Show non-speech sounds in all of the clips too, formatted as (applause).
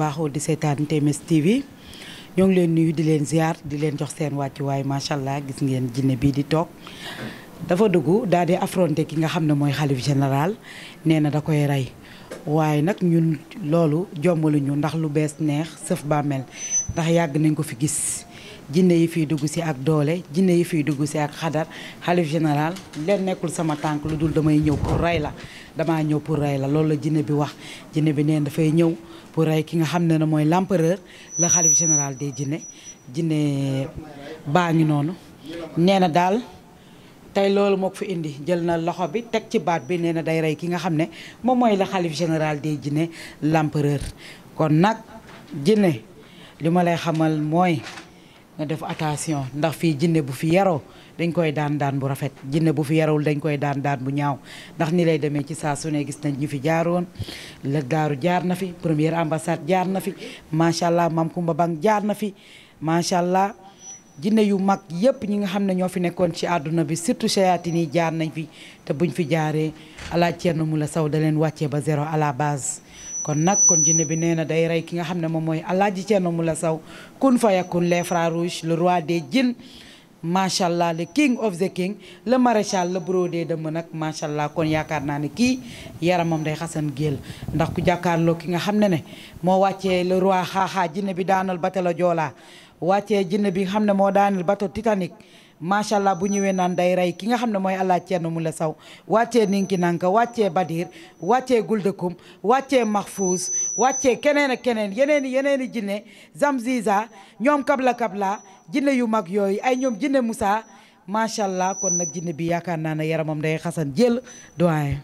baaxoo di seetaan TMS TV ñoo ngi leen nuyu di leen ziar di leen jox seen wàccuwaay macha allah gis ngeen jinne bii di toog. dafa dugg daal di affronter ki nga xam ne mooy xalif général nee na da koy rey waaye nag ñun loolu jombaluñu ndax lu bees neex sëf bàmmeel ndax yàgg nañ ko fi gis. jinne yi fiy dugg si ak doole jinne yi fiy dugg si ak xadar xalif général leen nekkul sama tànk lu dul damay ñëw pour rey la damaa ñëw pour rey la loolu jinne bi wax pour rey ki nga xam ne ne mooy l'empereur le xalif général des jinne jinne baa ngi noonu nee na daal tey loolu moo ko fi indi jël na loxo bi teg ci baat bi nee na day rey ki nga xam ne moom mooy la xalif général des jinne l'empereur kon nag jinne li ma lay xamal mooy nga def attention ndax fii jinne bu fi yaroo dañ koy daan daan bu rafet jinne bu fi yarawul dañ koy daan daan bu ñaaw ndax ni lay demee ci saa su ne gis nañ ñu fi jaaroon la daaru jaar na fi première ambassade jaar na fi macha allah maam Kumba Bang jaar na fi macha allah jinne yu mag yëpp ñi nga xam ne ñoo fi nekkoon ci àdduna bi surtout sayaatin yi jaar nañ fi te buñ fi jaaree ala Thierno Moule Sow da leen wàccee ba zéro à la base. kon nag kon jinne bi nee na day rey ki nga xam ne moom mooy alaaji Thierno Moule Sow kun fayakun les macha allah le king of the king le maréchal le brodé de mën nag macha allah kon yaakaar naa ne kii yaramam day xasan géel ndax ku jàkkaarloo ki nga xam ne ne moo wàccee le roi xaaxaa jinne bi daanal bateau la Joola wàccee jinne bi xam ne moo daanal bateau Titanic macha allah bu ñëwee naan day rey ki nga xam ne mooy allah Thierno Moule Sow wàccee Ninki Nanka wàccee Badir wàccee Guldekum wàccee Mahfouz wàccee keneen ak keneen yeneen yeneeni jinne Zamziza ñoom kabla kabla jinne yu mag yooyu ay ñoom jinne Moussa macha allah kon nag jinne bi yaakaar naa ne yaramam day xasan jël doyen.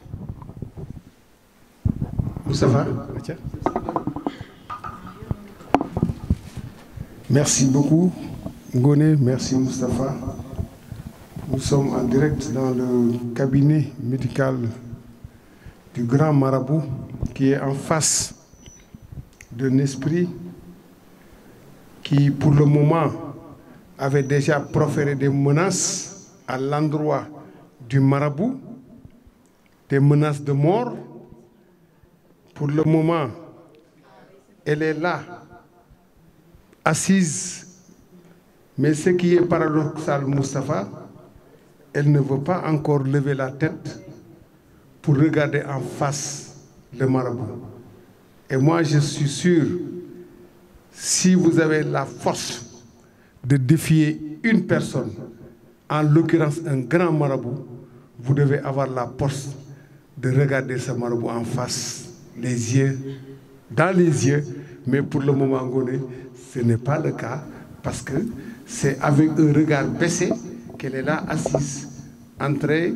Merci beaucoup Ngoné, merci Moustapha. Nous sommes en direct dans le cabinet médical du grand marabout qui en face d'un esprit qui, pour le moment, avait déjà proféré des menaces à l'endroit du marabout, des menaces de mort. Pour le moment, elle est là, assise. Mais ce qui est paradoxal, Mustapha, elle ne veut pas encore lever la tête pour regarder en face le marabout. Et moi, je suis sûr, si vous avez la force de défier une personne, en l'occurrence un grand marabout, vous devez avoir la force de regarder ce marabout en face, les yeux, dans les yeux. Mais pour le moment donné, ce n'est pas le cas parce que c'est avec un regard baissé qu'elle est là assise, en train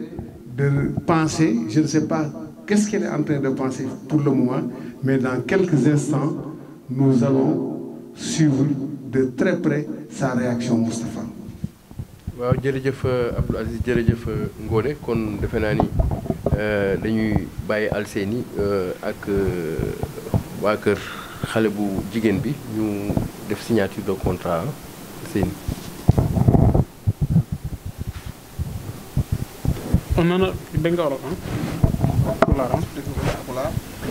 de penser, je ne sais pas qu'est-ce qu'elle est en train de penser pour le moment, mais dans quelques instants, nous allons suivre de très près sa réaction Moustapha. waaw jërëjëf euh, Abdou Aziz jërëjëf euh, Ngone kon defe naa ni euh, dañuy bàyyi Alseyni ak waa kër xale bu jigéen bi ñu def signature de contrat Alseyni.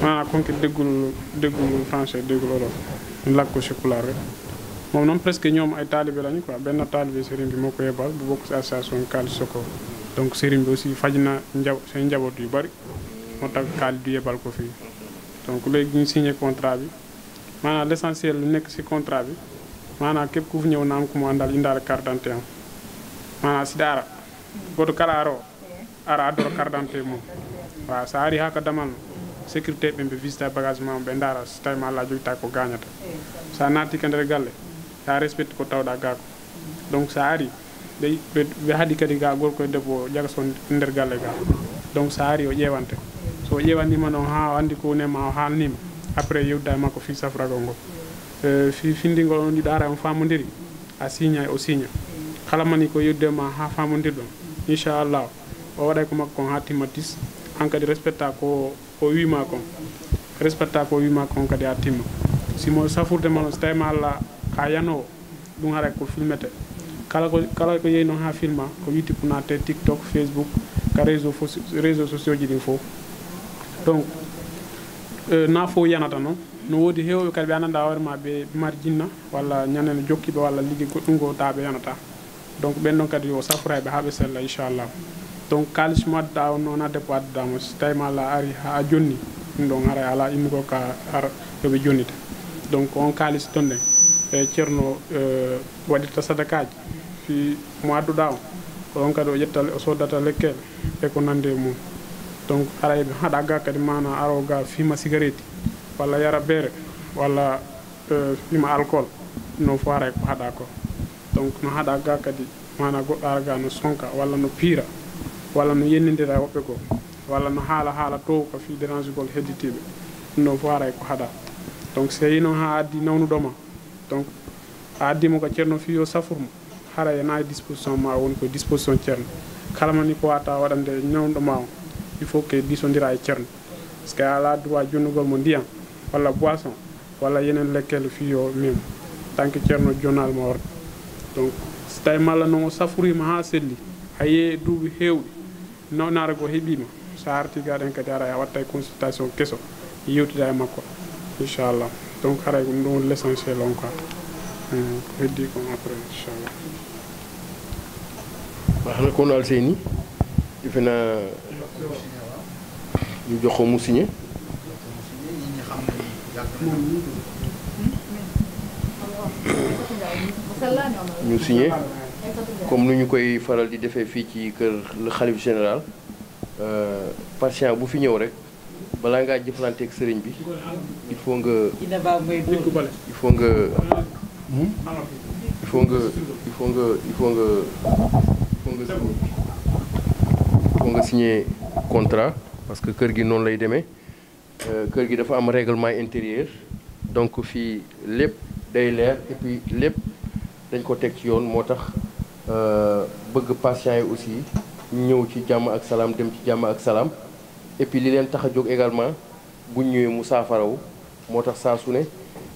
maanaam comme que déggul déggul français déggul wolof ñu làkk ko si pulaar rek moom noonu presque ñoom ay taalibe lañu quoi benn taalibe sëriñ bi moo ko yebal bu bokk si association donc sëriñ aussi faj na nja seen yu bari moo ko fii donc léegi ñu contrat bi maanaam lu nekk si contrat bi maanaam képp ku fi ñëw na am ku mu àndal indaale daara goto kala ara addoro carte d'identité mum waaw ari ha ko damal sécurité ɓe visita bagage ma ɓe daara tawi ma ala joguita ko gañata sa naati ko nder galle sa respecte ko tawɗa gako mm-hmm. donc sa ari ɓe haaɗi kadi ga gorko e debbo jagaso nder galle ga donc sa ari o ƴewante so o ƴewanima noon ha o andi ko wonema mm-hmm. euh, mm-hmm. o haalnima après yewda e makko fi safragol ngol fi findingol on ɗiɗo ara on famodiri a signa o signa kala mani ko yeddema ha famodirɗon inchallah o waɗay ko makko kon ha ko wimakom respecta ko wima kon kadi ha timma simo safurde ma noon so tawi ma allah ha yanowo ɗum haray ko filmete kala ko kala ko yeyi noon ha filma ko witti punate tiktok facebook ka réseau sociaux ji ɗin fof donc euh, naafo yanata noon no woodi heewɓe kadi ɓe annda hoore ma ɓe mari jinna walla ñanene jokkiɓe walla ligguey goɗɗum go tawa ɓe yanata donc ɓen ɗon kadi o safora ɓe ha ɓe sella inchallahu donc kalismata o noon adeppadudama so tawima ala ari ha jonni ɗum ɗon ala immi ka yoɓe jonnita donc on kalis ton ɗen e ceerno e, waɗirta sadakaji fi mo adduɗa o ko on kadi o sodata lekkele e ko nande mum donc ara eɓe haɗa ga kadi mana aro ga fima cigarette walla yara beere walla e, fima alcool non fo aray e ko haɗa ko donc no haɗa ga kadi mana goɗɗo ara no sonka walla no piira wallanno yennindira e woɓɓe goo walla no haala haala dow fi dérange gol hedditiɓe ɗum ɗon fof aray ko haɗa donc so heyino ha addi nawnuɗoma donc a addimo ko ceerno fi yo safurmo hara yana disposition ma woni ko wata waɗande nawnuɗoma o il faut que disodira e ceerno par ce que ala droit mo ndiyam walla boisson walla yenen lekkele fi yo mem tant que ceerno jonnalma orde donc so tawi malla noon o safurima ha selli haye duuɓi hewɗi noonaaɗo goo heeɓima so arti gaɗen kadi ara a watta e consultation keso yewtida e makko inchallah donc haray ɗum ɗo woni l' essentiel on quoi hmm, ko heddi kon après inchallah baxna kono alseyni ifena ñu joxo mu signé hmm? ñu signé comme nu ñu koy faral di defee fii ci kër le xalif général euh, patient bu fi ñëw rek balaa ngaa jëflante ak sëriñ bi il faut nga il faut nga hmm? il faut nga il faut nga il faut nga il nga signer contrat parce que kër gi noonu lay demee euh, kër gi dafa am règlement intérieur donc fii lépp day leer et lépp dañ ko teg ci yoon moo tax Euh, bëgg patients yi aussi ñëw ci jàmm ak salaam dem ci jàmm ak salaam et puis li leen tax a jóg également buñ ñëwee mu saafarawu moo tax saa su ne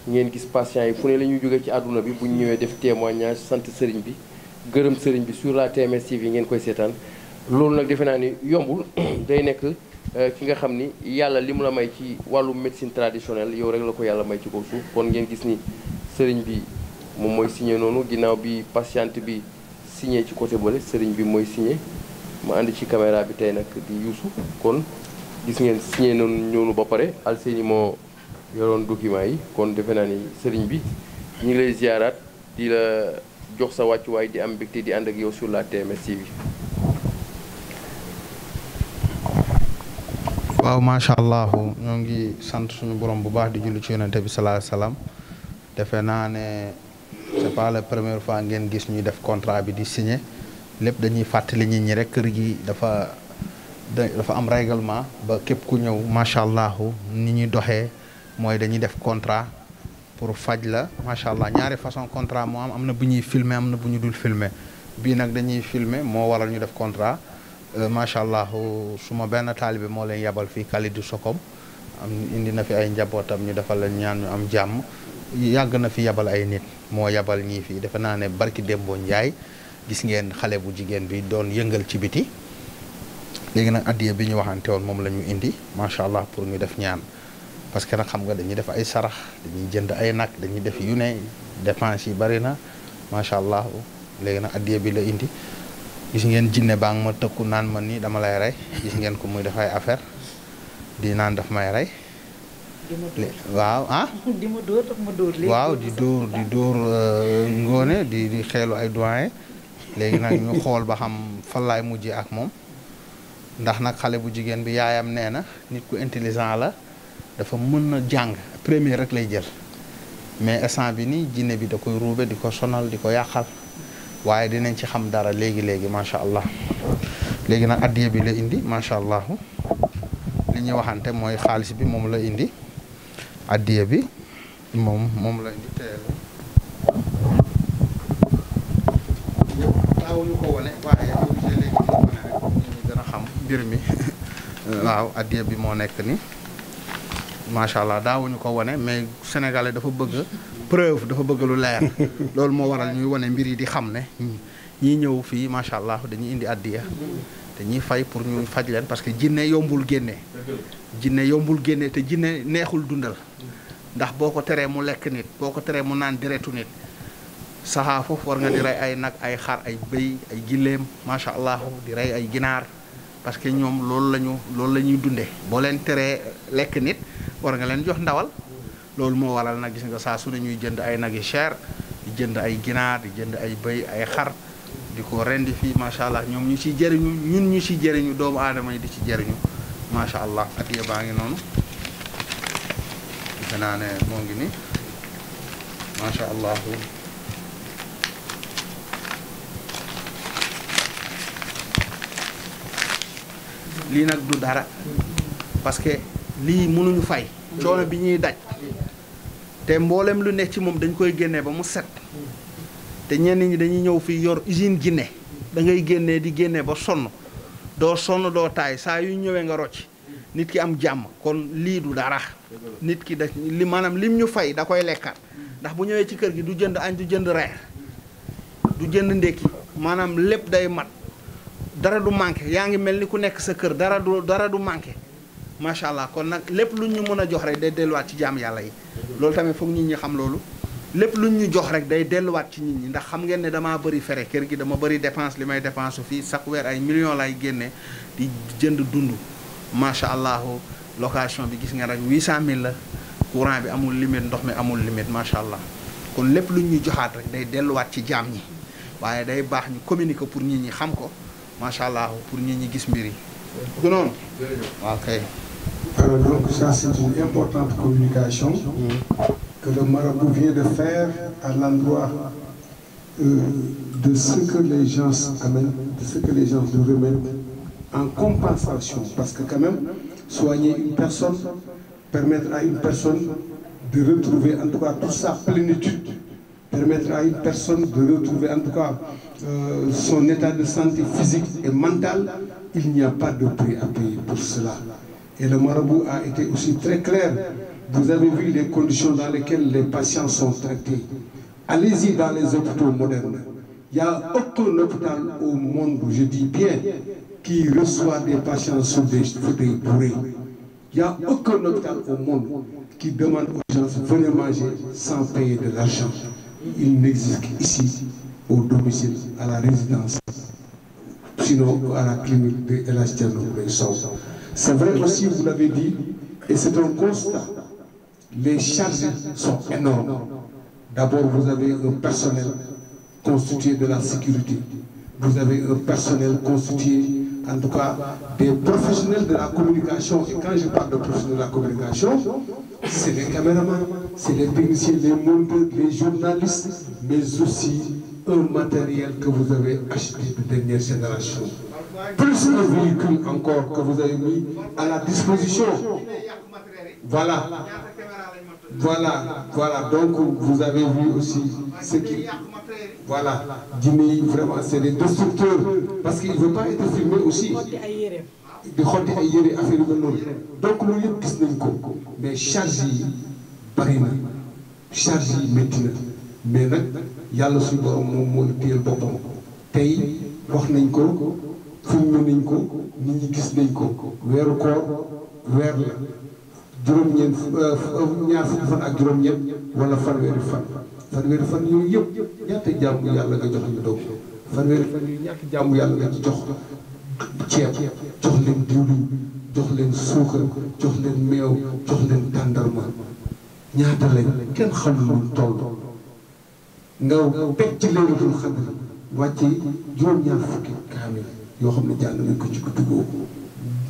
ngeen gis patients yi fu ne la ñuy jógee ci àdduna bi bu ñu ñëwee def témoignage sant sëriñ bi gërëm sëriñ bi sur la TMS yi ngeen koy seetaan loolu nag defe naa ni yombul (clears throat) day nekk euh, ki nga xam ni yàlla li mu la may ci wàllu médecine traditionnelle yow rek la ko yàlla may ci ko suuf kon ngeen gis ni sëriñ bi moom mooy signé noonu ginnaaw bi patiente bi. signé ci côté boole sëriñ bi mooy signé ma ànd ci caméra bi tey nag di Youssou kon gis ngeen signé noonu ñëw ba pare Alseyni moo yoroon document yi kon defe naa ni sëriñ bi ñu ngi lay ziaraat di la jox sa wàccuwaay di am mbégte di ànd ak yow sur la TMS TV. waaw macha allah ñoo ngi sant suñu borom bu baax di julli ci yonente bi salaa salaam defe naa ne c'est pas la première fois ngeen gis ñuy def contrat bi di signer lépp dañuy fàttali nit ñi rek kër gi dafa dafa am règlement ba képp ku ñëw macha allah ni ñuy doxee mooy dañuy def contrat pour faj la macha allah ñaari façon contrat moo am am na bu ñuy filmer am na bu ñu dul filmer bii nag dañuy filmer moo waral ñu def contrat euh, macha allah suma benn taalibe moo leen yebal fii Kalidou Sokom am indi na fi ay njabootam ñu defal leen ñaan ñu am jàmm. yàgg na fi yabal ay nit moo yabal ñii fii defe naa ne barki Dembo Njaay gis ngeen xale bu jigéen bi doon yëngal ci biti léegi nag addiya bi ñu waxante woon moom la ñu indi macha allah pour ñu def ñaan parce que nag xam nga dañuy def ay sarax dañuy jënd ay nag dañuy def yu ne dépense yi bari na macha allah léegi nag addiya bi la indi gis ngeen jinne baa ngi ma tëkku naan ma ni dama lay rey gis ngeen ko muy def ay affaire di naan daf may rey waaw ah. (laughs) waaw di dóor di dóor euh, ngoone di di xeelu ay doyen léegi nag ñu xool ba xam fan laay mujjee ak moom ndax nag xale bu jigéen bi yaayam nee na nit ku intelligent la dafa mën na jàng premier rek lay jël mais instant bi nii jinne bi da koy ruube di ko sonal di ko yàqal waaye dinañ ci xam dara léegi léegi macha allah léegi nag addiya bi la indi macha allah li ñuy waxante mooy xaalis bi moom la indi. addiya bi moom moom la ñu teel daawuñu ko wane waaye boo gisee léegi ñu wane rek nit ñi gën a xam mbir mi (laughs) waaw addiya bi moo nekk ni macha allah daawuñu ko wane mais sénégalais dafa bëgg preuve dafa bëgg lu leer (laughs) loolu moo waral ñuy wone mbir yi di xam ne ñi ñëw fii macha allah dañuy indi addiya dañuy fay pour ñu faj leen parce que jinne yombul génne jinne yombul génne te jinne neexul dundal ndax boo ko teree mu lekk nit boo ko teree mu naan deretu nit saxaa foofu war di rey ay nag ay xar ay bëy ay giléem macha allah di rey ay ginaar parce que ñoom loolu lañu ñu loolu la ñuy dundee boo leen teree lekk nit war nga leen jox ndawal loolu moo waral nag gis nga saa su ne ñuy jënd ay nag yu cher di jënd ay ginaar di jënd ay bëy ay xar di ko rendi fii macha allah ñoom ñu ci jariñu ñun ñu ci jariñu doomu aadama yi di ci jëriñu macha allah adiya baa ngi noonu defe naa ne moo ngi ni macha allah lii nag du dara parce que lii mënuñu fay coono bi ñuy daj te mboolem lu nekk ci moom dañ koy génnee ba mu set te ñenn ñi dañuy ñëw fii yor usine Guinée da ngay génnee di génnee ba sonn doo sonn doo taay saa yu ñëwee nga rocc nit ki am jàmm kon lii du dara nit ki da li maanaam lim ñu fay da koy lekkat ndax bu ñëwee ci kër gi du jënd añ du jënd reer du jënd ndékki maanaam lépp day mat dara du manqué yaa ngi mel ni ku nekk sa kër dara du dara du manqué macha allah kon nag lépp lu ñu mën a jox rek day delluwaat ci jàmm yàlla yi loolu tamit foog nit ñi xam loolu lépp luñ ñu jox rek day delluwaat ci nit ñi ndax xam ngeen ne damaa bëri fere kër gi dama bari dépense li may dépense fii chaque weer ay millions lay génne di jënd dund macha allah location bi gis nga rek 800000 la courant bi amul limite ndox mi amul limite macha allah kon lépp lu ñu joxaat rek day delluwaat ci jaam ñi waaye day baax ñu communiquer pour nit ñi xam ko macha allah pour nit ñi gis mbir yi. du noonu. waaw que le marabout vient de faire à l'endroit euh, de ce que les gens amènent, de ce que les gens leur remettent en compensation. Parce que quand même, soigner une personne, permettre à une personne de retrouver en tout cas toute sa plénitude, permettre à une personne de retrouver en tout cas euh, son état de santé physique et mentale, il n'y a pas de prix à payer pour cela. Et le marabout a été aussi très clair Vous avez vu les conditions dans lesquelles les patients sont traités. Allez-y dans les hôpitaux modernes. Il n'y a aucun hôpital au monde, je dis bien, qui reçoit des patients sur des fauteuils Il n'y a aucun hôpital au monde qui demande aux gens de venir manger sans payer de l'argent. Il n'existe qu'ici, au domicile, à la résidence, sinon à la clinique de El C'est vrai aussi, vous l'avez dit, et c'est un constat. les charges sont énormes. D'abord, vous avez un personnel constitué de la sécurité. Vous avez un personnel constitué, en tout cas, des professionnels de la communication. Et quand je parle de professionnels de la communication, c'est les caméramans, c'est les techniciens, les monteurs, les journalistes, mais aussi un matériel que vous avez acheté de dernière génération. Plus le véhicule encore que vous avez mis à la disposition. Voilà. voilà voilà donc vous avez vu aussi ce qui voilà jinne yi vraiment c'est des destructeurs parce qu'il veut pas être filmé aussi di xotti ay yére affaire yu noonu donc loolu yëpp gis nañ ko mais charge yi bari charge yi métti mais nag yàlla suñu borom moom moo la téyel boppam tey wax nañ ko filmé nañ ko nit ñi gis nañ ko weeru koor weer la juróom-ñeent euh, euh, ñaar fukki fan ak juróom-ñeent wala fanweeri fan fanweeri fan yooyu yëpp ñaata jaamu yàlla nga jox ñu doog fanweeri fan yooyu ñaata jaamu yàlla nga ci jox ceeb jox leen diwlin jox leen suukar jox leen meew jox leen tàndarma ñaata lañ kenn xamul lu toll nga teg ci leeratul xadar wàcce juróom-ñaar fukki kaamil yoo xam ne jàng nañ ko ci guddi googu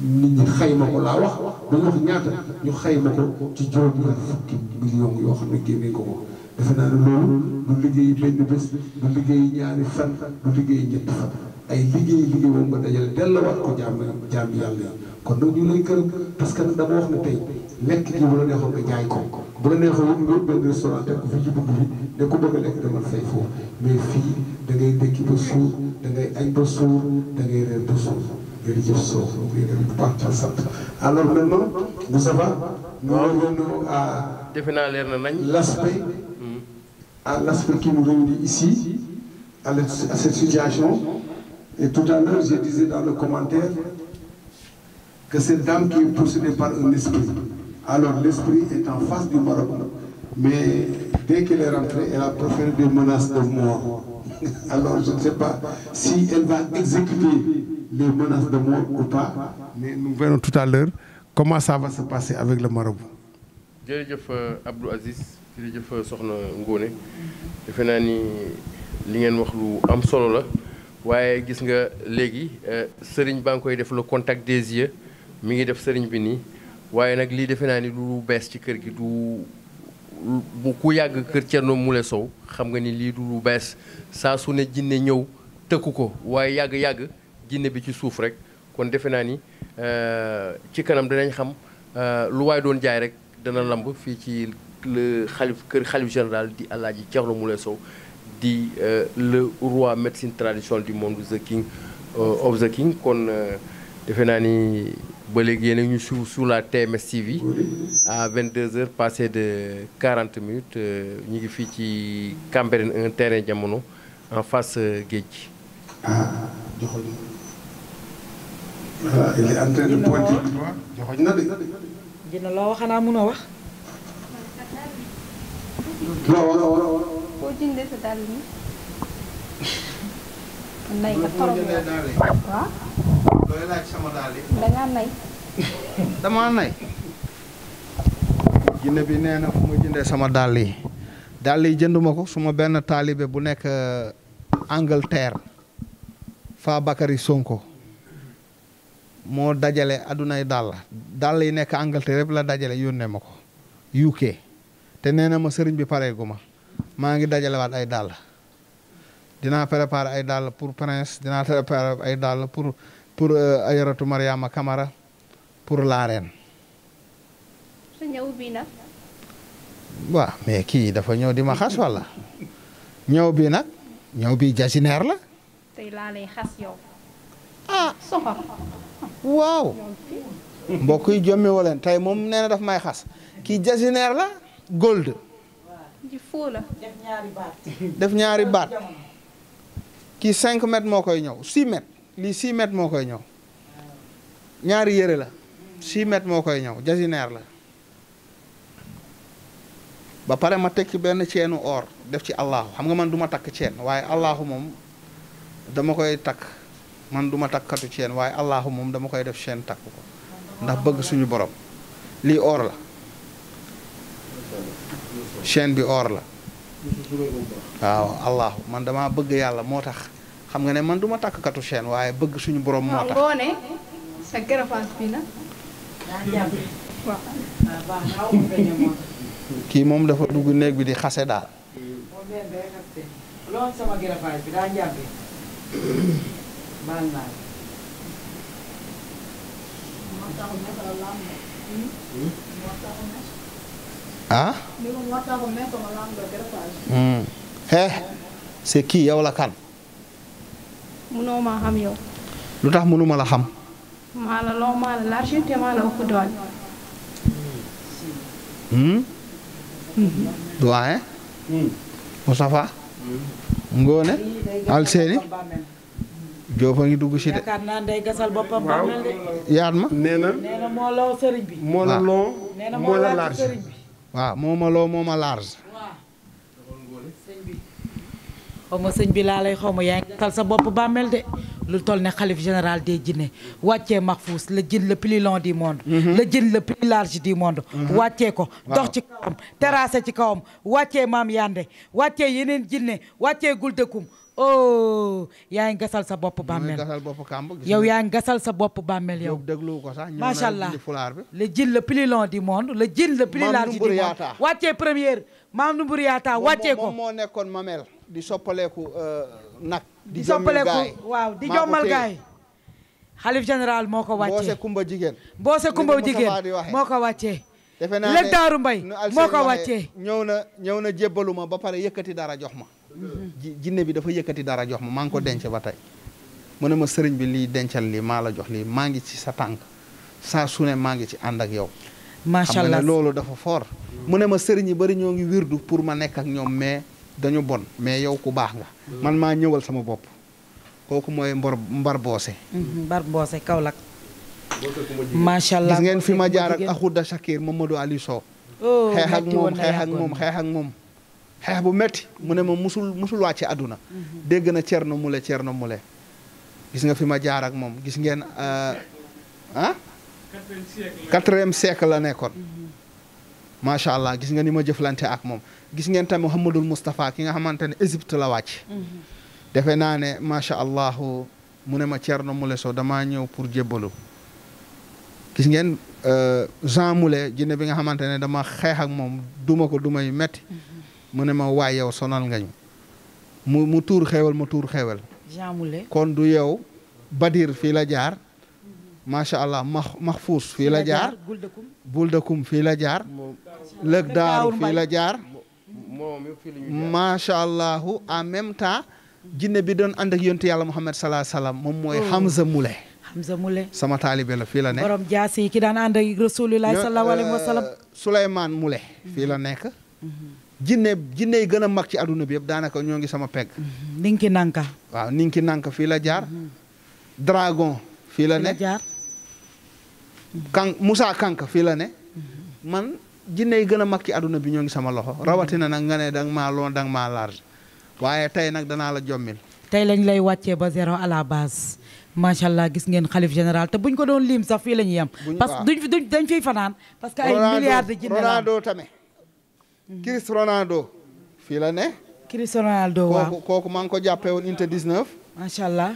nit ñi xayma ko laa wax bu ñu wax ñaata ñu xayma ko ci juróom ñaar fukki million yoo xam ne génne ko ko defe naa ne loolu du liggéey benn bés du liggéey ñaari fan du liggéey ñetti fan ay liggéey liggéey moom nga dajale delluwaat ko jaam jaam yàlla yi kon donc ñu lay parce que dama wax ne tey lekk gi bu la neexoon nga jaay ko bu la neexoon nga benn restaurant teg ko fii ci dugg bi ne ku bëgg a lekk demal fay foofu mais fii da ngay dëkki ba suur da ngay añ ba suur da ngay reer ba suur jërëjëf Sow muy dem bu nous ah. revenons à. defe naa leer na nañ. l' aspect. Hmm. à l' aspect qui nous ici. à à cette situation. et tout à l'heure je disais dans le commentaire. que cette dame qui est possédée par un esprit. alors l' esprit est en face du marabout. mais dès qu'elle est rentrée elle a proféré des menaces de mort. Alors je ne sais pas si elle va exécuter les menaces de mort ou pas, mais nous verrons tout à l'heure comment ça va se le marabout. jërëjëf euh, Abdou Aziz jërëjëf euh, soxna Ngone defe naa ni li ngeen wax lu am solo la waaye gis nga léegi euh, sëriñ baa ngi koy def le contact des yeux mi ngi def sëriñ bi nii waaye nag lii defe naa ni lu bees ci kër gi du. ku yàgg kër Thierno Moule Sow xam nga ni lii du lu bees saa su ne jinne ñëw tëkku ko waaye yàgg-yàgg jinne bi ci suuf rek kon defe naa ni euh, ci kanam dinañ xam euh, lu waay doon jaay rek dana lamb fii ci le xalif kër xalif général di Alaaji Thierno Moule Sow di euh, le roi médecine traditionnelle du monde the king of the king kon defe naa ni ba léegi yéen ñu suivre sur la TMS TV à 22h passé de 40 minutes euh, ñu ngi fii ci Cambérène un terrain jamono en face euh, géej gi. na loo wax xanaa mënoo wax. loo wax. bay sama nay. damaa nay. jinne bi nee fu ma jëndee sama dàll yi dàll yi jënduma ko suma benn taalibe bu nekk eh, Angleterre fa Bakary Sonko moo dajale yi dàll dàll yi nekk Angleterre yëpp la dajale yónnee ma ko UK te nee na ma sëriñ bi pareegu ma maa ngi dajalewaat ay dàll dinaa préparer ay dàll pour prince dinaa préparer ay dàll pour pour euh, Ajaratu Mariama Kamara pour la reine. waaw mais kii dafa ñëw di ma xas walla ñëw bii nag ñëw bii jasineer la. tey laa lay xas yow. Ah. waaw. mbokk yi jommi woo leen tey moom nee na daf may xas kii jasineer la gold. def ñaari baat. kii 5 mètres moo koy ñëw 6 mètres. lii 6 mètres moo koy ñëw ñaari yére la 6 mètres moo koy ñëw jasineer la ba pare ma teg ci benn ceenu or def ci allahu xam nga man duma takk ceen waaye allahu moom dama koy takk man du ma ceen waaye allahu moom dama koy def seen takk ko ndax bëgg suñu borom lii or la ceen bi or la waaw allahu man dama bëgg yàlla moo tax xam nga ne man duma ma tàkkkatu chaîne waaye bëgg suñu borom moo tax kii moom dafa dugg néeg bi di xase daal lool sama gërëfaas bi kii hmm. eh, yow la kan. mënoo xam yow. lu tax mënuma la xam. maa la loo maa la large te maa la ëpp doole. Hmm? Hmm. Hmm. yaat ma nee na. nee moo la large waaw moo ma loo moo ma large. xaw bi laa lay xaw ma yaa ngi sa bopp bàmmeel lu toll ne xalif général des jinne wàccee Mahfouz le jin le plus long du monde. Mhm. le jin le plus large du monde. Mhm. ko dox ci kawam ci kawam wàccee maam Yande wàccee yeneen jinne wàccee Guldekum oh yaa sa sa bopp bàmmeel yow. déglu ko sax macha allah le jin le plus long du première maam Numbur Yaata wàccee ko moom moo nekkoon mamel di soppaleeku uh, nag. di soppaleeku waaw di jommal gaay xalif général moo ko wàccee Mboose Kumba jigéen. Mboose Kumba jigéen moo ko wàccee. defe naa ne Mbay moo ko wàccee. ñëw na ñëw na jébbalu ba pare yëkkati dara jox ma. jinne bi dafa yëkkati dara jox ma maa ko denc ba tey. mu ne ma sëriñ bi lii dencal li maa la jox lii maa ngi ci sa tànk saa su ne maa ngi ci ànd ak yow. macha allah loolu dafa fort. mu ne ma sëriñ yi bari ñoo ngi wirdu pour ma nekk ak ñoom mais. dañu bon mais yow ku baax nga. man maa ñëwal sama bopp. kooku mooy mbar mbar boose. Mhm, mbar boose Kaolack. macha allah gis ngeen fi ma jaar ak Axuda Shakir Mamadou Aliou Sow. Oh, xeex ak moom xeex ak moom xeex ak moom. xeex bu metti mu ne ma musul musul wàcce àdduna. Mhm. dégg na Thierno Moule Thierno Moule. gis nga fi ma jaar ak moom gis ngeen euh, ah. quatrième siècle la nekkoon. Mhm. macha allah gis nga ni ma jëflante ak moom gis ngeen tamit Mouhamadul Moustapha ki nga xamante ne Égypte la wàcc. Mm-hmm. defe naa ne macha allah mu ne ma Thierno Moule Sow damaa ñëw pour jébbalu gis ngeen euh, Jean Moule jinne bi nga xamante ne dama xeex ak moom duma ko duma yu metti mm-hmm. mu ne ma waay yow sonal nga mu tuur xewal ma tuur xewal Jean Moule kon du yow Badir fii la jaar mm-hmm. macha allah max maxfuus fii la jaar Buldakum fii la jaar lëg daaru fii la jaar macha allah en même temps jinne bi doon ànd ak yontu yàlla Muhammad salaa salaam moom mooy oh. Hamza Moule Hamza Moule sama taalibe la fii la nekk borom jaas ki daan ànd ak Rasulullah sallallahu alayhi wa euh, fii la nekk jinne jinne yi gën a mag ci àdduna bi yëpp daanaka ñoo ngi sama peg mm-hmm. ninki nanka waaw ninki nanka fii la jaar mm-hmm. dragon fii la ne kan Kanka fii la ne mm-hmm. man jinne yi gën a mag ci àdduna bi ñoo ngi sama loxo mhm. rawatina nag nga ne danga maa loon danga maa large waaye tey nag danaa la jommil tey lañ lay wàccee ba zéro à la base macha allah gis ngeen xalif général te buñ ko doon liim sax fii la ñuy yem parce que duñ dañ fiy fanaan parce que ay milliards de jinne mhm. Ronaldo fii la ne Chris kooku maa ngi ko jàppee woon inter 19 macha allah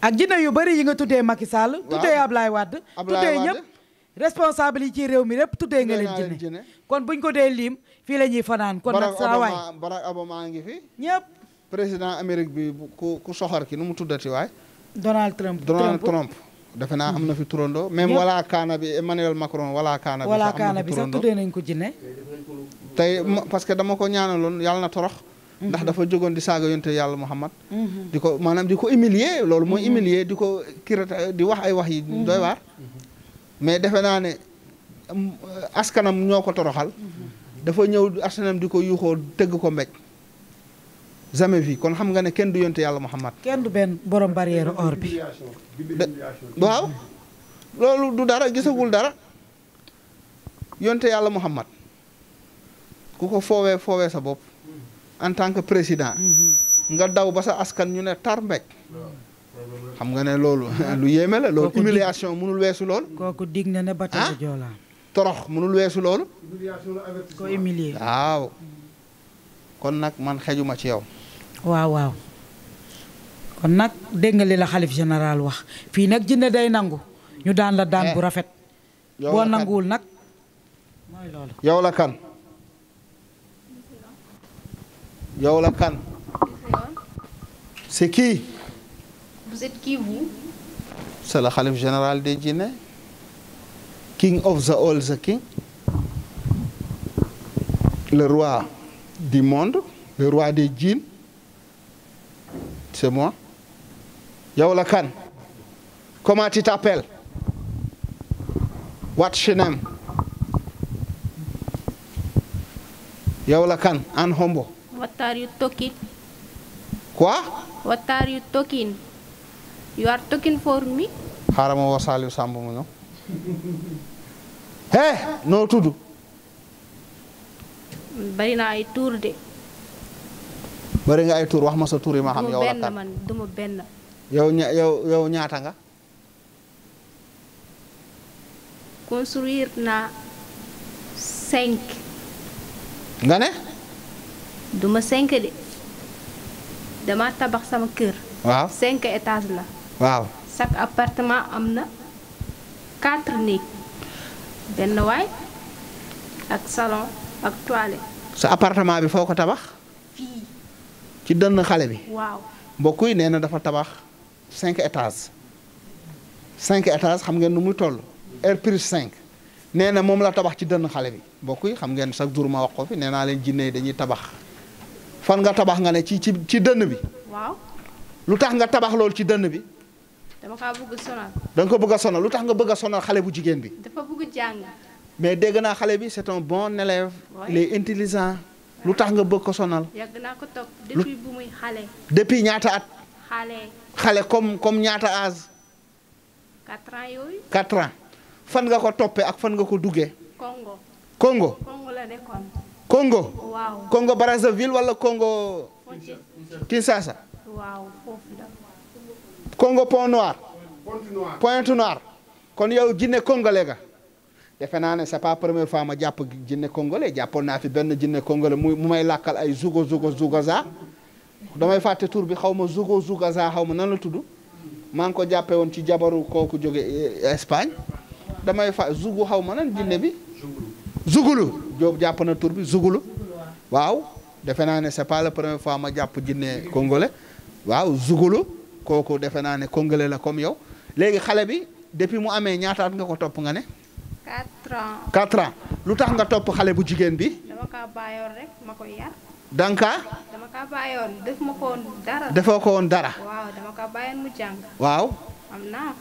ak jinne yu bari yi nga tuddee Macky Sall tuddee Ablaye Wade tuddee ñëpp responsable yi ci réew mi lépp tuddee nga leen jinne kon buñ ko dee liim fii la ñuy fanaan kon nag saa waay Barack Obama ngi fi ñëpp président Amérique bi ku ku soxor ki nu mu tuddati waay Donald Trump Donald Trump defe naa am na fi turandoo même wala kaana bi Emmanuel Macron wala kaana bi wala kaana bi sax tuddee nañ ko jinne tey parce que dama ko ñaanaloon yàlla na torox mhm. ndax dafa jógoon di saaga yonte yàlla Muhammad mhm. di ko maanaam di ko humilier loolu mooy mhm. humilier di ko kirata di wax ay wax yi mais defe naa ne mm, askanam ñoo ko toroxal dafa ñëw askanam di ko yuuxoo tëgg ko mbéj jamais vu kon xam nga ne kenn du yonte yàlla Muhammad kenn du benn borom barrière or bi waaw loolu du dara gisagul dara yonte yàlla Muhammad ku ko foowee foowee sa bopp en tant que président mm-hmm. nga daw ba sa askan ñu ne tar mbéj xam nga ne loolu (laughs) lu yéeme la loolu humiliation mënul weesu loolu kooku digg na ne batalu ah? joola torox mënul weesu loolu ko humilier waaw kon nag man xejuma ci yow waaw waaw kon nag dégg nga li la xalif général wax fii nag jinne day nangu ñu daan la daan eh. bu rafet boo nanguwul nag mooy loolu yow la kan yow la Vous êtes qui, vous C'est le Khalif général des Guinée. King of the all the king. Le roi du monde, le roi des djinns. C'est moi. comment tu t'appelles What's your name Yaoula Khan, hombo. What are you talking Quoi What are You are talking for me? xaaral ma woo Saliou mu ñëw. hey eh, noo tudd. bari na ay tuur de. bari nga ay tuur wax ma sa tuur yi ma xam. yow la kan du benn man yow ñaata nga. construire na cinq. nga ne. du cinq de dama tabax sama kër. waaw cinq étages la. waaw chaque appartement am na quatre néeg benn waay ak salon ak toilette. sa appartement bi foo ko tabax. ci dënn xale bi. waaw mbokk yi nee na dafa tabax cinq étages cinq étages xam ngeen nu muy toll. R plus cinq. nee na moom la tabax ci dënn xale bi mbokk yi xam ngeen chaque jour ma wax ko fi nee naa leen jinne yi dañuy tabax fan nga tabax nga ne ci ci ci dënn bi. waaw lu tax nga tabax loolu ci dënn bi. dama kaa bëgg sonal. da ko bëgg a sonal lu tax nga bëgg a sonal xale bu jigéen bi. dafa bëgg jàng. mais dégg naa xale bi c'est un bon élève. il intelligent. lu tax nga bëgg ko sonal. yàgg naa depuis bu muy xale. depuis ñaata at. xale. xale comme comme ñaata âge. yooyu. 4 fan nga ko toppe ak fan nga ko duggee. Congo. Congo. Congo la nekkoon. Congo. wala Congo. Kinshasa. waaw Congo Pont Noir Pointe Noire kon yow jinne congolais nga defe naa ne c'est pas première fois ma jàpp jinne congolais jàppoon naa fi benn jinne congolais mu mu may làkkal ay zugo zugo zugaza damay fàtte tur bi xaw ma zugo zugaza xaw ma nan la tudd maa ngi ko jàppe woon ci jabaru kooku joge eh, Espagne damay fa zugu xaw ma nan jinne bi zugulu Diop jàpp na tur bi zugulu waaw defe naa ne c'est pas la première fois ma jàpp jinne congolais waaw zugulu kooku defe naa ne congolais la comme yow léegi xale bi depuis mu amee ñaataat nga ko topp nga ne. 4 ans 4 ans lu tax nga topp xale bu jigéen bi. dama kaa bàyyoon rek ma koy yar. danka def ma ko woon dara. defoo ko woon dara. waaw dama kaa bàyyoon mu jàng. waaw. am naa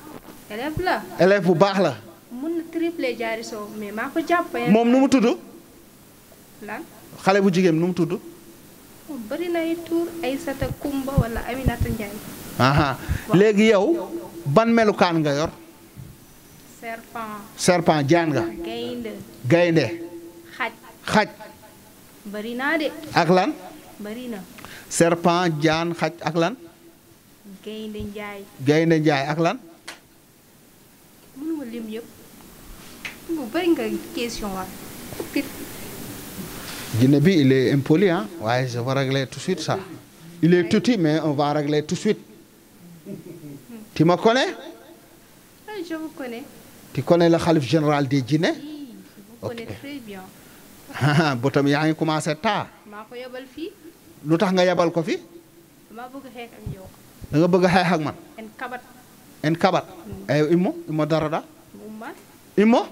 élève la. élève bu baax la. mun na triplé jaari soo mais maa ko jàppee. moom nu mu tudd. xale bu jigéen nu mu tudd. bëri na ay tur ay sata kumba wala Aminata Ndiaye. aha léegi yow ban melukaan nga yor. serpent. serpent jaan nga. gaynde. xaj. xaj. bari de. ak lan. bari na. serpent jaan xaj ak lan. gaynde njaay. ak lan. mënuma bi il est waaye je vais régler tout de suite ça. il est mais on va tout suite. (laughs) tu ma connais ah, je vous connais. tu connais le khalife général des djinns oui, je vous (laughs) yaa ngi commencé taa. lu tax nga yebal ko fi. danga bëgg xeex ak xeex ak man. en kabat. en kabat. ay hmm. eh, dara da. umma.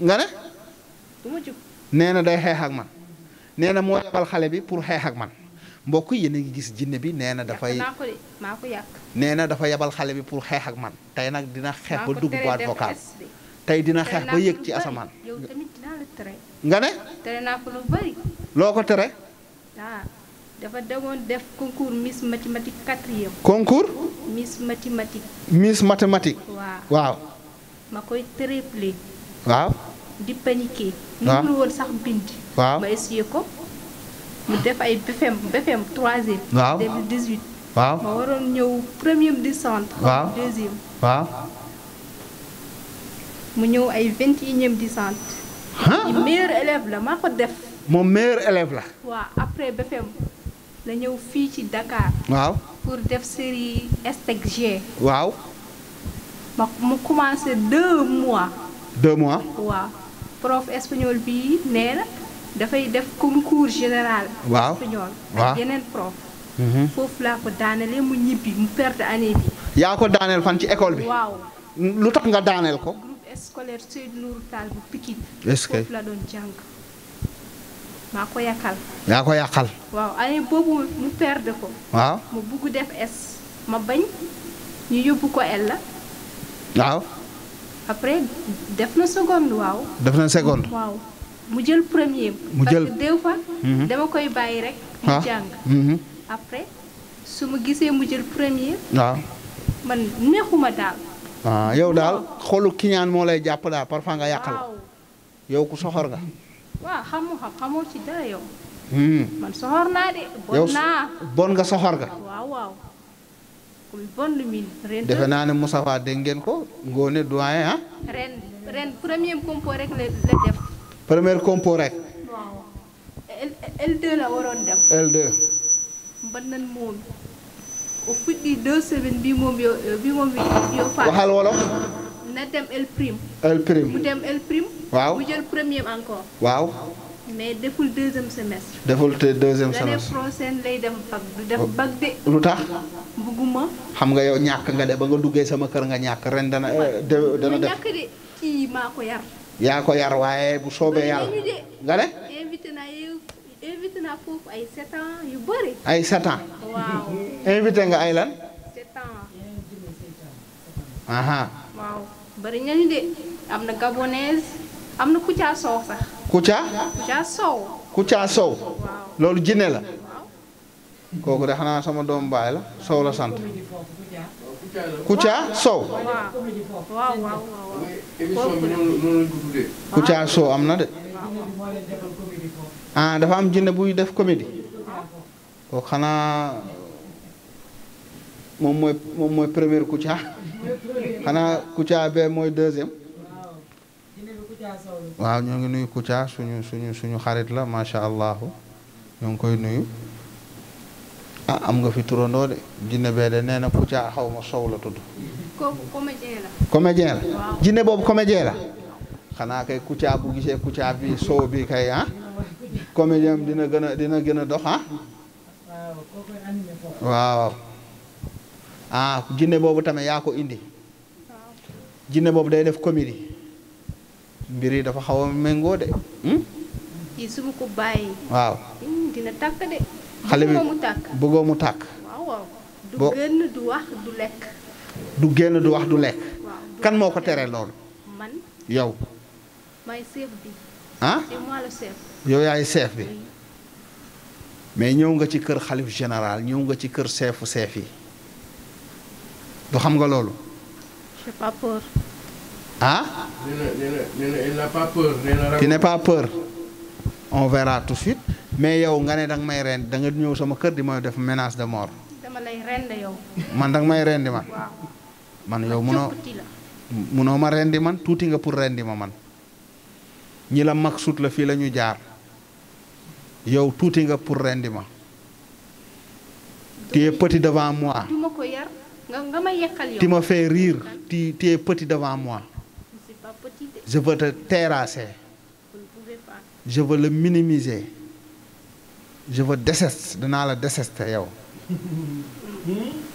nga ne. du nee na day xeex ak man. nee na moo yebal xale bi pour xeex ak man. mbokk yéen a ngi gis jinne bi nee na dafay maa nee na dafa yebal xale bi pour xeex ak man tey nag dina xeex ba dugg boîte vocale tey dina xeex ba yëg ci asamaan nga ne ko lu loo ko tere ah, dafa demoon def concours Miss mathématique quatrième Miss mathématique waaw ma koy triplé waaw di paniqué. waaw woon sax bind ma ko mu def ay BFM BFM troisième. waaw 2018. waaw ma waroon ñëw premier di centre. deuxième. waaw. mu ñëw ay vingt et unième du centre. ah meilleur la maa ko def. moom meilleur élève la. waaw après BFM la ñëw fii ci Dakar. waaw pour def série STEC G. waaw. ma mu commencé deux mois. deux mois. waaw prof espagnol bi nee dafay def concours général. waaw waaw ak yeneen prof. Mhm. foofu laa ko daanelee mu ñibbi mu perte année bi. yaa ko daaneel fan ci école bi. waaw lu tax nga daaneel ko. groupe scolaire Seydou Nourou Tall bu Pikine. foofu la doon jàng. maa ko yàqal. yaa ko yàqal. waaw année boobu mu perde ko. waaw mu bugg def S. ma bañ ñu yóbbu ko L waaw. après def na seconde waaw. def na seconde waaw. mu jël premier. mu jël parce que mhm. dama koy bàyyi rek. mu ah. jàng. Mhm. après su ma gisee mu jël premier. Ah. man neexuma daal. Ah, yow daal xolu kiñaan moo lay jàpp daal parfois nga yàqal. yow ku soxor nga. waaw hmm. man soxor naa de. bon nga soxor nga. waaw waaw. defe naa ne Moussa Fall dégg ngeen ko ngoone doyen ren ren premier compo rek la def. première compo rek. waaw L2 la waroon dem. L2. ba nan moom. au fil di deux semaines bii moom yow bii moom yow. waxal wolof. na dem L prime. L prime mu dem L prime. waaw mais deful deuxième semestre. deful te deuxième semestre lay dem bac du def bac de. lu tax. bugguma. xam nga yow ñàkk nga de ba nga duggee sama kër nga ñàkk ren dana. Eh, dana def kii maa ko yar. yaa ko yar waaye bu soobee yàlla nga ne. invité naa foofu ay sept yu bëri. ay sept invité nga ay lan. sept ans. aha. waaw bëri de am na gabonaise am na Kouthia Sow sax. Kouthia. Kouthia Sow. Kouthia Sow. loolu jinne la. kooku de xanaa sama doom baay la Sow la sant. Kouthia soow Kouthia Sow am na de. ah dafa am jinne buy def comédie. kooku oh, xanaa moom mooy moom mooy première Kouthia xanaa Kouthia bee mooy deuxième. waaw ñoo ngi nuyu Kouthia suñu suñu suñu xarit la macha allah ñoo ngi koy nuyu. ah am nga fi turandoo de jinne bee de nee na xaw ma sow la tudd. kooku comédien la. jinne boobu comédien la. xanaa kay Kouthia bu gisee Kouthia bi sow bi kay ah. comédien dina gën a dina gën a dox ah. waaw. ah jinne boobu tamit yaa ko indi. jinne boobu day def comédie. mbir yi dafa xaw a méngoo de. Hmm? waaw hmm, xale bi bëggoo mu tàkk du génn du wax du lekk. génn du wax du lekk. kan moo ko tere loolu. yow. may ah yow yaay chef bi. mais ñëw nga ci kër xalif général ñëw nga ci kër seefu seef yi du xam nga loolu. ah. nee na nee on verra tout suite. mais yow nga ne danga may rend da nga ñëw sama kër di ma def menace de mort. man danga may rendi man. man yow munoo munoo ma rendi man tuuti nga pour rendi ma man. ñi la mag sut la fii la ñu jaar yow tuuti nga pour rendi ma. tu es petit devant moi. du ma ko riir ti ma yekkal yow. tu me fais rire tu tu minimiser. je veux désester la désester yow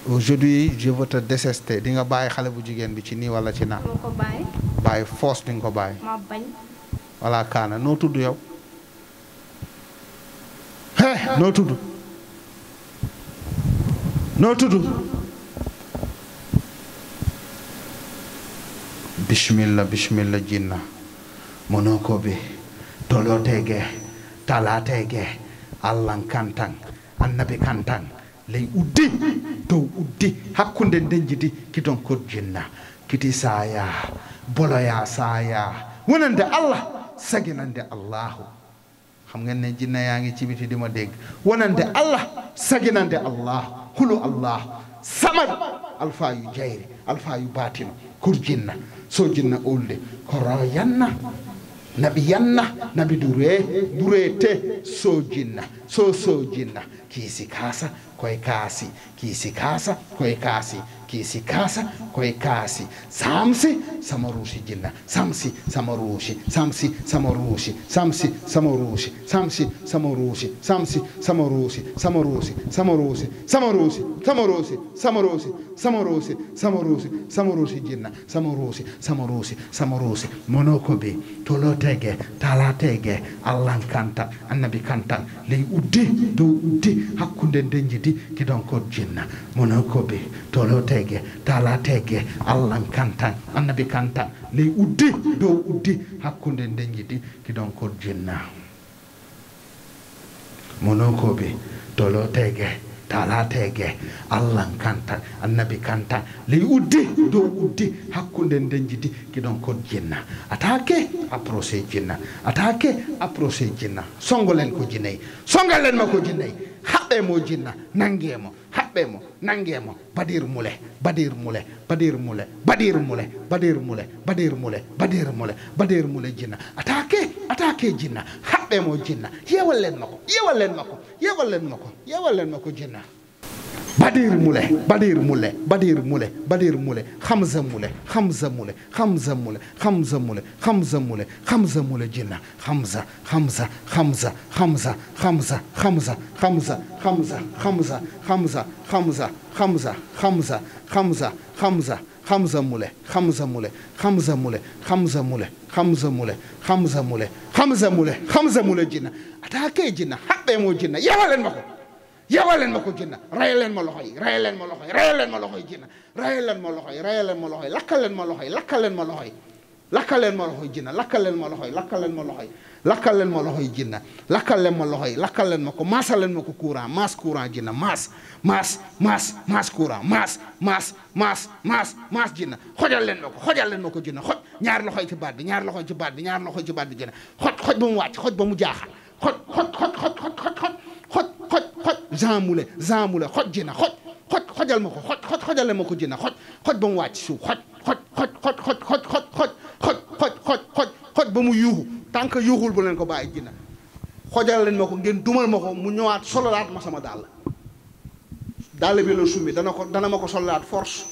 aujourd'hui je veux te di nga bàyyi xale bu jigéen bi ci nii wala ci naa bàyyi force di ko bàyyi voilà kaana noo tudd yow he noo tudd noo tudd bismilla bismilla jinna monoo ko bi toloo teegee talaa teegee allah kantan annabi kantan ley uddi dow uddi hakkunde ndeñjidi kidon korjinna kiti saya boloya saya wonande allah saginande allahu xam ngeen ne jinna yaa ngi cibiti di ma dégg wonande allah saginande allah hulu allah samad alfayu jayri alfayu batino korjinna so jinna olde ko royanna nabiyanna nabi duree dureete soojinna so soojinna kiisikasa koye kaasi kiisikasa koye kaasi kiisikasa koye kaasi samsi samaruushi jilla samsi samaruushi samsi samaruushi samsi samaruushi samsi samaruushi samsi samaruushi samaruushi samaruushi samaruushi samaruushi samaruushi samaruushi samaruushi samaruushi jinna samaruushi samaruushi samaruushi monokobe tolotege talatege allahn kantan annabi kantan ley udde dow udde hakkunde nden jidi kidon ko jinna mono ko be tolo tege tala tege uddi dow uddi hakkunde nden jidi kidon ko jinna mono ko be jinna atake approché jinna jinna songolen ko jinayi songolen ma haɓɓe mo jinna nangue mo haɓɓe mo nangue mo baɗir mule baɗir mule baɗir mule baɗir mule baɗir mule baɗir mule baɗir mule baɗir mule jinna atake atake jinna haɓɓe mo jinna yewallen makko yewallen makko yewallen makko yewallen makko jinna Badir Moule Badir Moule Badir Moule Badir Moule Hamza Moule Hamza Moule Hamza Moule Hamza Moule Hamza Moule Hamza Moule Jinna Hamza Hamza Hamza Hamza Hamza Hamza Hamza Hamza Hamza Hamza Hamza Hamza Hamza Hamza Hamza Hamza Moule Hamza Moule Hamza Moule Hamza Moule Hamza Moule Hamza Moule Hamza Moule Hamza Moule Jinna ataa kee Jinna haɓɓee moo Jinna yewalen ma ko yeewal leen ma ko jinna rayal leen ma loxo yi rayal leen ma loxo yi rayal leen ma loxo yi jinna rayal leen ma loxo yi rayal leen ma loxo yi lakkal leen ma loxo yi lakkal leen ma loxo yi lakkal leen ma loxo yi jinna lakkal leen ma loxo yi lakkal leen ma loxo yi lakkal leen ma loxo yi jinna lakkal leen ma loxo yi lakkal leen ma ko maasal leen ma ko courant maas courant jinna maas maas maas maas courant maas maas maas maas maas jinna xojal leen ma ko xojal leen ma ko jinna xoj ñaar loxo yi ci baat bi ñaar loxo yi ci baat bi ñaar loxo yi ci baat bi jinna xoj xoj ba mu wàcc xoj ba mu jaaxal xoj xoj xoj xoj xoj xoj xoj xoj xoj Jean Moulé Jean Moulé xoj ji na xoj xoj xojal ma ko xoj xoj xojal ma ko ji na xoj xoj ba mu wàcc suuf xoj xoj xoj xoj xoj xoj xoj xoj xoj xoj xoj xoj xoj ba mu yuuxu tant que yuuxul bu leen ko bàyyi ji na xojal leen ma ko ngeen dumal ma ko mu ñëwaat sololaat ma sama dàll dàll bi la summi dana ko dana ma ko sololaat force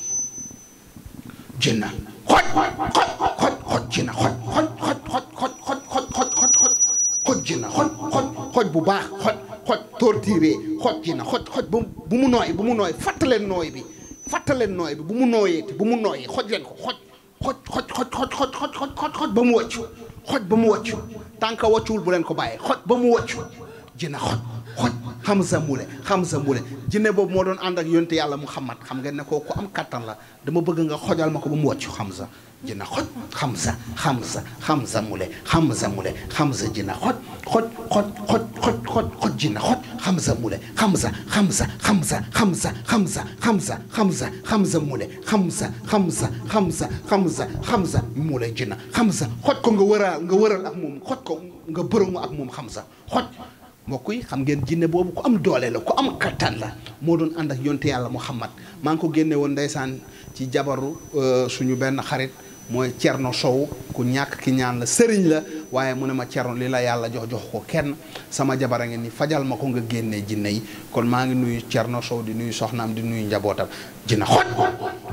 ji na xoj xoj xoj xoj xoj ji na xoj xoj xoj xoj xoj xojji na xoj xoj xoj bu baax xoj xoj torturé xojji na xoj xoj bu mu nooy bu mu nooy fàttaleen nooy bi fàttaleen nooy bi bu mu nooyeeti bu mu nooyee xoj leen ko xoj xoj xoj xoj xoj xoj xoj xoj xoj ba mu wàccu xoj ba mu wàccu tànka wàccuwul bu leen ko bàyyee xoj ba mu wàccu jina xoj xoj Hamza xam sa Moule jinne boobu moo doon ànd ak yonte yàlla mu Muhammad xam ngeen ne ko ku am kattan la dama bëgg nga xojal ma ko ba mu wàccu Hamza jina xoj xam nga Hamza mule Hamza mule xam jina xoj xoj xam xoj xoj xoj xoj jina xoj Hamza mule Hamza Hamza Hamza Hamza Hamza Hamza Hamza Hamza mule Hamza Hamza Hamza Hamza Hamza mule jina Hamza xoj ko nga wëra nga wëral ak moom xoj ko nga bërëmu ak moom Hamza xoj mbokk yi xam ngeen jinne boobu ku am doole la ku am kattan la moo doon ànd ak yonte yàlla Muhammad maa ngi ko génne woon ndeysaan ci jabaru suñu benn xarit mooy Thierno Sow ku ñàkk ki ñaan la sëriñ la waaye mu ne ma Thierno li la yàlla jox jox ko kenn sama jabar a ngeen ni fajal ma ko nga génne jinne yi kon maa ngi nuyu Thierno Sow di nuyu soxnaam di nuyu njabootam jina xoj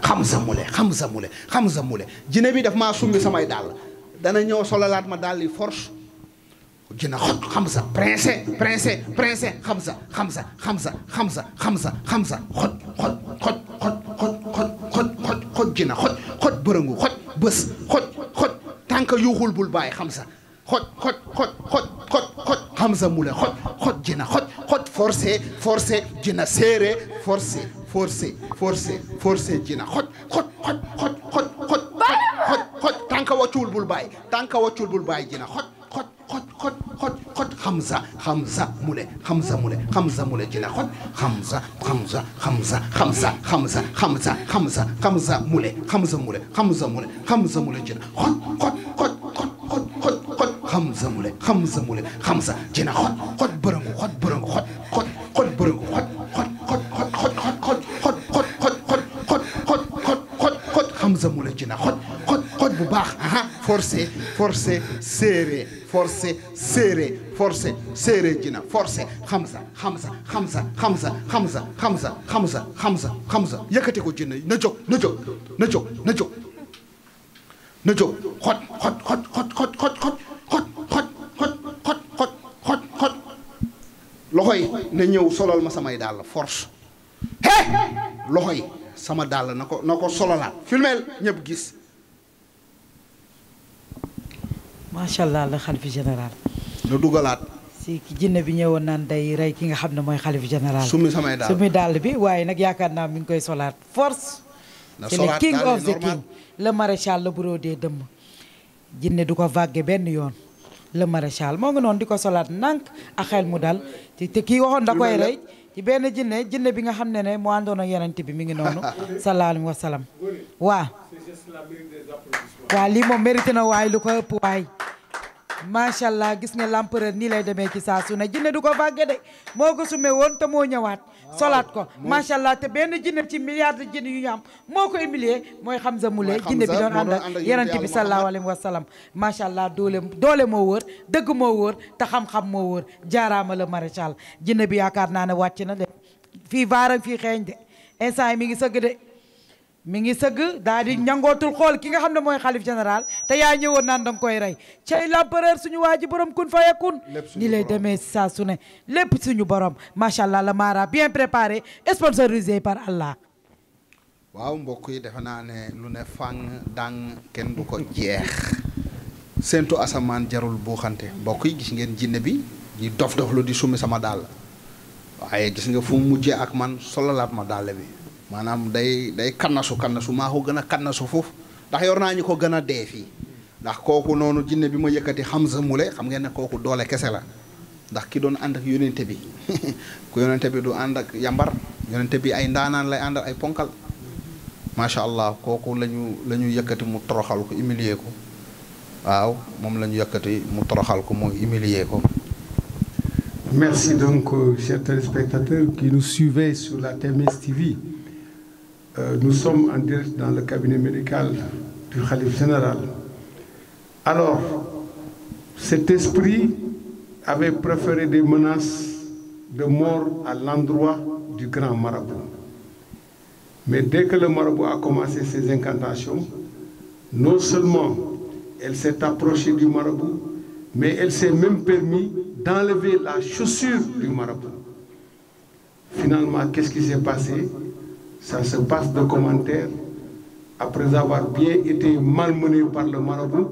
xam sa mule xam sa mule xam sa mule jine bi daf maa summi samay dàll dana ñëw sololaat ma dàll yi force jina xoj xam sa prince prince prince xam sa xam sa xam sa xam sa xam sa xam sa xoj gina xoj xoj bërëngu xot bës xoj xoj tànk yuuxul bul bàyyi xam sa xoj xoj xoj xoj xoj xam sa mule xoj xoj jina xoj xoj forcé forcé jina séeré forcé forcé forcé forcé jina xoj xoj xoj xoj xoj xoj xoj xoj tànk wàccuwul bul bàyyi tànk wàccuwul bul bàyyi jina xoj xoj xoj xoj xoj xoj xam sa xam sa mule xam sa mule xam sa mule jina xoj xam sa Hamza Hamza Hamza Hamza Hamza Hamza Hamza Moulé Hamza Moulé Hamza Moulé Hamza Moulé jëna xot xot xot xot xot xot xot Hamza Moulé Hamza Moulé Hamza jëna xot xot bërëngu xot bërëngu xot xot xot bërëngu xot xot xot xot xot xot xot xot xot xot xot xot xot xot xot Hamza Moulé jëna xot xot xot bu baax aha forcé forcé serré forcé serré forcé serré jëna forcé Hamza xamsa xamsa xamsa xamsa xamsa xamsa xamsa xamsa yëkkati ko jinne na jóg na jóg na jóg na jóg na jóg xot xot xot xot xot xot xot xot xot xot xot xot xot xot loxo yi na ñëw solal ma samay dàll force he loxo yi sama dàll na ko na ko sololaat filmeel ñëpp gis macha allah la xalifa général na dugalaat si jinne bi ñëwoon naan day rey ki nga xam ne mooy xalif général. sumi samay dàll bi waaye nag yaakaar naa mi ngi koy solaat force. na solaat king of the king le maréchal le bureau des dëmm. jinne du ko vagué benn yoon. la maréchal moo ngi noonu di ko solaat nank ak xel mu dal te kii waxoon da koy rey ci benn jinne jinne bi nga xam ne ne mu àndoon ak yonent bi mi ngi noonu. (laughs) sallallahu waa. waa lii moom mérité na lu ko ëpp waay. macha allah gis nga l'empereur nii lay demee ci saa su ne jinne du ko vagué de moo ko sumee woon te moo ñëwaat. solaat ko macha allah te benn jinne ci milliard de jinne yu ñu moo ko humilié mooy Hamza Moulé jinne bi doon ànd ak yonent bi sallallahu alayhi wa sallam macha allah doole doole moo wóor dëgg moo wóor te xam-xam moo wóor jaaraama la maréchal jinne bi yaakaar naa ne wàcc na de fii vaaram fii xeeñ de instant mi ngi sëgg de. mi ngi sëgg daal di ñangootul xool ki nga xam ne mooy xalif général te yaa ñëwoon naan danga koy rey cay l'empereur suñu waa ji borom kun fa yakun ni lay demee saa su ne lépp suñu borom macha allah la Mara bien préparé sponsorisé par Allah. waaw mbokk yi defe naa ne lu ne fang dang kenn du ko jeex seentu asamaan jarul buuxante mbokk yi gis ngeen jinne bi di dof dof lu di summi sama dàll waaye gis nga fu mujjee ak man solalaat ma dàll bi. maanaam day day kannasu kannasu maa ko gën a kannasu foofu ndax yor naa ñu ko gën a dee fii ndax kooku noonu jinne bi ma yëkkati Hamza Moule xam ngeen ne kooku doole kese la ndax ki doon ànd ak yonente bi (laughs) ku yonente bi du ànd ak yambar yonente bi ay ndaanaan lay ànd ay ponkal macha allah kooku la ñu la ñu yëkkati mu toroxal ko humilier ko waaw moom lañu ñu yëkkati mu toroxal ko mooy humilier ko. merci donc euh, chers téléspectateurs qui nous suivaient sur la TMS TV. Euh, nous sommes en direct dans le cabinet médical du Khalif général. Alors, cet esprit avait préféré des menaces de mort à l'endroit du grand marabout. Mais dès que le marabout a commencé ses incantations, non seulement elle s'est approchée du marabout, mais elle s'est même permis d'enlever la chaussure du marabout. Finalement, qu'est-ce qui s'est passé Ça se passe de commentaires après avoir bien été malmené par le marabout.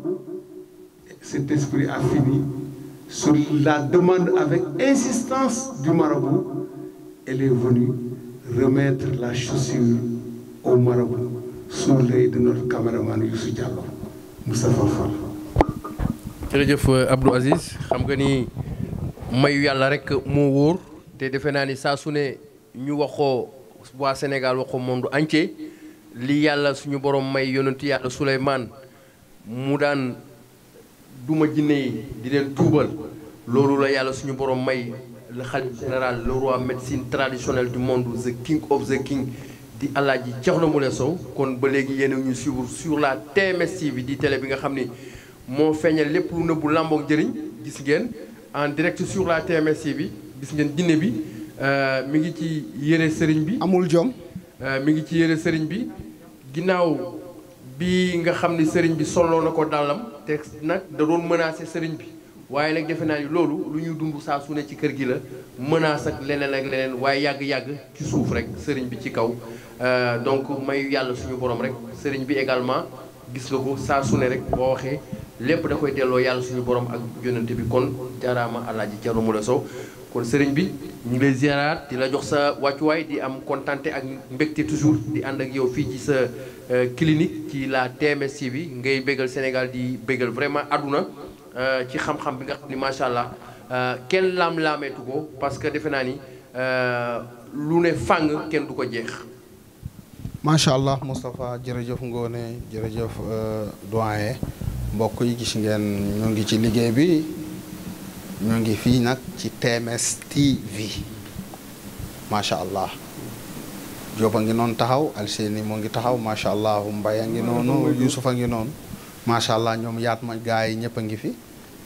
Cet esprit a fini sur la demande avec insistance du marabout. Elle remettre la chaussure au marabout sous l'œil de notre caméraman Youssou Diallo Moustapha Fall. jërëjëf euh, Abdou Aziz xam nga ni mayu yàlla rek moo wóor te defe naa ni saa su ne ñu waxoo. waa Sénégal wax ko monde entier li yàlla suñu borom may yonent yàlla Souleymane mu daan duma jinne yi di leen tuubal loolu la yàlla suñu borom may le khalife général le roi médecine traditionnelle du monde the king of the king di Alaaji Thierno Moule Sow kon ba léegi yéen ñu suivre suur la TMS bi di tele bi nga xam ni moo feeñal lépp lu nëbbu làmboog jëriñ gis ngeen en direct sur la TMS bi gis ngeen jinne bi Euh, mi ngi ci yére sëriñ bi. amul jom. Euh, mi ngi ci yére sëriñ bi ginnaaw bi nga xam ni sëriñ bi soloo na ko dàllam te nag da doon menacé sëriñ bi waaye nag defe naa ni loolu lu ñu dund saa sune ci kër gi la menace ak leneen ak leneen waaye yàgg-yàgg ci suuf rek sëriñ bi ci kaw. Euh, donc mayu yàlla suñu borom rek sëriñ bi également gis nga ko saa su rek boo waxee lépp da koy delloo yàlla suñu borom ak yonent bi kon jaaraama Alaaji Thierno Moule Sow kon sëriñ bi ñu ngi ziaraat di la jox sa wàccuwaay di am kontante ak mbégte toujours di ànd ak yow fii ci sa euh, clinique ci la TMS TV bi ngay bégal Sénégal di bégal vraiment àdduna euh, ci xam-xam bi nga xam ni macha allah euh, kenn laam-laameetu ko parce que defe naa ni lu ne fànn kenn du ko jeex. macha allah Moustapha jërëjëf Ngone jërëjëf doyen mbokk yi gis ngeen ñoo ngi ci liggéey bi. ñu ngi fii nag ci TMS TV macha allah Diop a ngi noonu taxaw Alseni moo ngi taxaw macha allah Mbaye a ngi noonu Youssouf a ngi noonu macha allah ñoom yaat ma gars yi ñëpp a ngi fi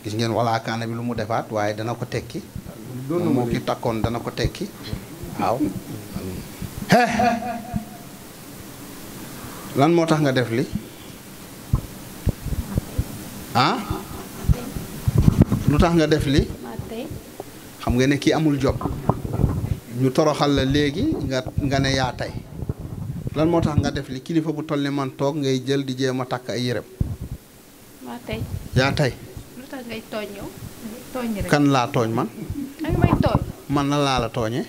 gis ngeen wala kaana bi lu mu defaat waaye dana ko tekki. doon moo ki takkoon dana ko tekki waaw. lan moo tax nga def li ah. lu tax nga def li xam nga ne kii amul jom ñu toroxal la léegi nga nga ne yaa tey lan moo tax nga def li kilifa bu toll ni man toog ngay jël di jéem a takk ay yërem. maa yaa tey. kan laa tooñ man. man na laa la tooñee.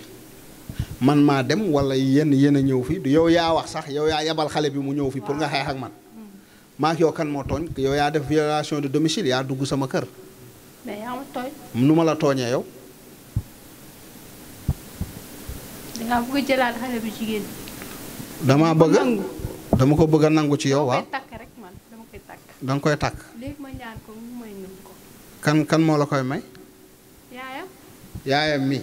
man maa dem wala yenn yenn ñëw fi du yow yaa wax sax yow yaa yabal xale bi mu ñëw fi pour nga xeex ak man. Mm. maa ak yow kan moo tooñ yow yaa def violation de domicile yaa dugg sama kër. nu ma la tooñee yow. da damaa bëgg dama ko bëgg nangu ci yow. waaw danga koy takk rek man dama koy takk. kan moo la koy may. yaayam. mi.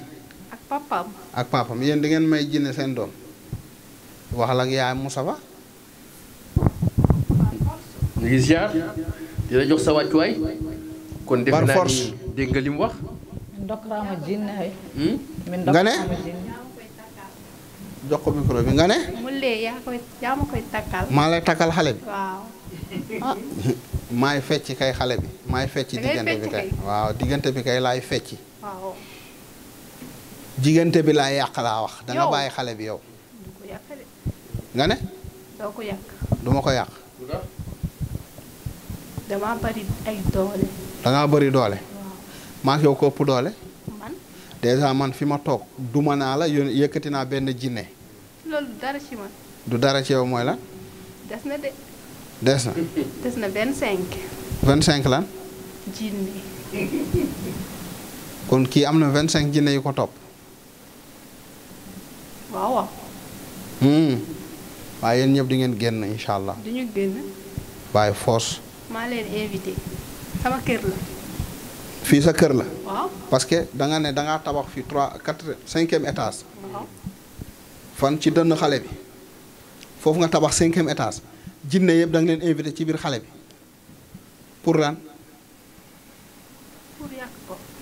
ak papaam. ak papaam di ngeen may jinne seen doom. waxal ak yaayam Moussa Ba. ñu la jox sa wàccuwaay. kon def naa dégg nga li mu wax. Hmm? nga ne. bi nga ne. maa lay takkal xale bi. ah (laughs) maay fecc kay xale bi maay fecc diggante bi kay waaw diggante bi kay laay fecc. diggante bi laay yàq laa wax. danga bàyyi xale bi yow. nga ne. doo du ma ko yàq. damaa bari doole. da ngaa doole. yow ko ëpp doole. man dèjà man fi ma toog duma naa la yëkkati naa benn jinne. loolu du dara ci man. du dara ci yow mooy lan. des na de. des na. vingt cinq. vingt cinq lan. kon kii am na vingt cinq jinne yu ko topp. Hmm. waaye yéen ñëpp di ngeen génn incha allah. du ñu génn. waaye force. fii sa kër la. waaw parce que da nga ne da tabax fii trois quatre cinquième étage. fan ci dënn xale bi foofu nga tabax cinquième étage jinne yëpp da leen invité ci biir xale bi pour lan.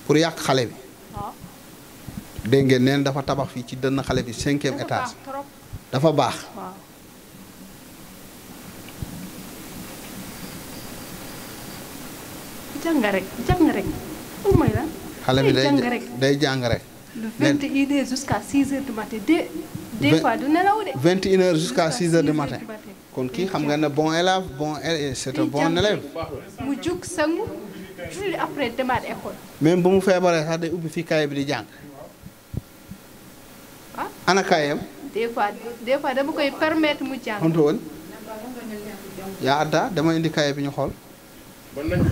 pour yàq xale bi. waaw. ngeen neen dafa tabax fii ci dënn xale bi cinquième étage. dafa baax. jàng rek jàng rek moom mooy lan. xale bi day day jàng rek. le vingt et une heures jusqu'à six heures du matin de. des fois du nelaw de. vingt une heures jusqu'à six heures du matin. kon kii xam nga ne bon élève bon eh, c'est bon élève. mu jug sangu julli après bu mu feebaree sax day ubbi fii kaay bi di jàng. Ah? ana kaayam. des fois dama koy permettre mu jàng. xamtu yaa adda dama indi bi ñu xool. ba nañ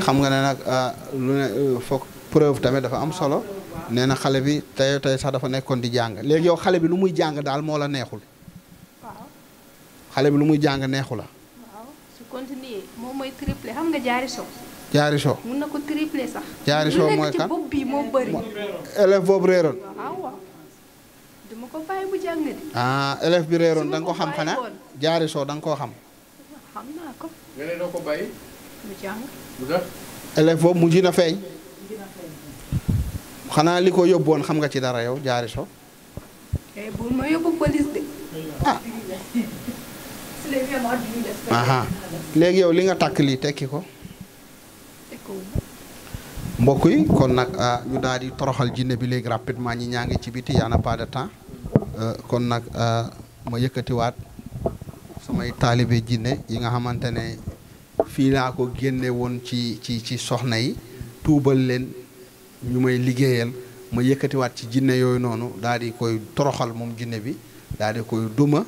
xam nga ne nag ah, lu ne euh, foog preuve tamit dafa am solo nee na xale bi tey tey sax dafa nekkoon di jàng léegi yow xale bi lu muy jàng daal moo la neexul. xale bi lu muy jàng neexu la. waaw su continuer moom jaari so. jaari so mun na ko triplé sax. jaari so mooy kan bopp bi moo bëri. boobu réeroon. duma ko bàyyi bu ah, xam xanaa jaari so danga nga koo xam. xam naa mu jàng. na feeñ. xanaa li ko yóbboon xam nga ci dara yow jaari so. Eh, bu ah. léegi yow li nga takk lii tekki ko. mbokk yi kon nag ah, ñu daal di toroxal jinne bi léegi rapidement ñi ñaa ngi ci biti yaa na pas de temps euh, kon nag ah, ma yëkkatiwaat. samay taalibe jinne yi nga xamante ne fii laa ko génne woon ci ci ci soxna yi tuubal leen ñu may liggéeyal ma yëkkatiwaat ci jinne yooyu noonu daal di koy toroxal moom jinne bi daal di koy duma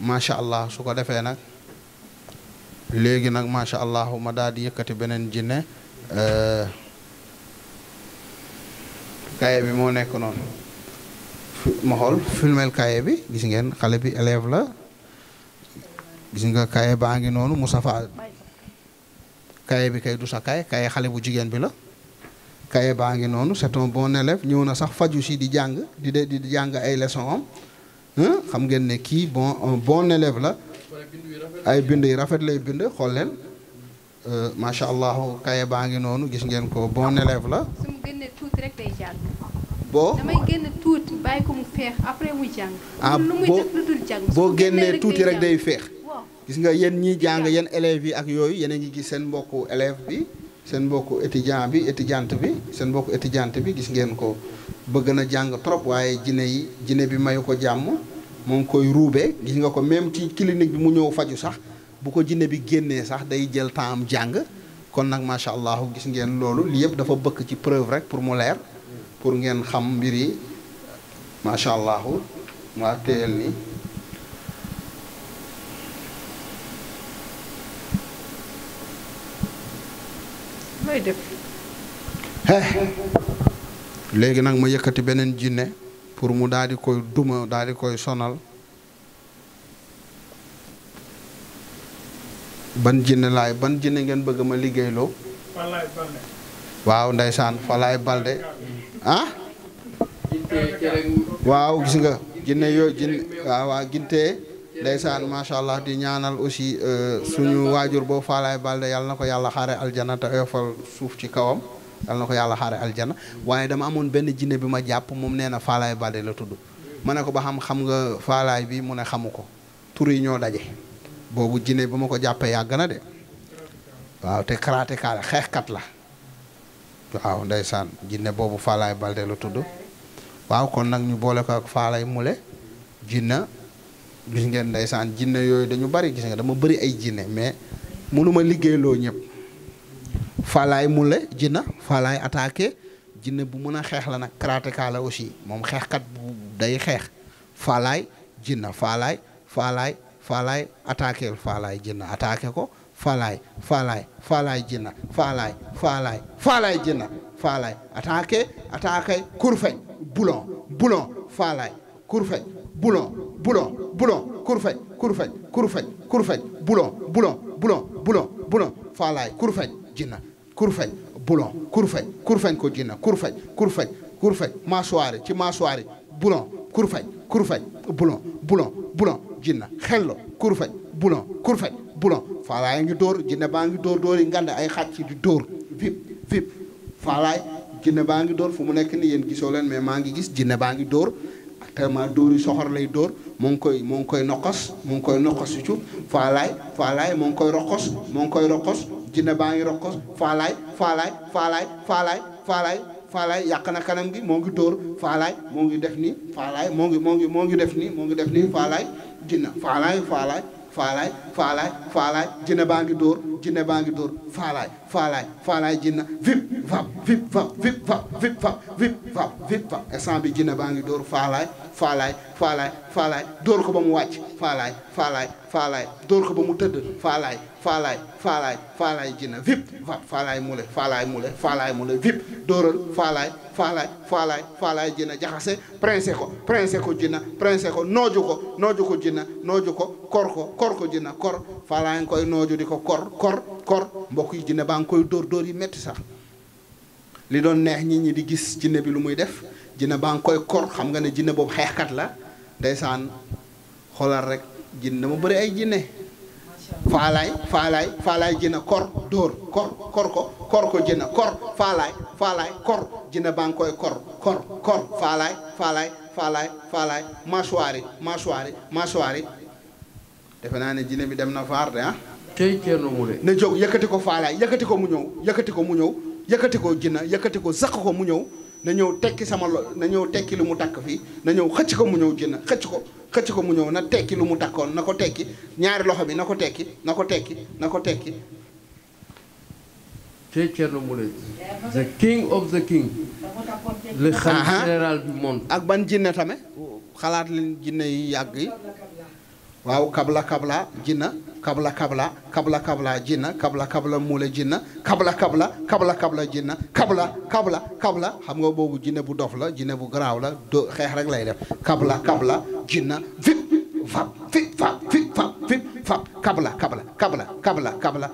macha allah su ko defee nag léegi nag macha allah ma daal di yëkkati beneen jinne eh, kaye bi moo nekk noonu ma xool filmeel kaye bi gis ngeen xale bi élève la gis nga kaye baa ngi noonu Moustapha kaye bi kay du sa kaye kaye xale bu jigéen bi la kaye baa ngi noonu c'est un bon élève ñëw na sax faju si di jàng di de di jàng ay leçon am xam ngeen ne kii bon un élève la ay bind yu rafet lay bind xool leen euh, macha allah kaye baa ngi noonu gis ngeen ko bon élève la. boo génn tuuti boo génnee tuuti rek day feex. gis nga yéen ñiy jàng yenn élèves yi ak yooyu yeneen a ngi gis seen mbokku élève bi seen mbokku étudiant bi étudiante bi seen mbokku étudiante bi gis ngeen ko bëgg na jàng trop waaye jine yi jinne bi mayu ko jàmm mu ngi koy ruubee gis nga ko même ci clinique bi mu ñëw faju sax bu ko jinne bi génnee sax day jël temps am jàng kon nag macha allah gis ngeen loolu li yëpp dafa bëkk ci preuve rek pour mu leer pour ngeen xam mbir yi macha allah waa téyel ni léegi nag ma yëkkati beneen jinne pour mu daal koy duma daal koy sonal ban jinne laay ban jinne ngeen bëgg ma liggéeyloo. waaw ndeysaan Falaay Balde ah. waaw gis nga jinne yooyu jinne waaw waa gintee ndeysaan macha allah di ñaanal aussi euh, suñu waajur boobu Faalaay Balde yàlla na ko yàlla xaare aljana te oyofal suuf ci kawam yàlla na ko yàlla xaare aljana waaye dama amoon benn jinne bi ma jàpp moom nee na Faalaay Balde la tudd ma ne ko ba xam xam nga faalaay bii mu ne xamu ko tur yi ñoo daje boobu jinne ba ma ko jàppee yàgg na de waaw te karaate kaale xeexkat la waaw ndeysaan jinne boobu faalaay balde la tudd waaw kon nag ñu boole ko ak faalaay mule jinna gis ngeen ndeysaan jinne yooyu dañu bari gis nga dama bëri ay jinne mais mënuma liggéeyloo ñëpp faalaay mule jinna faalaay attaqué jinne bu mën a xeex la nag karateka la aussi moom xeexkat bu day xeex faalaay jinna faalaay faalaay faalaay attaqué faalaay jinna attaqué ko faalaay faalaay faalaay jinna faalaay faalaay faalaay jinna faalaay attaqué attaqué kurfeñ boulon boulon boulon boulon kurfaj kurfaj kurfaj kurfaj boulon boulon boulon boulon boulon faalaay kurfaj jinna kurfaj boulon kurfaj kurfaj ko jinna kurfaj kurfaj kurfaj mâchoire ci mâchoire boulon kurfaj kurfaj boulon boulon boulon jinna xello kurfaj boulon kurfaj boulon faalaay ngi dóor jinne baa ngi dóor dóor yi ngande ay xàcc di dóor vip vip faalaay jinne baa ngi dóor fu mu nekk ni yéen gisoo leen mais maa ngi gis jinne baa ngi dóor tellement dóor yu soxor lay dóor mu ngi koy moo ngi koy noqos mu ngi koy noqos yu ci faalaay faalaay moo ngi koy roqos moo ngi koy roqos jinne baa ngi roqos faalaay faalaay faalaay faalaay faalaay faalaay yàq na kanam gi moo ngi dóor faalaay moo ngi def nii faalaay moo ngi moo ngi moo ngi def nii moo ngi def nii faalaay jinne faalaay faalaay faalaay faalaay faalaay jinne baa ngi dóor jinne baa ngi dóor faalaay faalaay faalaay jinne vip vap vip vap vip vap vip vap vip vap vip vap instant bi jinne baa ngi dóor faalaay faalaay faalaay faalaay dóor ko ba mu wàcc faalaay faalaay faalaay dóor ko ba mu tëdd faalaay faalaay faalaay faalaay jinna vip faalaay mule faalaay mule faalaay mule vip dóoral faalaay faalaay faalaay faalaay jaxase prince ko prince ko jinna prince ko nooju ko nooju ko jinna nooju ko kor ko kor ko jinna faalaay nga koy nooju di ko kor kor mbokk yi jinne baa nga koy dóor dóor yi metti sax li doon neex nit ñi di gis jinne bi lu muy def jinne baa nga koy kor xam nga ne jinne boobu xeexkat la ndeysaan xoolal rek jinne dama bëri ay jinne faalaay faalaay faalaay jëna kor dóor kor kor ko kor ko jëna kor faalaay faalaay kor jëna baa ngi koy kor kor kor faalaay faalaay faalaay faalaay mâchoire yi mâchoire defe naa ne jinne bi dem na faar de ah tey kenn mu de ne jóg yëkkati ko faalaay yëkkati ko mu ñëw yëkkati ko mu ñëw yëkkati ko jëna yëkkati ko sëq ko mu ñëw na ñëw tekki sama lo na ñëw tekki lu mu takk fii na ñëw xëcc ko mu ñëw jëna xëcc ko xëcc ko mu ñëw na tekki lu mu takkoon na ko tekki ñaari loxo bi na ko tekki na ko tekki na ko tekki te Thierno Moule the king of the king le xalif général du ak ban jinne tamit xalaat leen jinne yi yàgg yi waaw kabla kabla jinna kabla kabla kabla kabla jinna kabla kabla muule jinna kabla kabla kabla kabla jinna kabla kabla kabla xam nga boobu jinne bu dof la jinne bu garaaw la do xeex rek lay def kabla kabla jinna vip vap vip vap vip fab kabla kabla kabla kabla kabla kabla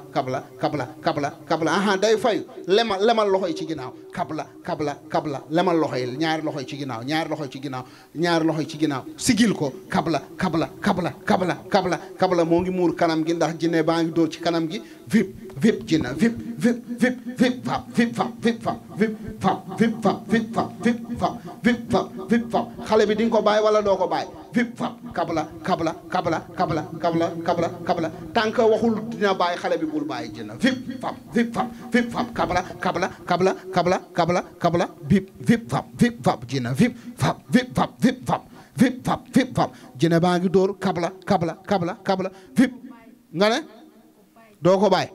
kabla kabla kabla aha day fayu lemal lemal loxo yi ci ginnaaw kabla kabla kabla lemal loxo yi ñaari loxo yi ci ginnaaw ñaari loxo yi ci ginnaaw ñaari loxo yi ci ginnaaw sigil ko kabla kabla kabla kabla kabla kabla moo ngi muur kanam gi ndax jinne baa ngi dóor ci kanam gi vip vip jina vip vip vip vip vap vip vap vip vap vip vap vip vap vip vap vip vap vip vap vip vap xale bi di nga ko bàyyi wala doo ko bàyyi vip vap kabla kabla kabla kabla kabla kabla kabla tant que waxul dina bàyyi xale bi bul bàyyi jina vip vap vip vap vip vap kabla kabla kabla kabla kabla kabla vip vip vap vip vap jina vip vap vip vap vip vap vip vap vip vap jina baa ngi dóor kabla kabla kabla kabla vip nga ne doo ko baay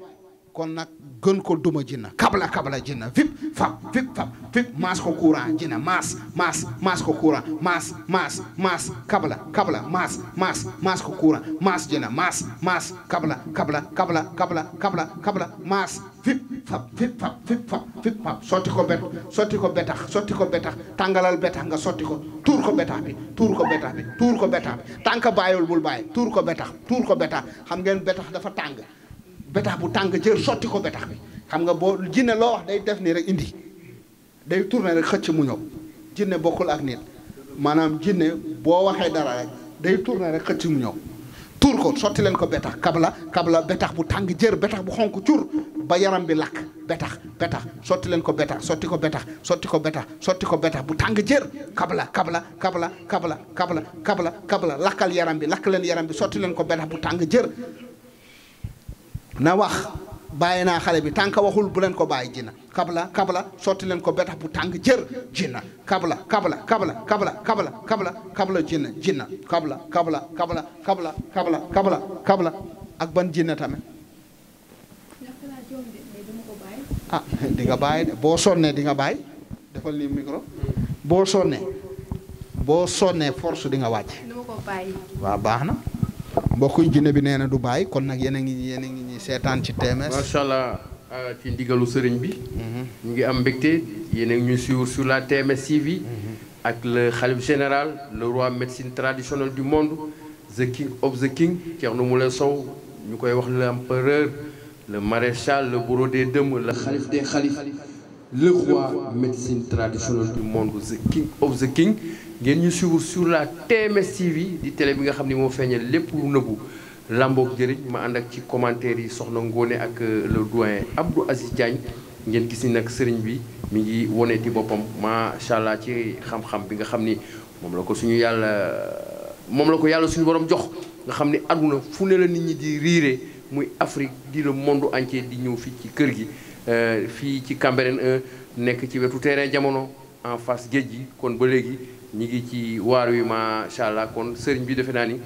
kon nag gën ko duma jinna kabla kabla jinna vip fap vip fap vip maas ko courant jinna maas maas maas ko courant maas maas maas kabla kabla maas maas maas ko courant maas jinna maas maas kabla kabla kabla kabla kabla kabla maas vip fap vip fap vip fap vip fap sotti ko sotti ko betax sotti ko betax tàngalal betax nga sotti ko tuur ko betax bi tuur ko betax bi tuur ko betax bi tànk bàyyul bul bàyyi tuur ko betax tuur ko betax xam ngeen betax dafa tàng betax bu tàng jër sotti ko betax bi xam nga boo jinne loo wax day def nii rek indi day tourné rek xëcc mu ñëw jinne bokkul ak nit maanaam jinne boo waxee dara rek day tourné rek xëcc mu ñëw tuur ko sotti leen ko betax kabla kabla betax bu tàng jër betax bu xonk cur ba yaram bi lakk betax betax sotti leen ko betax sotti ko betax sotti ko betax sotti ko betax bu tàng jër kabla kabla kabla kabla kabla kabla kabla lakkal yaram bi lakk leen yaram bi sotti leen ko betax bu tàng jër na wax bàyyi naa xale bi tànk waxul bu leen ko bàyyi jinna kabla kabla sotti leen ko ba bu tànk jër jinna kabla kabla kabla kabla kabla kabla kabla jinna jinna kabla kabla kabla kabla kabla kabla kabla ak ban jinna tamit ah di bàyyi de boo sonnee di nga bàyyi defal ni micro boo sonnee boo sonnee force di nga wàcc waaw baax na mbokkuñ jinne bi nee na du bàyyi kon nag yéen a ngi yéen a ngi seetaan ci TMS. macha allah ah, ci ndigalu sëriñ bi. Mhm. ñu ngi am mbégte yéen a ngi ñuy suivre sur la TMS TV. Mhm. ak le xalif général le roi médecine traditionnelle du monde the king of the king Thierno Moule Sow ñu koy wax l'empereur le maréchal le bourreau des dëmm le xalif des xalif le roi médecine traditionnelle du monde the king of the king. ngeen ñu suivre sur la TMS TV di télé bi nga xam ni moo feeñal lépp lu nëbbu làmboog jëriñ ma ànd ak ci commentaire yi soxna Ngone ak euh, le doyen Abdou Aziz Diagne ngeen gis ni nag sëriñ bi mu ngi woneeti boppam macha allah ci xam-xam bi nga xam ni moom la ko suñu yàlla moom la ko yàlla suñu borom jox nga xam ni àdduna fu ne la nit ñi di riire muy Afrique di le monde entier di ñëw fii ci kër gi euh, fii ci Cambérène 1 nekk ci wetu terrain jamono en face géej gi kon ba léegi ñi ngi ci waar wi macha allah kon sëriñ bi defe naa ni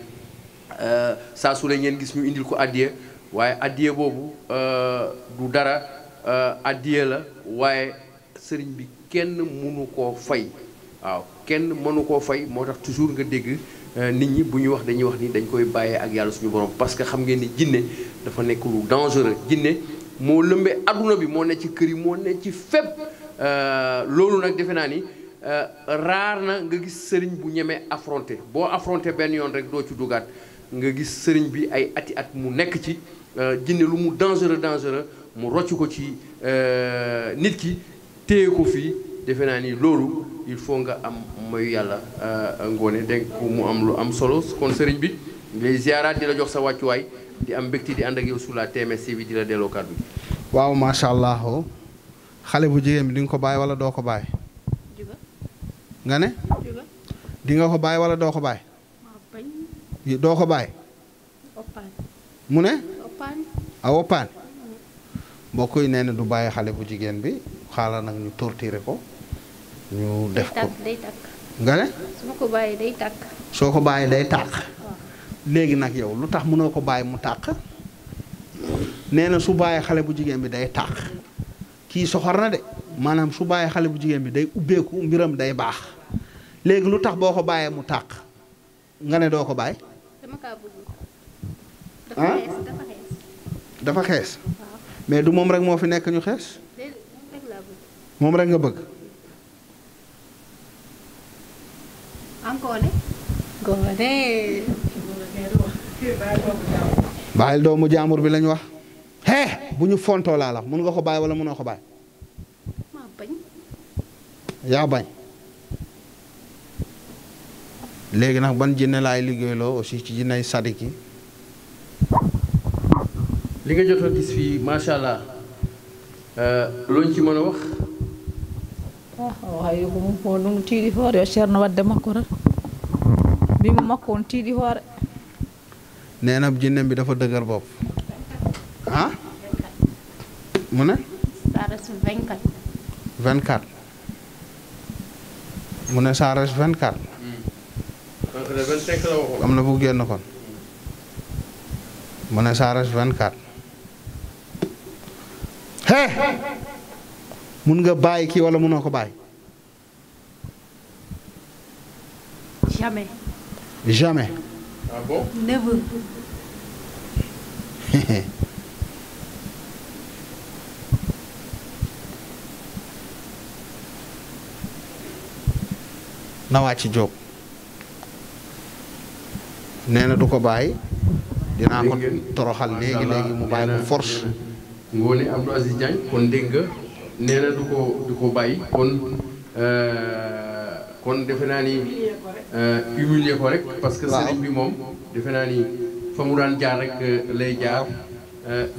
euh, saa su la ngeen gis ñu indil ko addiye waaye addiye boobu euh, du dara euh, addiye la waaye sëriñ bi kenn mënu koo fay waaw kenn mënu koo fay moo tax toujours nga dégg nit ñi bu ñuy wax dañuy wax ni dañ koy bàyyee ak yàlla suñu borom parce que xam ngeen ni jinne dafa nekk lu dangereux jinne moo lëmbee adduna bi moo ne ci kër yi moo ne ci fépp loolu nag defe naa ni Euh, raar na nga gis sëriñ bu ñemee affronté boo affronté benn yoon rek doo ci dugaat nga gis sëriñ bi ay ati at mu nekk ci euh, jinne lu mu dangereux dangereux mu rocc ko ci euh, nit ki téye ko fii defe naa ni loolu il faut nga am may yàlla ngoone denk mu am lu am solo kon sëriñ bi ngay ziaraat di la jox sa wàccuwaay di am mbégte di ànd ak yow sur la TMS bi di la delloo kàddu bi waaw macha allah xale bu jigéen bi di nga ko bàyyi wala doo ko bàyyi. nga ne dinga ko bàyyi walla doo ko bàyyi doo ko bàyyi mu ne a woppaani boo koy nee na du bàyyi xale bu jigéen bi xaala nag ñu torturer ko ñu def ko nga ne soo ko bàyyi day tàkk léegi nag yow lu tax mënoo ko bàyyi mu tàkk nee na su bàyyi xale bu jigéen bi day tàkk kii soxor na de maanaam su bàyyi xale bu jigéen bi day ubbeeku mbiram day baax léegi lu tax boo ko bàyyee mu tàq nga ne doo ko bàyyi. Ah? dafa xees. mais du moom rek moo fi nekk ñu xees. moom rek nga bëgg. encore. bàyyil doomu jaamur bi lañ wax. hee bu ñu fonto laa la mun nga ko bàyyi wala mënoo ko bàyyi. yaa bañ léegi nag ban jinne laay liggéeyloo aussi ci jinnay sadik yi. li nga jot gis fii macha allah euh, looñ ci mën a wax. Ah, wayi ko mum ko ɗum tiiɗi hoore o ceerno wadde makko tan mbimo makko on tiiɗi hoore nenam jinne mbi dafa dëgër bopp mu ne. Saarès 24. 24. mu ne Saarès 24. am na bu génn kon. mu ne Saarès 24. hee. mun nga bàyyi kii wala munoo ko bàyyi. jamais. jamais. (laughs) na wàcc jóg nee na du ko bàyyi dina am toroxal léegi léegi mu bàyyi ko force. Ngoné Abdou Aziz Diagne kon dégg nga nee du ko du ko bàyyi kon euh, kon defe naa ni euh, humilier ko que sëriñ bi moom defe naa ni fa mu daan jaar rek euh, lay jaar.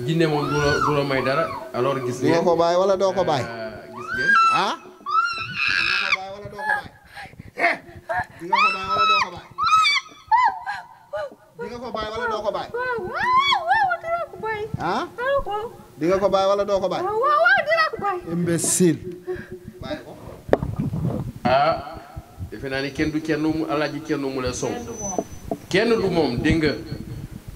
jinne moom du la du la may dara alors gis ngeen. doo ko bàyyi wala doo ko bàyyi. bàyyi wala doo ko bàyyi. waaw dinaa ko bàyyi. ah wala doo ko bàyyi. waaw waaw dinaa ah defe naa ni kenn du kenn mu alaaji kenn mu la sow. kenn du moom dégg nga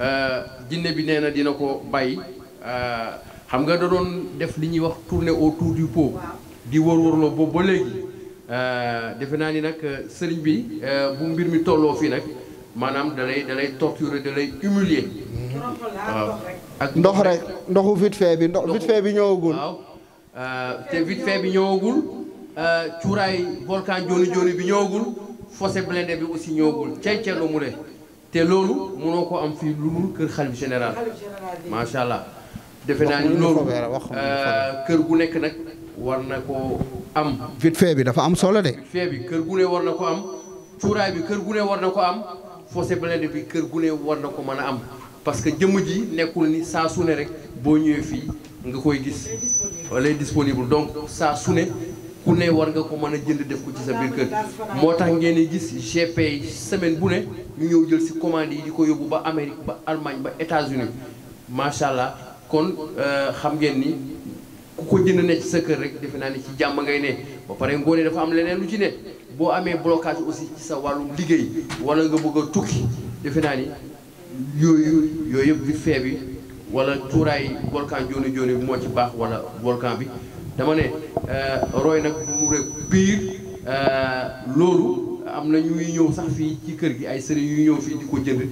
ah, jinne bi nee na dina ko bàyyi ah, xam nga da doon def li ñuy wax tourner autour du pot di wër-wërloo boobu ba léegi ah, defe naa ni nag sëriñ bi bu mbir mi tolloo fii nag. maanaam da lay da lay torturer da lay waaw ndox rek ndoxu vite fait bi ndox vite fait bi ñëwagul waaw euh, te vite bi ñëwagul euh, cuuraay volcan jooni jooni bi ñëwagul fossé blindé bi aussi ñëwagul cey Thierno Moule te loolu mënoo ko am fii lu kër xalif général macha allah defe naa ni loolu euh, kër gu nekk nag war na ko am vite bi dafa am solo de vite bi kër gu ne war na ko am cuuraay bi kër gu ne war na ko am fossé Blédé bii kër gu ne war na ko mën a am parce que jëmm ji nekkul ni saa sune rek boo ñëwee fii nga koy gis lay disponible donc saa sune ku ne war nga ko mën a jël def ko ci sa biir kër moo tax ngeen di gis GP yi semaine bu ne ñu ñëw jël si commande yi di ko yóbbu ba Amérique ba Allemagne ba États-Unis macha allah kon euh, xam ngeen ni ku ko jënd ne ci sa kër rek defe naa ne ci jàmm ngay ne ba pare ngoone dafa am leneen lu ci ne. boo amee blocage aussi ci sa wàllum liggéey wala nga bëgg a tukki defe naa ni yooyu yooyu yëpp vite fait bi wala cuuraay volcan jooni jooni bi moo ci baax wala volcan bi dama ne euh, roy nag mu rek pire euh, loolu am na ñuy ñëw sax fii ci kër gi ay sëriñ yuy ñëw fii di ko jënd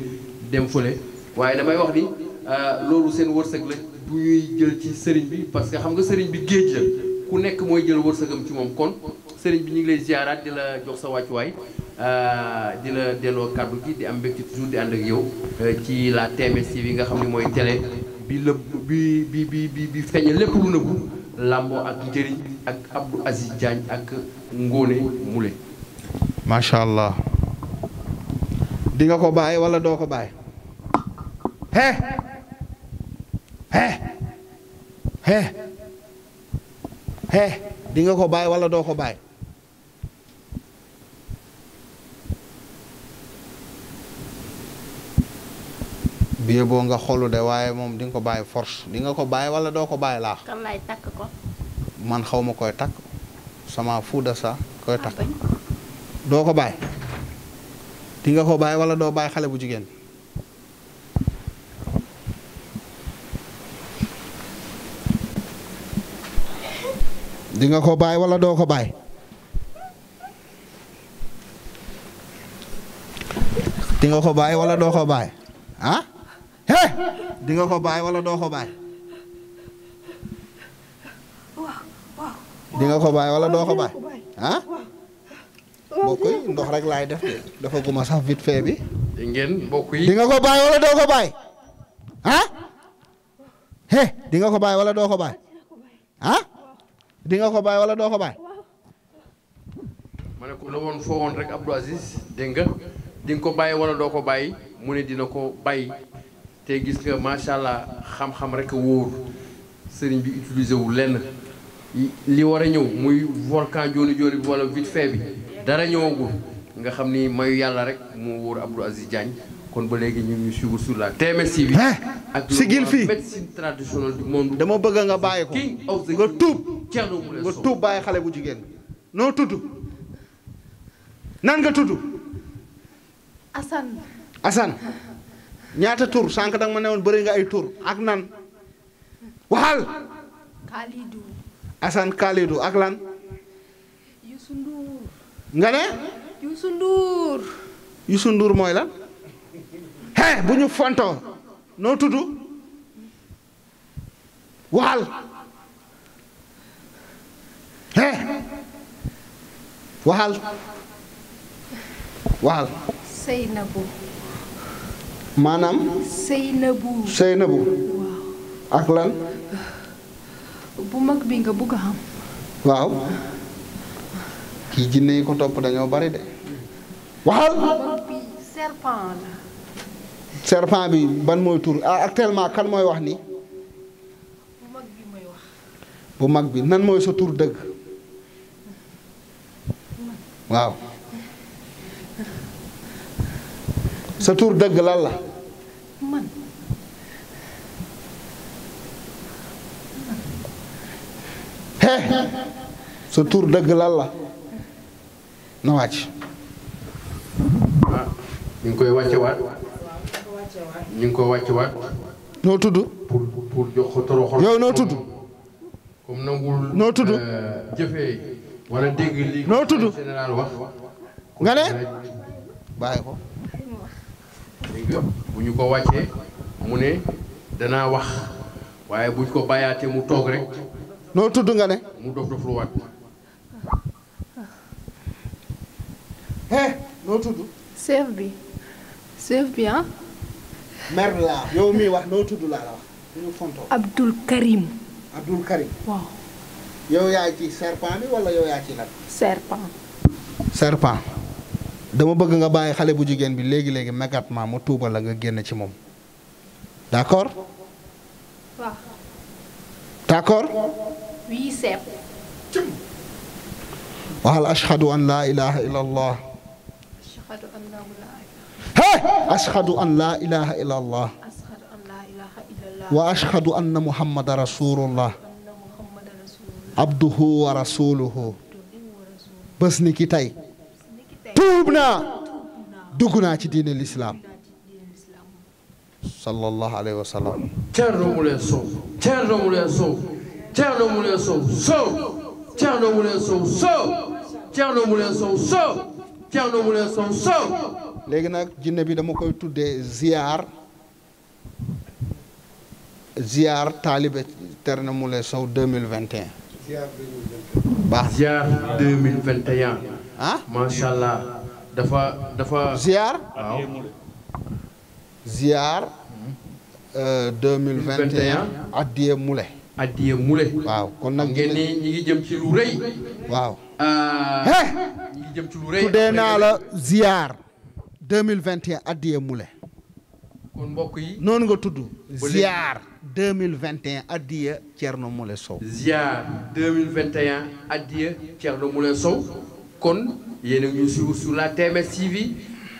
dem fële waaye damay wax ni euh, loolu seen wërsëg la bu ñuy jël ci sëriñ bi parce que xam nga sëriñ bi géej la ku nekk mooy jël wërsëgam ci moom kon sëriñ bi ñu ngi lay ziaraat di jox sa wàccuwaay euh, di dina delloo kàddu gi di am mbégte toujours di ànd ak yow euh, ci la TMS TV nga xam ne mooy télé bi lëpp bi bi bi bi bi feeñe lépp lu nëbbu làmboo ak njëriñ ak Abdou Aziz Diagne ak Ngone Moule macha allah dinga ko bàyyi wala doo ko bàyyi he he he he di nga ko bàyyi wala doo ko bàyyi bi boo nga xolu de waaye moom di nga ko bàyyi force di nga ko bàyyi wala doo ko bàyyi laa. man xaw ma koy takk sama fuuda sa koy takk. Ah, doo ko bàyyi. di nga ko bàyyi wala doo bàyyi xale bu jigéen. di nga ko bàyyi wala doo ko bàyyi. di nga ko bàyyi wala doo ko bàyyi ah. he di nga ko bàyyi wala doo ko bàyyi. di nga ko bàyyi wala doo ko bàyyi ah. mbokk yi ndox rek laay def de dafa guma sax vite fait bi. ngeen mbokk yi. di nga ko bàyyi wala doo ko bàyyi ah. he di nga ko bàyyi wala doo ko bàyyi ah. di nga ko bàyyi wala doo ko bàyyi. ma ne ko la woon foo woon rek Abdou Aziz dégg nga di nga ko bàyyi wala doo ko bàyyi mu ne dina ko bàyyi. te gis nga macha allah xam-xam rek wóor sëriñ bi utilisé wu lenn li war a ñëw muy volcan jooni jooni bi wala vite fait bi dara ñëwagul nga xam ni mayu yàlla rek moo wóor Abdou Aziz Diagne kon ba léegi ñu ngi suivre sur la TMS TV. ak sigil fii médecine traditionnelle du monde. dama bëgg nga bàyyi ko nga tuub nga tuub bàyyi xale bu jigéen noo tudd nan nga tudd. Assane. Assane. ñaata tur sànq danga ma ne woon bëri nga ay tur ak nan waxal. Kalidou. Assane ak lan. nga ne. Youssou Ndour. Youssou Ndour mooy la he bu ñu fontoo noo tudd waxal. he waxal. waxal. maanaam. Seynabu. Seynabu. bu ak lan. bu mag bi nga bugg a xam. waaw. kii jinne yi ko topp dañoo bari de. waxal. bi bi ban mooy tur ah actuellement kan mooy wax ni. bu mag bi bu mag bi nan mooy sa tur dëgg. waaw. sa tur dëgg lan la. man sa tur dëgg lan la na wàcc ah, ñu ngi koy wàcce waat ñu ngi koy wàcce waat noo tudd pour pour jox yow noo tudd comme nangul noo tudd euh, jëfee wala dégg lii noo nga ne bu ñu ko wàccee mu ne danaa wax waaye buñ ko bàyyaatee mu toog rek. noo tudd nga ne. mu dof dof lu waat. hé noo tudd. chef bi chef bi ah. mer laa yow mii wax noo tudd laa la wax. Abdul Karim. Abdul Karim. yow yaa ci serpent bi wala yow yaa ci lan. serpent. serpent. dama bëgg nga bàyyi xale bu jigéen bi léegi léegi mécatement mu tuuba la nga génn ci moom d'accord. waaw. d'accord. oui c'est bon. waxal ashhadu an laa ilaha illa allah. ashhadu an laa ilaha illa allah. ashhadu an laa ilaha wa ashhadu anna abduhu wa rasuluhu. bés ni ki tey. tuub naa dugg naa ci diine lislaam sallallahu alayhi wa sallam Thierno Moule Sow Thierno Moule Sow Thierno Moule Sow Sow Thierno Moule Sow Sow Thierno Moule Sow Sow Thierno léegi nag jinne bi dama koy tuddee ziyaar ziyaar taalibe Thierno Moule Sow 2021 baax ziyaar 2021 ah macha allah dafa dafa ziar waaw ziar 2021 hmm. euh, addiye mule addiye mule waaw kon nag ngeen ni ñi ngi jëm ci lu rëy waaw he ah, ñi ngi jëm ci lu rëy tuddee naa la ziar 2021 addiye mule kon mbokk yi noonu nga tudd ziar 2021 addiya Thierno Moule Sow ziar 2021 addiya Thierno Moule Sow kon yéen a ngi ñu suivre sur la TMS TV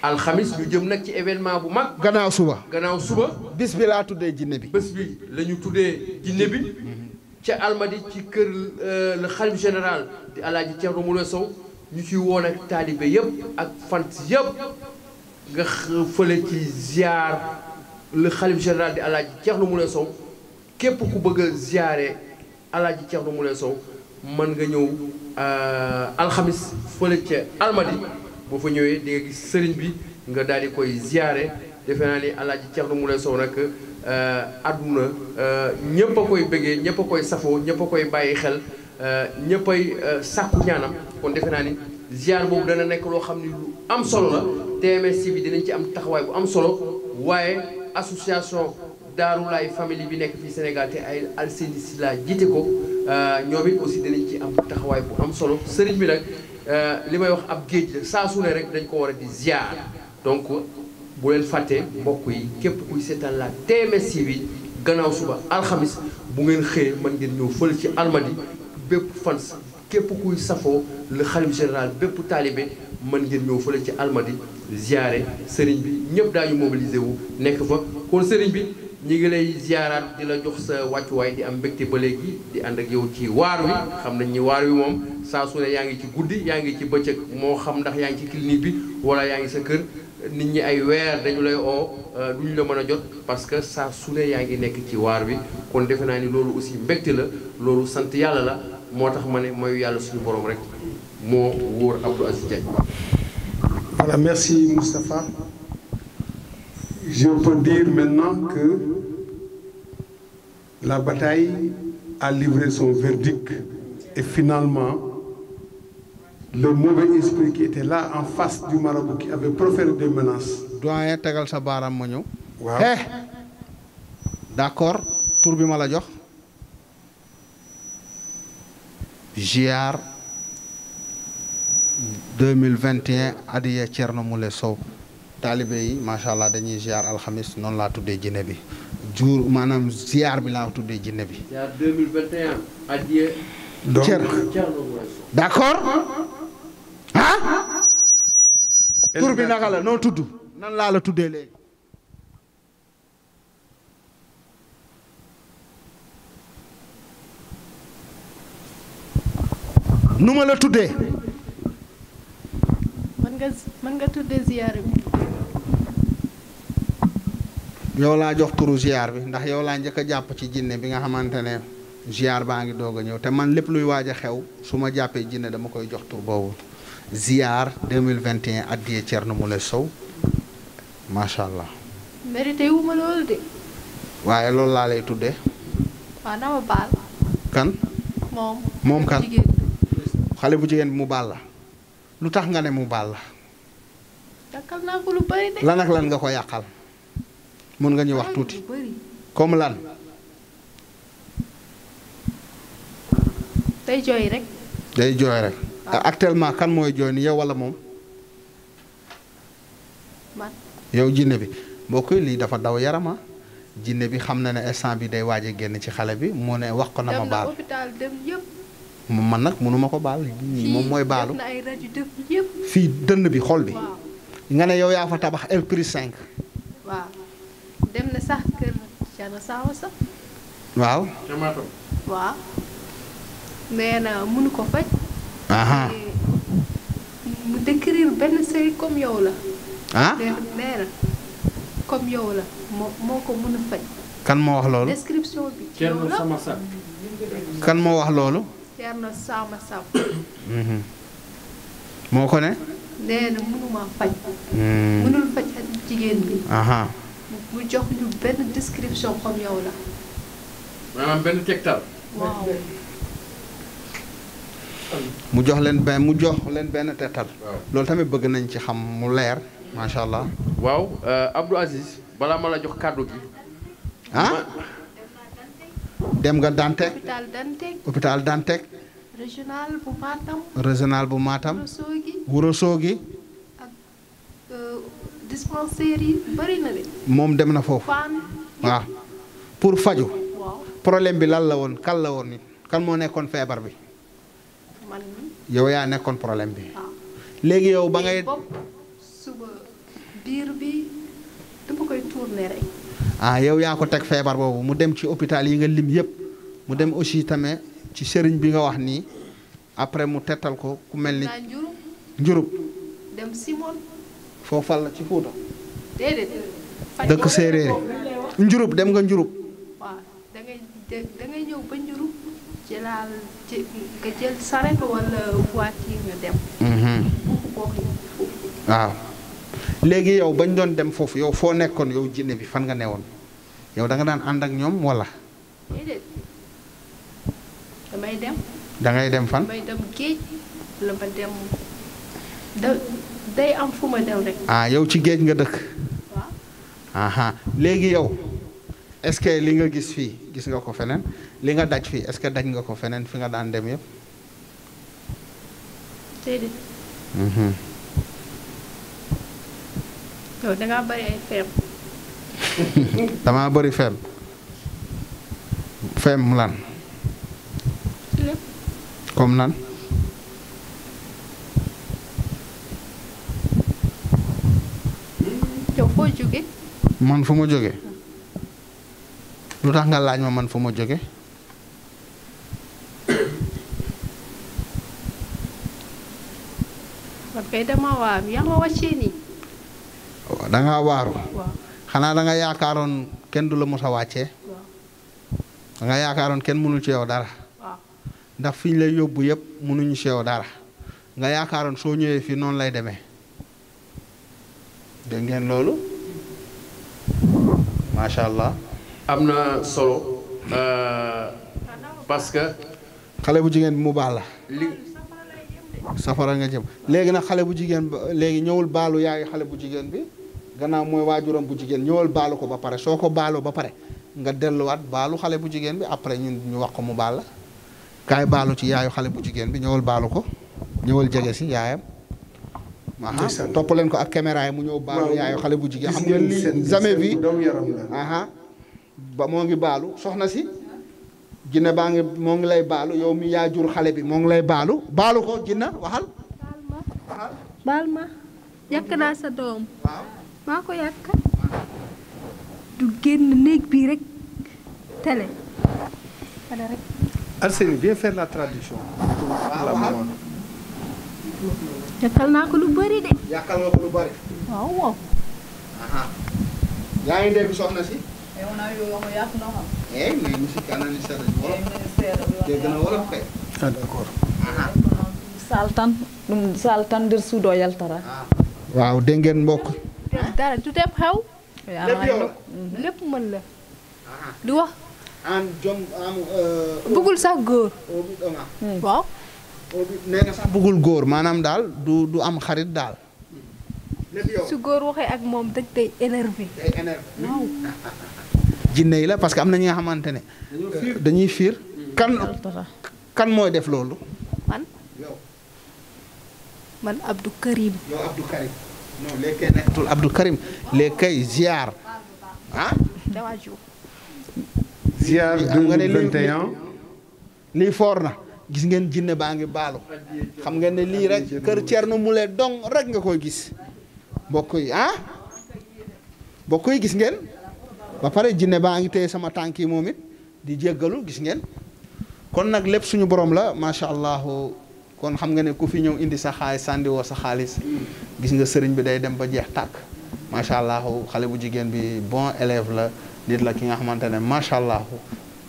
alxamis ñu jëm nag ci événement bu mag. gannaaw suba gannaaw suba. bis bi laa tuddee jinne bi. bés bi lañu tuddee jinne bi. ca almadi ci kër euh, le xalif général di alaaji Thierno Moule Sow ñu ci woon ak yëpp ak fant yëpp nga fële ci ziar le xalif général di alaaji Thierno Sow képp ku bëgg a ziare alaaji Thierno Moule Sow. mën nga ñëw euh, alxamis fële ca almadi boo fa ñëwee di nga gis sëriñ bi nga daal di koy ziyaare defe naa ni alaaji Ceerno Moulay Sow nag euh, àdduna euh, ñëpp koy bëggee ñëpp koy safoo ñëpp koy bàyyi xel ñëpp ay sàkku ñaanam kon defe naa ni ziar boobu dana nekk loo xam ni lu am solo la TMS bi dinañ ci am taxawaay bu am solo waaye association daarulaay famille bi nekk fii Sénégal te ay Alseni Sylla jiite ko euh, ñoom it aussi dinañ ci am taxawaay bu am solo sëriñ bi nag euh, li may wax ab géej la saa su rek dañ ko war a di ziar donc bu leen fàttee mbokk yi képp kuy seetaan la TMS TV gannaaw suba alxamis bu ngeen xëyee mën ngeen ñëw fële ci almadi bépp fans képp kuy safoo le xalif général bépp taalibe mën ngeen ñëw fële ci almadi ziare sëriñ bi ñëpp daañu mobiliser wu nekk fa kon sëriñ bi ñi ngi lay ziaraat di la jox sa wàccuwaay di am mbégte ba léegi di ànd ak yow ci waar wi xam nañ ñi waar wi moom saa su yaa ngi ci guddi yaa ngi ci bëccëg moo xam ndax yaa ngi ci clinique bi wala yaa ngi sa kër nit ñi ay weer dañu lay oo euh, duñu la mën a jot parce que saa su yaa ngi nekk ci waar wi kon defe naa ni loolu aussi mbégte la loolu sant yàlla la moo tax ma ne mayu yàlla suñu borom rek moo wóor Abdou Aziz Diagne. je peux dire maintenant que la bataille a livré son verdict et finalement, le mauvais esprit qui était en face du marabout qui avait proféré des menaces. doyen tegal sa baaraam ma ñëw. waaw eh d'accord pour bi ma la jox. JR 2021 Adiya Thierno Moule Sow. taalibe yi macha allah dañuy ziar alxamis noonu laa tuddee jinne bi jour maanaam ziar bi laa tuddee jinne bi. ziar 2021. adieu. d' accord. ah. ah, ah. ah? bi naka la noo tudd. nan laa la tuddee léegi. nu ma la tuddee. nga yow laa jox turu ziyaar bi ndax yow laa njëkk a jàpp ci jinne bi nga xamante ne ziyaar baa ngi doog a ñëw te man lépp luy waaj a xew su ma jàppee jinne dama koy jox tur boobu ziyaar 2021 addiye Thierno Moule Sow macha allah. mérité wu ma loolu de. waaye loolu laa lay tudde waaw na ma baal. kan. moom moom kan xale bu jigéen bi mu baal la. lu tax nga ne mu baal la. yàqal lan nga ko yàqal mun nga ñu wax tuuti. comme lan. day jooy rek. day ah. actuellement kan mooy jooy ni yow walla moom. man yow jinne bi mbokk yi lii dafa daw yarama ah. jinne bi xam na ne instant bi day waaj a génn ci xale bi mu ne wax ko na ma baal man nag mënuma ko baal moom mooy baalu fii dënn bi xol bi nga ne yow yaa fa tabax R plus 5 waaw dem na sax kër Diana Sawa sax waaw waaw nee ko faj mu décrire benn série comme yow la ah nee comme yow la moo moo ko mën a faj kan moo wax loolu kan moo wax loolu Ceerno Sama Saw mhm. moo ko ne nee na mënuma faj mm. mënul faj ak jigéen bi mu jox ñu benn description comme yow la mu jox leen benn mu jox leen benn tegtal loolu tamit bëgg nañ ci xam mu leer macha allah waaw euh, Abdou Aziz balaa ma la jox kàddu gi ah dem nga dante hôpital dante hôpital bu Matam. régional bu euh, moom dem na foofu. waaw pour faju problème bi lan la woon kan la woon nit kan moo nekkoon feebar bi. yow yaa nekkoon problème bi. Ah. léegi yow ba ngay. ah yow yaa ko teg feebar boobu mu dem ci hôpital yi nga lim yëpp mu dem aussi tamit ci sëriñ bi nga wax nii après mu tetal ko ku mel ni. njurub dem Simon. foo fal la ci Fuuta. déedéet. dëkk séeréer njurub dem nga njurub. waaw waaw. léegi yow bañ doon dem foofu yow foo nekkoon yow jinne bi fan nga newoon yow da nga daan ànd ak ñoom wala. déedéet dem. da ngay dem fan. aa dem ah, yow ci géej nga dëkk. waaw. léegi yow est-ce que li nga gis fii gis nga ko feneen li nga daj fii est-ce que daj nga ko feneen fi nga daan dem yëpp. (laughs) damaa bari feem. feem lan. comme lan. yow foo jóge. man fu ma jóge. lu tax nga laaj ma man fu ma jóge. man kay dama waa yaa ma wàccee nii. da ngaa waaru xanaa da nga yaakaaroon kenn du la mos a wàcce da nga yaakaaroon kenn mënul ci yow dara ndax fiñ lay yóbbu yëpp mënuñu ci dara nga yaakaaroon soo ñëwee fii noonu lay demee dégg ngeen loolu macha allah. am na solo euh, parce que. xale bu jigéen bi mu baax la. safara nga jëm léegi nag xale bu jigéen ba léegi ñëwul baalu yaayu xale bu jigéen bi. gannaaw mooy waajuram bu jigéen ñëwal baalu ko ba pare soo ko baaloo ba pare nga delluwaat baalu xale bu jigéen bi après ñun ñu wax ko mu baal la kaay baalu ci yaayu xale bu jigéen bi ñëwal baalu ko ñëwal jege si yaayam. aha topp leen ko ak caméra mu ñëw baalu yaayu xale bu jigéen xam ngeen lii jamais bi aha ba moo ngi baalu soxna si jinne baa ngi moo ngi lay baalu yow mi yaa jur xale bi moo ngi lay baalu baalu ko jinne waxal baal ma baal naa sa doom maa ko yàq du génn néeg bii rek télé wala rek. Arsène la traduction. la naa ko lu bari de. yàqal nga ko lu bari. waaw waaw. yaa ngi dégg soxna si. Eh, yow eh, eh, ah, yaltara ah. waaw dégg ngeen mbokk dara du dem xew. lépp la lépp mën la. di wax. am sax góor. waaw. góor maanaam daal du du am xarit daal. su góor waxee ak moom dëgg day énervé. day énervé (laughs) yi la parce que am na ñi nga xamante ne. dañuy fiir mm. kan kan mooy def loolu. man. man Karim. non léegi kay nekkatul Abdou Karim léegi kay ziar ah. ziar 2021 lii foor na gis ngeen jinne baa ngi baalu xam ngeen ne lii rek kër mu Moule dong rek nga koy gis mbokk yi ah mbokk yi gis ngeen ba pare jinne baa ngi téye sama tànk yi moom it di jéggalu gis ngeen kon nag lépp suñu borom la macha allah. kon xam nga ne ku fi ñëw indi sa xaalis sàndiwoo sa xaalis gis nga sëriñ bi day dem ba jeex tàkk macha allah xale bu jigéen bi bon élève la nit la ki nga xamante ne macha allah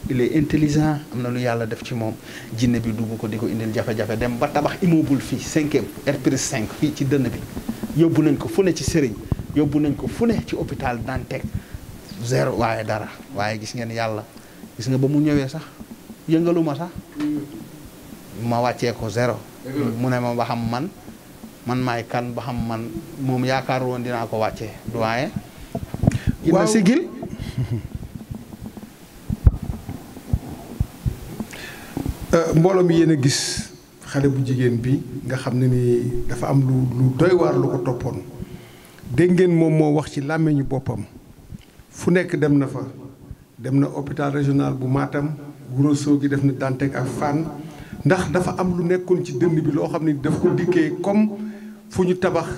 il est intelligent am na lu yàlla def ci moom jinne bi dugg ko di ko indil jafe-jafe dem ba tabax immeuble fii cinquième R plus cinq fii ci dënn bi yóbbu nañ ko fu ne ci sëriñ yóbbu nañ ko fu ne ci hôpital Dantec zéro waaye dara waaye gis ngeen yàlla gis nga ba mu ñëwee sax sax ma wàccee ko zéro. mu ne ma ba xam man man may kan ba xam man moom yaakaar woon dinaa ko wàccee doyen. waaw sigil (laughs) euh, mbooloo mi yéen a gis xale bu jigéen bi nga xam ne ni dafa am lu lu doy lu ko toppoon dégg moom moo wax ci làmmiñu boppam fu nekk dem na fa dem na hôpital régional bu maatam Ourossogui gi def na Dantec ak fànn ndax dafa am lu nekkoon ci dënn bi loo xam ne daf ko dikkee comme fu ñu tabax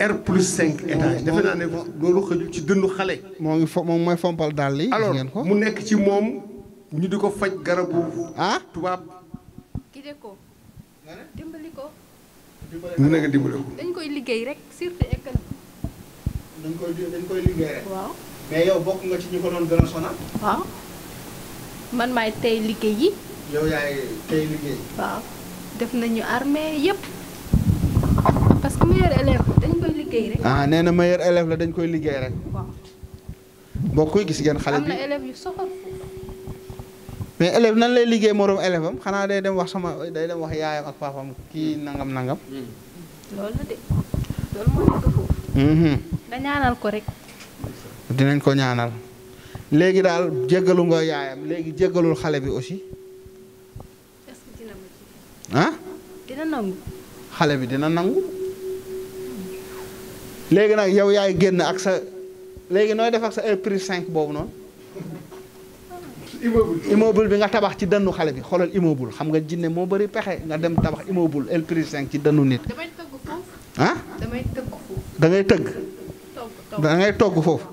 R plus cinq étage defe naa ne loolu xëjul ci dënnu xale. moo ngi fo moom mooy fompal dàll yi. alors mu nekk ci moom ñu di ko faj garabu. ah tubaab. gide ko. ko. mu ne nga dañ koy liggéey rek surtout école. dañ koy liggéey waaw mais yow bokk nga ci ñu ko man maay tey liggéey yi. yow yaay tey def nañu armée yëpp parce que meilleur ah, nee na meilleur élève la dañ koy liggéey rek. waaw. mbokk gis gen xale bi am mais élève nan lay liggéey moroom élève xanaa day dem wax sama day dem wax yaayam ak papaam kii nangam nangam. Hmm. loolu la de hmm. ko dinañ ko ñaanal léegi daal jéggalu nga yaayam léegi jéggalul xale bi aussi. ah. dina nangu. xale bi dina nangu. léegi nag yow yaay génn ak sa léegi nooy def ak sa prix cinq boobu noonu. immeuble bi nga tabax ci dënnu xale bi xoolal immeuble xam nga jinne moo bari pexe nga dem tabax immeuble el prix cinq ci dënnu nit. damay tëgg foofu. ah damay tëgg foofu. da ngay tëgg. togg foofu.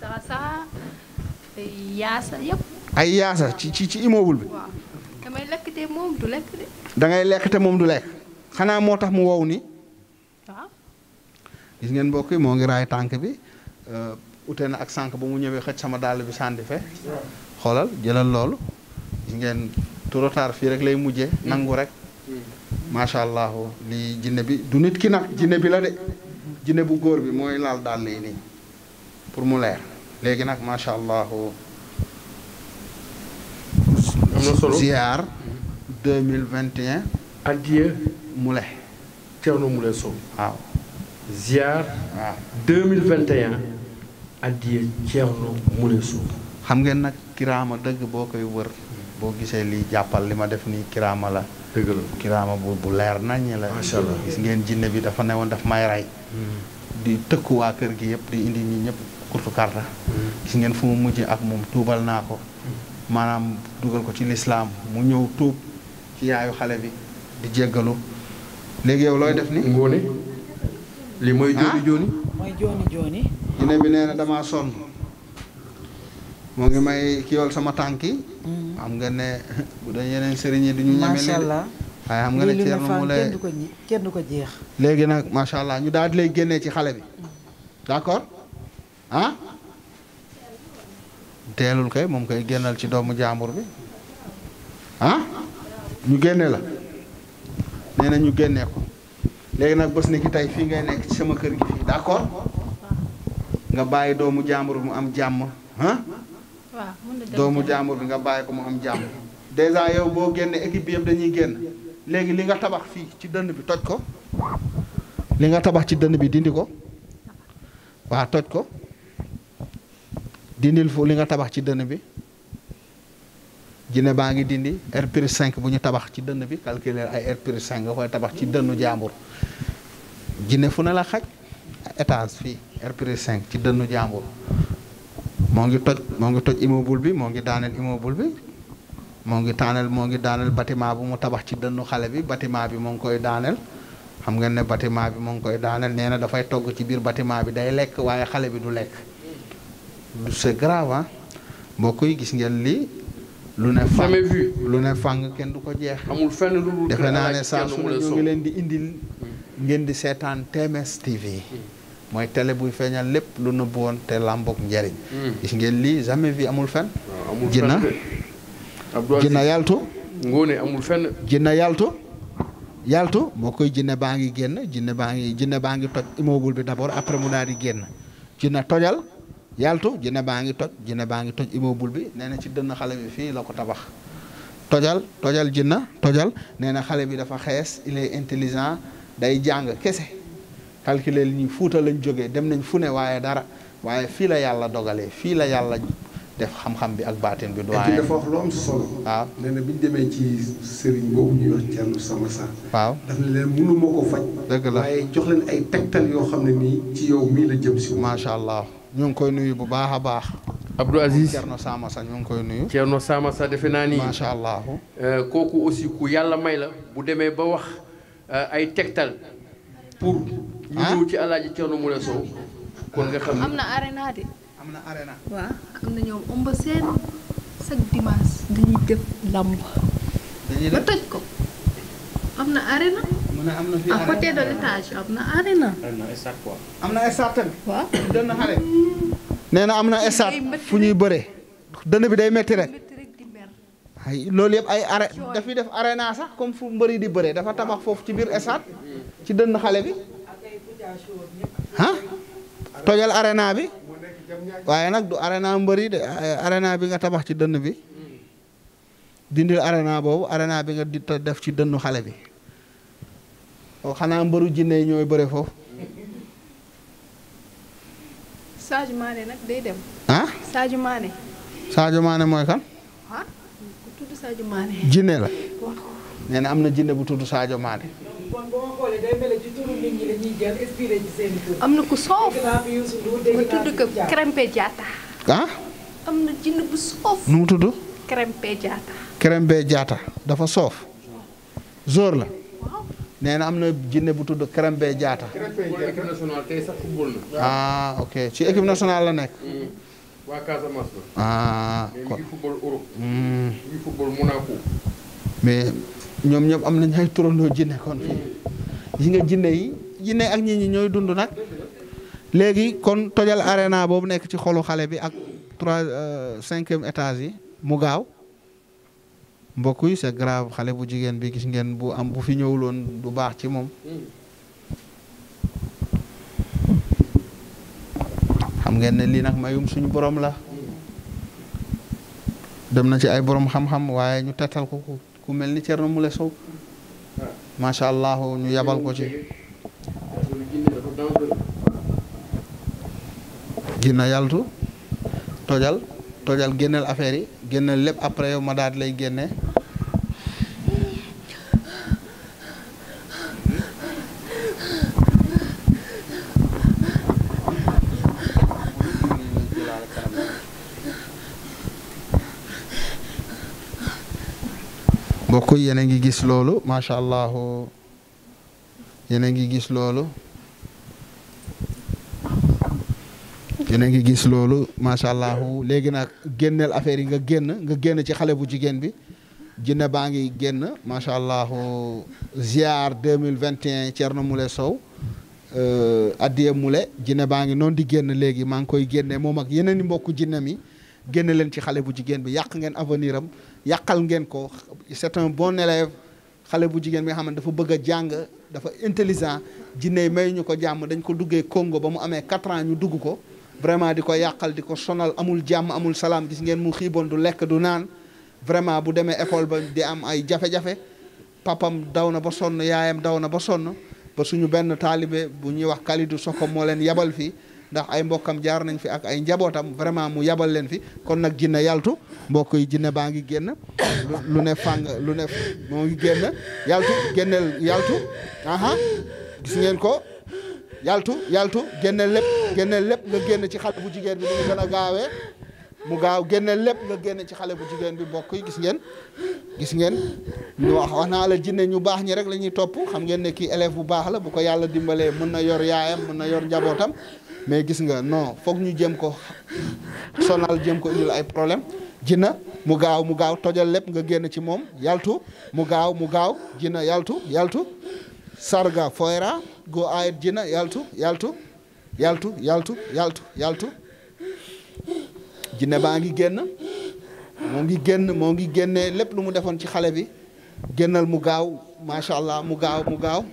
saa saa yaasa yëpp. ay yaasa ci ci ci bi. damay lekk de moom du lekk de. da ngay lekk te moom du lekk xanaa moo tax mu wow ni gis ngeen mbokk yi moo ngi raay tànk bi euh, ute na ak sànq ba mu ñëwee xëj sama dàll bi sànni fe xoolal jëlal loolu gis ngeen trop tard fii rek lay mujje nangu rek macha allah lii jinne bi du nit ki nag jinne bi la de jinne bu góor bi mooy laal dàll yi nii pour mu leer léegi nag macha allah. am na solo ziar. deux mille vingt et un. Addiya Moulé. Thierno Moulé Sow. waaw. ziar. waaw deux mille vingt et un. Addiya Thierno Moulé Sow. xam ngeen nag kiraama dëgg boo koy wër. boo gisee lii jàppal li ma def nii kiraama la. dëgg la kiraama bu bu leer naññ la. macha gis ngeen jinne bi dafa newoon dafa may rey. Hmm. di tëkku waa kër gi yëpp di indi ñi ñëpp kurtu karta hmm. gis ngeen fu mu mujj ak moom tuubal naa ko. Hmm. maanaam dugal ko ci lislaam mu ñëw tuub. ci xale bi di jéggalu léegi yow looy def ni ngóone lii mooy jooni jooni mooy bi nee na damaa sonn moo ngi may kiiwal sama tànk yi mm. xam nga ne (laughs) bu dañ yeneen sëriñ yi du ñu ñeme macha waaye xam nga ne Thierno mu lay du ko jeex léegi nag macha allah ñu daal di lay génnee ci xale bi mm. d'accord ah teelul kay moom koy génnal ci doomu jaambur bi ah ñu génne la nee na ñu génnee ko léegi nag bés ni ki tey fii ngay nekk ci sama kër gi fii d'accord nga bàyyi doomu jàmbur mu am jàmm ah doomu jàmbur bi nga bàyyi ko mu am jàmm déjà yow boo génnee équipe bi dañuy génn léegi li nga tabax fii ci dënn bi toj ko li nga tabax ci dënn bi dindi ko waa toj ko dindil fu li nga tabax ci dënn bi jine baa ngi dindi cinq bu ñu tabax ci dënn bi calculer ay R+5 nga koy tabax ci dënnu jàmbur jine fu ne la xaj étage fii R+5 ci dënnu jàmbur moo ngi toj moo ngi toj immeuble bi moo ngi daaneel immeuble bi moo ngi taaneel moo ngi daaneel bâtiment bu mu tabax ci dënnu xale bi bâtiment bi moo ngi koy daaneel xam ngeen ne bâtiment bi moo ngi koy daaneel nee na dafay togg ci biir bâtiment bi day lekk waaye xale bi du lekk c'est grave mbokk gis ngeen lii lu ne fang lu ne fang kenn du ko jeex. amul fenn lu dul defe naa ne saa su ne ñu ngi leen di indi hmm. ngeen di seetaan TMS TV. Hmm. mooy tele buy feeñal lépp lu nëbbu woon te làmboog njariñ. Hmm. gis ngeen lii jamais vu amul fenn. Ah, amul fenn yaltu. ngoone amul fenn. jina yaltu. yaltu moo koy jinne baa ngi génn jinne baa ngi jinne baa ngi toj immeuble bi d'abord après mu daal di génn jinne tojal. yaltu jinne baa ngi toj jinne baa ngi toj immeuble bi neena ci dënn xale bi fii la ko tabax tojal tojal jinna tojal nee na xale bi dafa xees il est intelligent day jàng kese calculer li ñuy fuutal lañ jógee dem nañ fu ne waaye dara waaye fii la yàlla dogalee fii la yàlla def xam-xam bi ak baatin bi doyen dafa wax lu am solo. waaw nee na demee ci sëriñ boobu ñuy wax Thierno Sama Sarr. waaw daf ne leen mënu ma ko faj. dëgg la waaye jox leen ay tegtal yoo xam ne nii ci yow mii la macha allah. ñu ngi koy nuyu bu baax a baax. Abdou Aziz Thierno Samassa ñu ngi koy nuyu. Thierno Samassa defe naa ni macha allah. Euh, kooku aussi ku yàlla may la bu demee ba wax euh, ay tegtal pour. ñu ah? ñëw ci alaaji mu Moule Sow kon nga xam ne am na arena de. am na arena waaw am na ñoom ëmb seen chaque dimanche. dañuy def lamb. ba toj ko am na arena. mu am na fii nee na am na stade fu ñuy bëree. dënn bi day métti rek. loolu yëpp ay are dafiy def arena sax comme fu mbëri di bëree dafa tabax foofu ci biir stade ci dënn xale bi. ah tojal arena bi. waaye nag du arena mbëri de arena bi nga tabax ci dënn bi. dindil arena boobu arena bi nga def ci dënnu xale bi. Oh, xanaa mbaru jinne yi ñooy bare foofu. Sadio Mané nag day dem. ah Sadio Mané. Sadio Mané mooy kan. jinne la. nee am na jinne bu tudd Sadio Mané. am na ku soof. mu tudd ko Krépin Diatta. ah. am na jinne bu soof. nu mu tudd. Krépin Diatta. Krépin Diatta dafa soof. Zoor la. nee na am na jinne bu tudd Krépin Diatta. Krépin ah ok ci équipe nationale la nekk. Mm. Ah, mais mi mm. ñoom ñëpp am nañ ay turandoo jinne kon mm. yi nga jinne yi jinne ak nit ñi ñooy dund nag léegi kon tojal arena boobu nekk ci xolu xale bi ak trois euh, cinquième étage yi mu gaaw. mbokk yi c'est grave xale bu jigéen bi gis ngeen bu am bu fi ñëw loon du baax ci moom xam ngeen ne lii nag mayum suñu boroom la dem na ci ay boroom xam-xam waaye ñu tettal ko ku mel ni Thierno Moule Sow macha allah ñu yabal ko ci ginna yaltu tojal tojal génneel affaire yi génn lépp après yow ma daal lay génne. mbokk yéen a ngi gis loolu macha allah yéen a ngi gis loolu. yéen a ngi gis loolu macha allah léegi nag génneel affaire yi nga génn nga génn ci xale bu jigéen bi jinne baa ngi génn macha allah ziar 2021 Thierno Moule Sow euh, addiye mule jinne baa ngi noonu di génn léegi maa ngi koy génne moom ak yeneen i mbokku jinne mi génn leen ci xale bu jigéen bi yàq ngeen avenir am yàqal ngeen ko c'est un bon élève xale bu jigéen bi nga xam dafa bëgg a jàng dafa intelligent jinne may ñu ko jàmm dañ ko duggee Congo ba mu amee 4 ans ñu dugg ko vraiment di ko yàqal di ko sonal amul jàmm amul salaam gis ngeen mu xiiboon du lekk du naan vraiment bu demee école ba di am ay jafe-jafe papam daw na ba sonn yaayam daw na ba sonn ba suñu benn taalibe bu ñuy wax Kalidou Soko moo leen yabal fii ndax ay mbokkam jaar nañ fi ak ay njabootam vraiment mu yabal leen fi kon nag jinne yaltu mbokk yi jinne baa ngi génn lu ne fàng lu ne moo ngi génn yaltu génneel yaltu aha gis ngeen ko yaltu yaltu génne lépp génne lépp nga génn ci xale bu jigéen bi ni mu gën a gaawee mu gaaw génne lépp nga génn ci xale bu jigéen bi bokk yi gis ngeen gis ngeen ñu wax wax naa la jinne ñu baax ñi rek la ñuy topp xam ngeen ne kii élève bu baax la bu ko yàlla dimbalee mën na yor yaayam mën na yor njabootam mais gis nga non foog ñu jëm ko sonal jëm ko indil ay problème jinna mu gaaw mu gaaw tojal lépp nga génn ci moom yaltu mu gaaw mu gaaw jinna yaltu yaltu sarga foyra go ayat jina yaltu yaltu yaltu yaltu yaltu baa ngi génn moo ngi génn moo ngi génnee lépp lu mu defoon ci xale bi génnal mu gaaw macha allah mu gaaw mu gaaw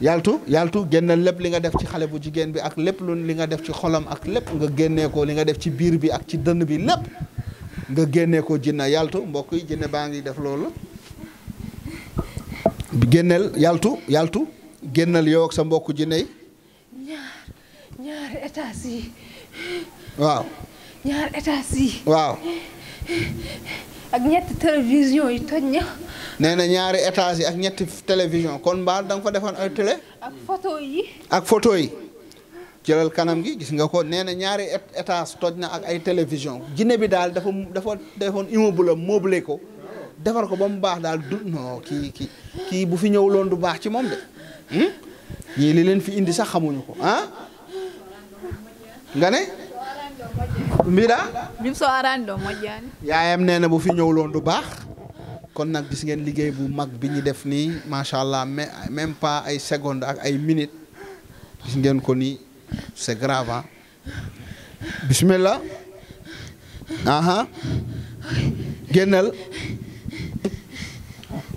yaltu yaltu génnal lépp li nga def ci xale bu jigéen bi ak lépp lu li nga def ci xolam ak lépp nga génnee ko li nga def ci biir bi ak ci dënn bi lépp nga génnee ko jinna yaltu mbokk yi jinne baa ngi def loolu génneel yaltu yaltu génneel yow sa mbokk jinne yi ñaar ñaari étage yi waaw ñaar étage yi waaw ak ñetti télévision yi toj na nee ñaari étage yi ak ñetti télévision kon mbaa danga nga fa defoon ay télé ak photo yi ak jëlal kanam gi gis nga ko nee na ñaari étage toj na ak ay télévision jinne bi daal dafa dafa defoon immeuble am meublé ko defar ko ba mu baax daal du non kii kii kii bu fi ñëw loon du baax ci moom de ñii hmm? li leen fi indi sax xamuñu ko ah nga ne mbida so arando mojjaani yaayam nee na bu fi ñëw loon du baax kon nag gis ngeen liggéey bu mag bi ñu def nii macha allah même pas ay seconde ak ay minute gis ngeen ko nii c'est grave ah bismillah génnal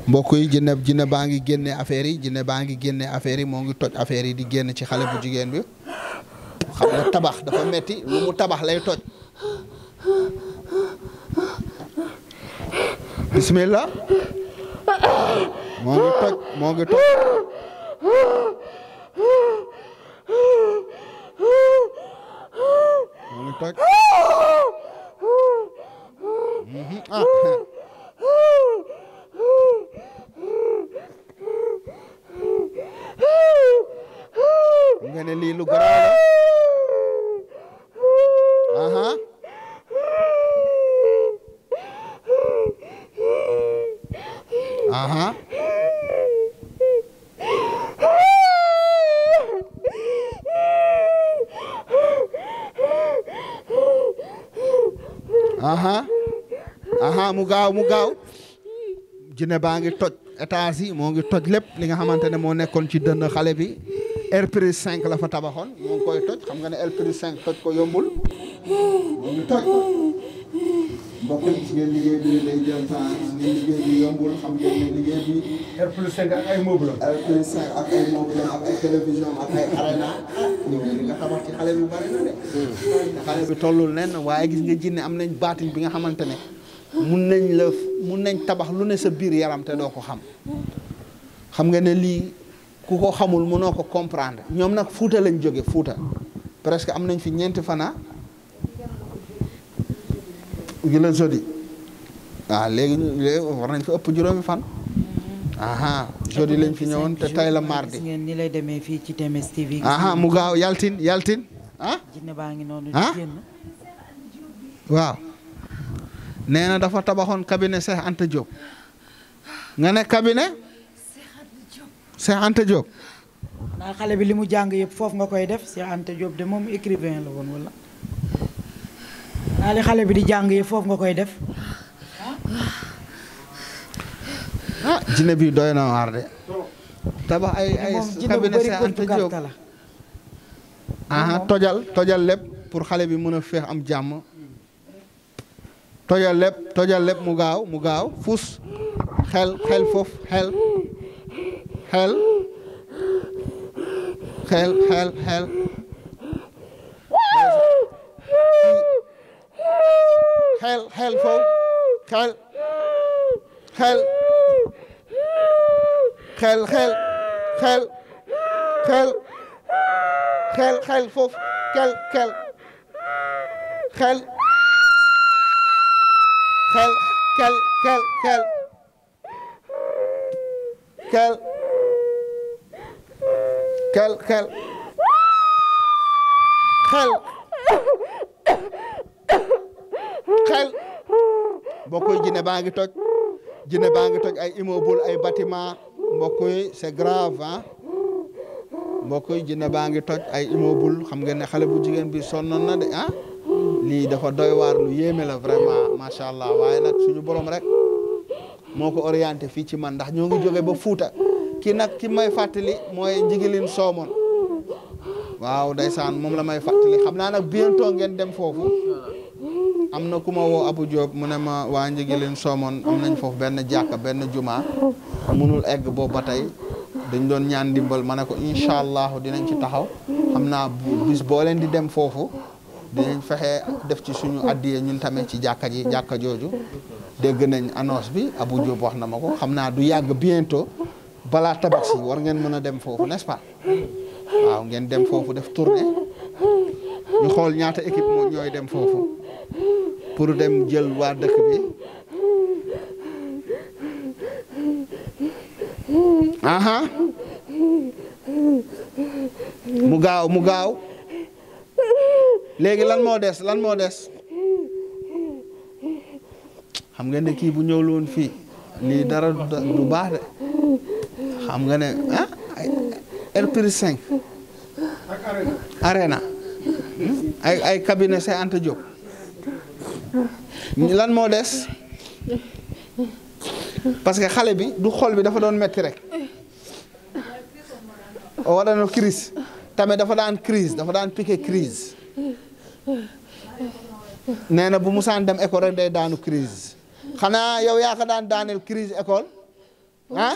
mbokk yi jinne jinne baa ngi génne affaire yi jinne baa ngi génne affaire yi moo ngi toj affaire yi di génn ci xale bu jigéen bi xam tabax dafa metti lu mu tabax lay toj bismillah moo ngi toj moo ngi toj mhm. ah. nga ne lii lu garaaw la aha aha aha aha mu gaaw jinne baa ngi toj étage yi moo ngi toj lépp li nga xamante ne moo nekkoon ci dënn xale bi R plus 5 la fa tabaxoon moo ngi koy toj xam nga ne R plus 5 toj ko yombul moo xam ngeen ne ak ay meuble R plus 5 ak ay meuble ak ay télévision ak ay arena ñëw li nga xamante ci xale bi bari na hmm. xale bi tollul nenn waaye gis nga jinne am nañ baatiñ bi nga xamante ne mun nañ la mun nañ tabax lu ne sa biir yaram te doo ko xam xam nga ne lii ku ko xamul mënoo ko comprendre ñoom nag fuuta lañ jóge fuuta presque am nañ fi ñeenti fana gi la jodi waaw ah, léegi léegi war nañ fi ëpp juróomi fan aha jodi lañ fi ñëwoon te tay la mardi ngeen ni lay demee fii ci TMS TV mu gaaw yaltin yaltin ah ngi noonu di ah? waaw nee na dafa tabaxoon cabinet Cheikh Anta Diop nga ne cabinet Cheikh Anta Diop. naa xale bi li mu jàng yëpp foofu nga koy def Cheikh Anta Diop de moom écrivain la woon wala. naa xale bi di jàng yëpp foofu nga koy def. ah jinne bi doy na waar de. aha tojal tojal lépp pour xale bi mën a feex am jàmm. tojal lépp tojal lépp mu gaaw mu gaaw fus xel xel foof xel xel xel xel xel xel xel xel xel xel xel xel xel xel xel xel xel xel kel kel kel kel kel kel kel xel xel mbokk yi jine baa ngi toj jine baa ngi toj ay immeuble ay bâtiment mbokk yi c'est grave ah mbokk yi jine baa ngi toj ay immeuble xam ngeen ne xale bu jigéen bi sonnoon na de ah lii dafa doy waar lu yéeme la vraiment macha allah waaye nag suñu borom rek moo ko orienté fii ci man ndax ñoo ngi jóge ba Fuuta ki nag ki may fàttali mooy Jigilin Soomoon waaw day ndeysaan moom la may fàttali xam naa nag bientôt ngeen dem foofu am na ku ma woo Abu Diop mu ne ma waa Njigilin Soomoon am nañ foofu benn jàkka benn jumaa munul egg boobu ba tey dañ doon ñaan dimbal ma ne ko incha allahu dinañ ci taxaw xam naa bis boo leen di dem foofu. dinañ fexe def ci suñu addiyee ñun tamit ci jàkka ji jàkka jooju dégg nañ annonce bi Abou Diop wax na ma ko xam naa du yàgg bientôt balaa tabaski war ngeen mën a dem foofu n'est-ce waaw ngeen dem foofu def tournée ñu xool ñaata équipe moo ñooy dem foofu pour dem jël waa dëkk bi aha mu gaaw mu gaaw léegi lan moo des lan moo des xam nga ne kii bu ñëw loon fii lii dara du baax de xam nga ne ah R plus 5 arena ay ay cabinet say Anta Diop lan moo des parce que xale bi du xool bi dafa doon metti rek o waɗano crise tamit dafa daan crise dafa daan piqué crise nee na bu musaan dem école day daanu crise xanaa yow yaa ko daan daaneel crise école ah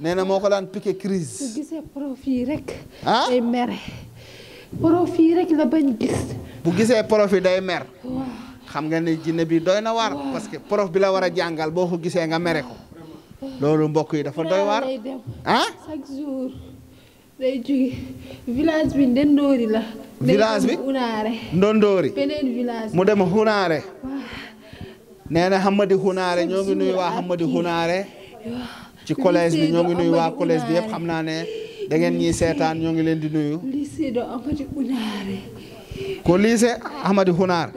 nee na moo ko daan piqué crise bu gisee prof yi rek day mere bu gisee prof day mer xam nga ne jinne bi doy na waar parce que prof bi la war a jàngal boo ko gisee nga mere ko loolu mbokk yi dafa doy waar ah day jóge village bi Ndondoori la. mu dem Hunaare. nee na Hamadi Hunaare ñoo ngi nuyu waa Hamadi Hunaare. ci collège bi ñoo ngi nuyu waa collège bi yëpp xam naa ne da ñii seetaan ñoo ngi leen di nuyu. lycée do Amadi Hunaare. ko lycée Amadi Hunaare.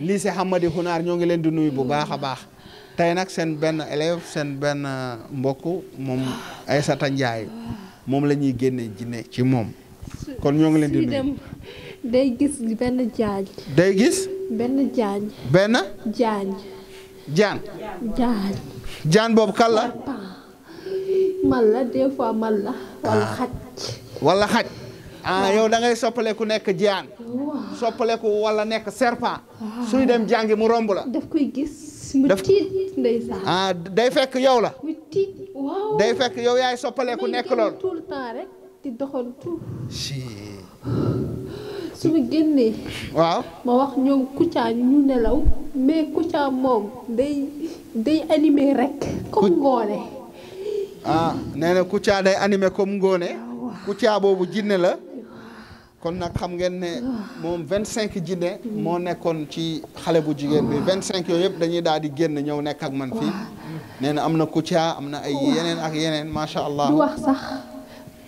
lycée Amadi Hunaare ñoo ngi leen di nuyu bu baax a baax. tey nag seen benn élève seen benn mbokk moom Aysata Njaay moom la ñuy génnee jinne ci moom. kon ñoo ngi leen di dem day gis benn jaañ. day gis. benn jaañ. benn. jaañ. jaan. jaan. jaan boobu la. man la wala ah. xaj. Ah, yow da ngay soppaleku nekk jaan. soppaleku wala nekk serpent. Ah. suy dem jàngi mu romb la. daf koy gis. mu tiit ndeysaan ah day fekk yow la. day fekk yow yaay soppaleeku nekk lool. tout le temps rek di doxantu. su ma génnee. waaw ma wax ñoom Kouthia ñu nelaw mais Kouthia moom day day animé rek. comme ngoone. Ah, nee na Kouthia day animé comme ngoone. Kouthia boobu jinne la. kon nag xam ngeen ne moom vingt cinq jinne moo nekkoon ci xale bu jigéen bi vingt cinq yooyu yëpp dañuy daal di génn ñëw nekk ak man fii nee na am na Kouthia am na ay yeneen ak yeneen macha allah. du wax sax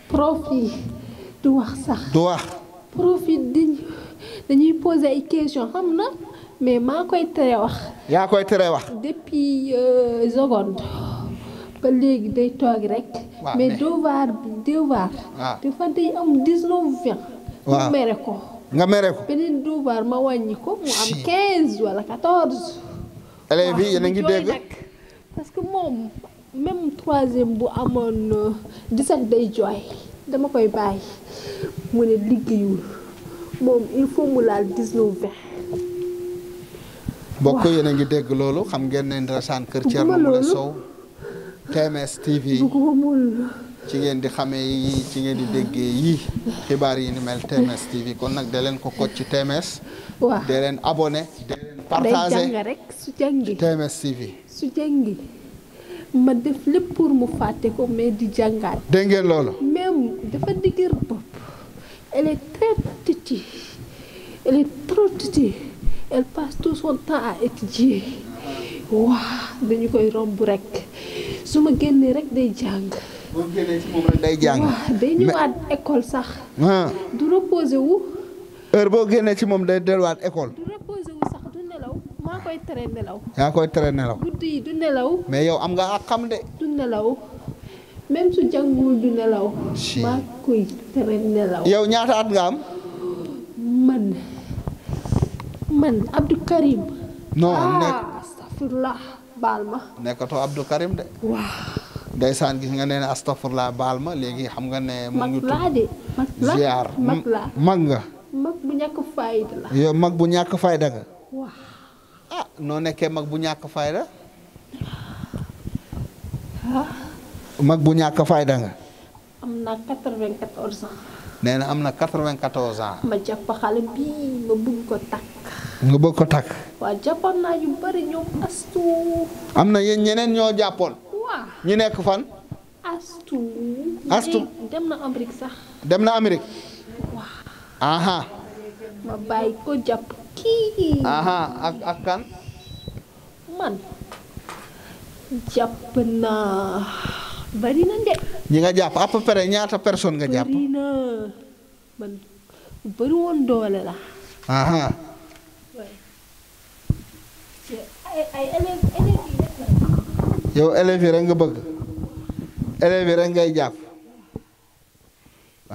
profit du wax sax. du wax. profit dañuy poser ay questions xam na mais maa koy tere wax. yaa koy tere wax. depuis euh, seconde. ba léegi day toog rek. mais devoir devoir. waaw dafa day am dix-neuf waaw mu mere ko. nga mere ko beneen duubaar ma wàññi ko mu am 15 wala 14. élèves yi yéen a ngi dégg parce que moom même troisième bu amoon 17 euh, day jooy dama koy bàyyi mu ne liggéeyul moom il faut mu laal a ngi dégg loolu xam ngeen ne kër Thierno Moule Sow TMS TV. ci ngeen di xamee yi ci ngeen di déggee yi xibaar yi ni mel TMS TV kon nag da leen ko koj ci TMS. waaw da leen abone da leen partagé rek su jàngi TMS TV. su jàngi lépp pour mu fàtte ko mais di jàngaat. dégg ngeen loolu. même dafa digir bopp elle est passe tout son temps dañu koy romb rek su ma génnee rek day jàng. boo génnee day jàng. day ñëwaat école sax. du reposé wu. boo génnee ci moom day delluwaat école. du reposé wu sax du nelaw maa koy tere nelaw. yaa koy tere nelaw. guddi yi du nelaw. mais yow am nga ak xam de. du nelaw même su jàngul du nelaw. maa koy tere nelaw. yow ñaata at nga am. man man Abdou Karim. non ah, nekk ah baal ma. nekkatoo Abdou Karim de. waaw. ndeysaan gis nga nee ne na astafurlaa baal ma léegi xam nga ne. mu ngi tudd mag laa mag bu ñàkk fayda la. yow mag bu ñàkk fayda nga. Ah, mag bu ñàkk fayda. mag am na 94 ans. nee na am na ma jàpp xale bii ma bëgg ko takk. nga bëgg ko takk. waaw jàppoon naa yu bari ñoom astu. am na yéen ñeneen ñoo jàppoon. ñu nekk fan. astu. dem na Amérique sax. dem na Amérique. aha ma bàyyi ko jàpp kii. aha ak ak kan. man jàpp naa bari na ñi nga jàpp à peu ñaata personne nga jàpp. bari woon doole la. aha yow élèves yi rek nga bëgg élèves yi rek ngay jàpp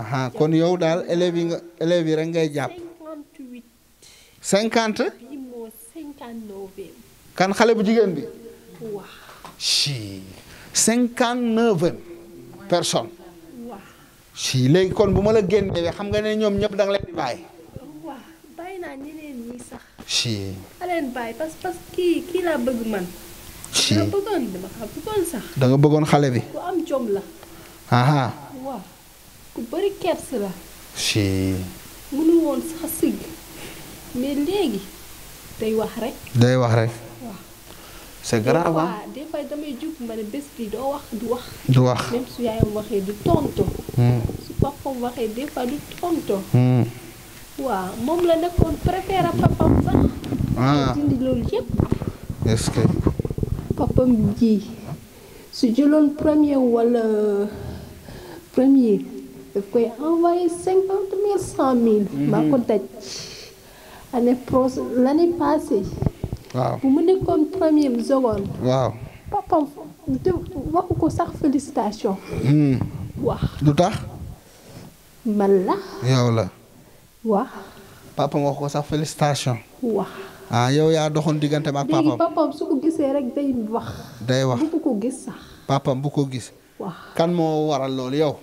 aha kon yow daal élèves yi nga élèves yi rek ngay jàpp. 50. kan xale bu jigéen bi. waaw. si 59 personnes. si léegi kon bu ma la génnee xam nga ne ñoom ñëpp da nga leen di bàyyi. waaw bàyyi kii kii laa bëgg man. ci bëggoon xale bi. ku am jom la. aha waaw ku bari kers la. ci. woon sax sigg mais léegi day wax rek. day wax rek. waaw. c'est grave damay jug ma ne bés bi doo wax du wax. du wax même su yaayam waxee du tonto. Hmm. su papam waxee des du tonto. Hmm. waaw moom la nekkoon préféré papam sax. Ah. dindi loolu yépp. est papam ji su jëloon premier wala euh, premier daf koy envoyé mhm. maa ko daj année pro l'année passée. waaw bu mu nekkoon premier bi waaw papam de waxu ko sax félicitation. Hmm. wax lu tax. man la. yow la. wax. papam wax ko sax félicitation. wax. ah yow yaa doxoon diggante ma ak papaam su ko gisee rek day wax. day wax bu ko gis sax. papaam bu ko gis. kan moo waral loolu yow.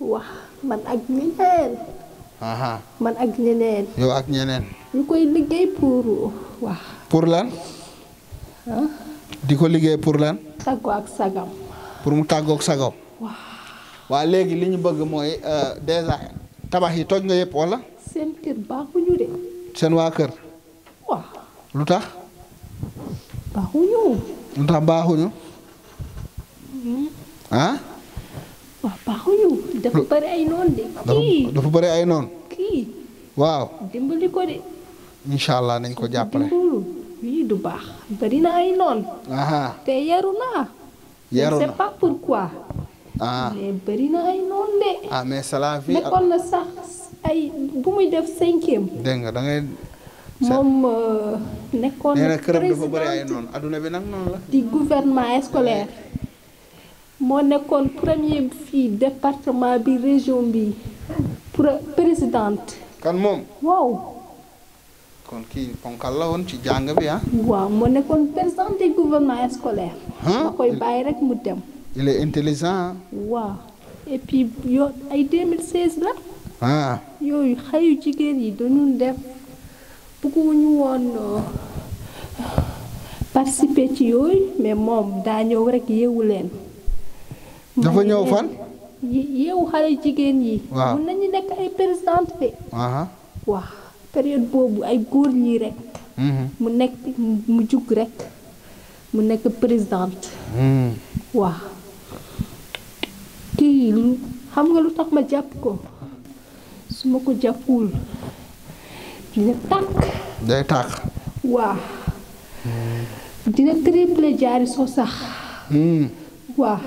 wax man ak ñeneen. man ak ñeneen. yow ak ñeneen. ñu koy liggéey pour lan. di ko liggéey pour lan. tàggoo ak sagam. pour mu tàggook sagam. waa léegi li ñu bëgg mooy euh, déjà tabax yi toj nga yëpp wala. seen kër baaxuñu de. seen waa kër. lu tax. baaxuñu. lu tax baaxuñu. Hmm. ah. waaw baaxuñu. dafa bari ay noon de. kii dafa bëri ay ko de. incha allah nañ ko jàppale. oui du baax. bëri na ay noon. te yaru naa. yaru na ah. mais bëri na ay ah, na sax ay bu muy def cinquième. dégg nga moom euh, nekkoon na président adduna bi nag noonu la. di gouvernement scolaire moo nekkoon premier fii département bi région bi présidente. kan moom waaw. kon kii ponkal la woon ci jàng bi ah. waaw moo nekkoon président du gouvernement scolaire. ma koy bàyyi rek mu dem. il est intelligent. Ah. waaw et puis la. ah yooyu xëyu jigéen yi dañu def. bëgguñu woon euh, participer ci yooyu mais moom daa ñëw rek yeewu leen. dafa ñëw fan. yeewu xale jigéen yi. waaw mun nañu nekk ay présidente de. waaw période boobu ay góor ñii rekk mhm. mu nekk mu jug rek mu nekk président mhm. waaw kii xam nga lu tax ma jàpp ko su ma ko jàppuwul dina tàkk. day tàkk. waaw. dina triple jaari soo sax. Hmm. waaw.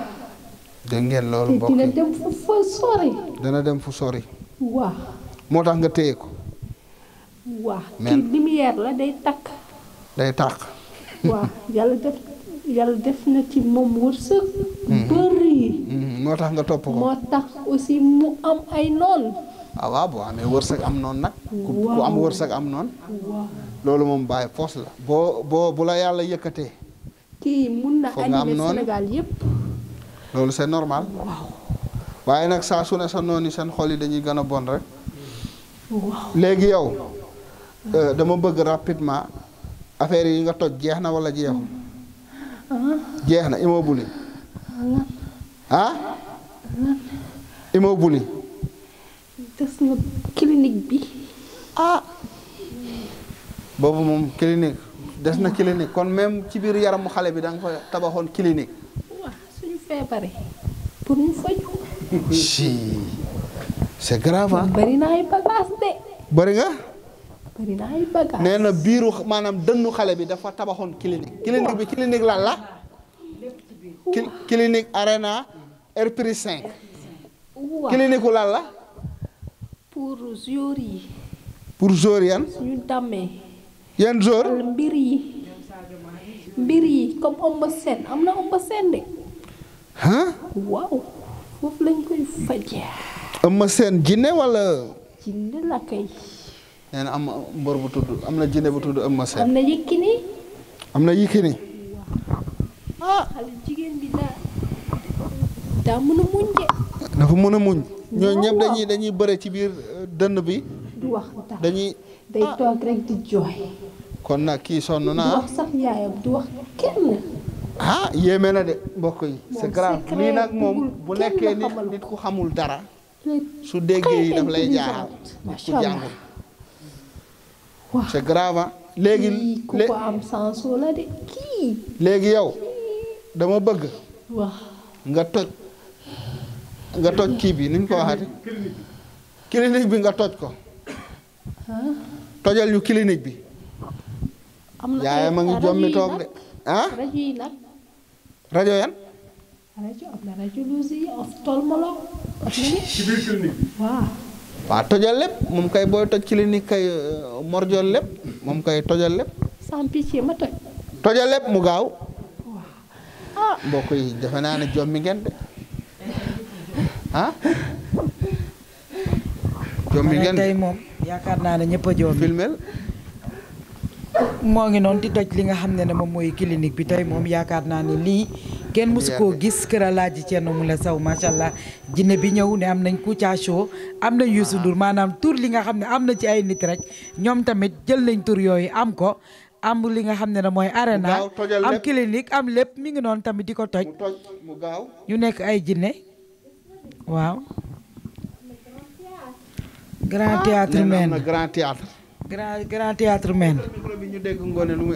dégg ngeen loolu mbokk dina dem fu sori. dana dem fu sori. waaw. moo tax nga téye ko. waaw kii lumière la day tàkk. day tàkk. waaw (laughs) yàlla def yàlla def na ci moom wërsëg. Hmm. bëri. Hmm. moo tax nga topp ko moo tax aussi mu am ay noon. ah waaw boo amee wërsëg am noonu nag. ku am wërsëg am noonu. loolu moom bàyyi poos la. boo boo bu la yàlla yëkkatee. kii mun na animer Sénégal yëpp loolu c'est normal. waaye nag saa su ne sa noonu seen xol yi dañuy gën a bon rek. léegi yow euh, dama bëgg rapidement affaire yi nga toj jeex na wala jeexul. Ah. jeex na immobile ah. ah? ah. immobile. des na clinique bi ah. boobu moom clinique des na clinique kon même ci biir yaramu xale bi danga nga fa tabaxoon clinique waaw suñu feebaree pour ñu faju ah. bari na ay bagage de bari nga bari na ay biiru maanaam dënnu xale bi dafa tabaxoon clinique clinique bi clinique lan la clinique arena R plus 5 clinique lan pour joueurs yi. pour joueurs yan. ñu tàmmee. yan joueurs mbir yi. mbir yi comme Eumeu Sène am na Eumeu Sène de. ah. waaw foofu lañ koy fajee. Eumeu seen jinne walla jinne la kay. nee na am mbor bu tudd am na jinne bu tudd Eumeu Sène. am na Yékini. am na Yékini. ah daa mën a muñ de. dafa mën a muñ. ñoo ñëpp dañuy dañuy bëre ci biir euh, dënn bi. dañuy ah. kon nag kii sonn naa. du wax kenn. Ah, yéeme na de mbokk yi. c'est grave lii nag moom bu nekkee nit nit ku xamul dara. su déggee yi daf lay jaaxal. macha allah ku léegi léegi yow dama bëgg. waaw nga toj. nga toj kii bi nuñ ko waxati clinique bi nga toj ko tojal ñu clinique bi yaay ma ngi jommi toog de ah rajo yan waaw tojal lépp moom kay booy toj clinique kay euh, morjol lépp moom kay tojal lépp tojal lépp mu gaaw ah. mbokk yi defe naa ne jommi ngeen de ah. jom mi tey moom yaakaar naa ne ñëpp a joomi moo ngi noonu di toj li nga xam ne ne moom mooy clinique bi tey moom yaakaar naa ne lii kenn mosu koo gis kër alaaji Thierno Moule saw macha allah jinne bi ñëw ne am nañ Kouthia Show am nañ yu ah. Ndour maanaam tur li nga xam ne am na ci ay nit rek ñoom tamit jël nañ tur yooyu am ko am li nga xam ne ne mooy arena am clinique am lépp mi ngi noonu tamit di ko toj ñu nekk ay jinne waaw. grand ah. théâtre men na grand théâtre. grand théâtre ñu dégg ngoone lu mu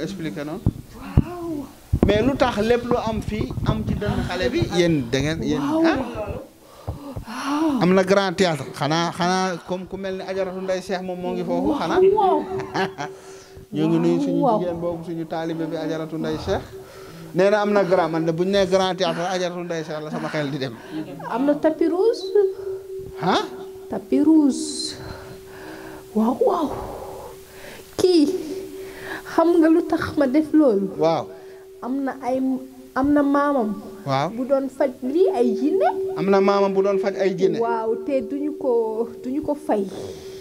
mais lu tax lépp lu am fii am ci dënn xale bi yéen da ngeen ah? am na grand théâtre xanaa xanaa comme ku mel ni ajaratu nday seex moom moo ngi foofu xanaa. (laughs) ñu ngi nuyu suñu jigéen boobu suñu taalibe bi ajaratu nday seex. nee am na grand man de bu ñu nee grand théâtre ajaratu ndey Sall sama xel di dem. am na tapis rouge. ah. tapis rouge waaw waaw kii xam nga lu tax ma def loolu. waaw am na ay am na maamam. waaw bu doon faj lii ay jinne. am na maamam bu doon faj ay jinne. waaw te duñu ko duñu ko fay.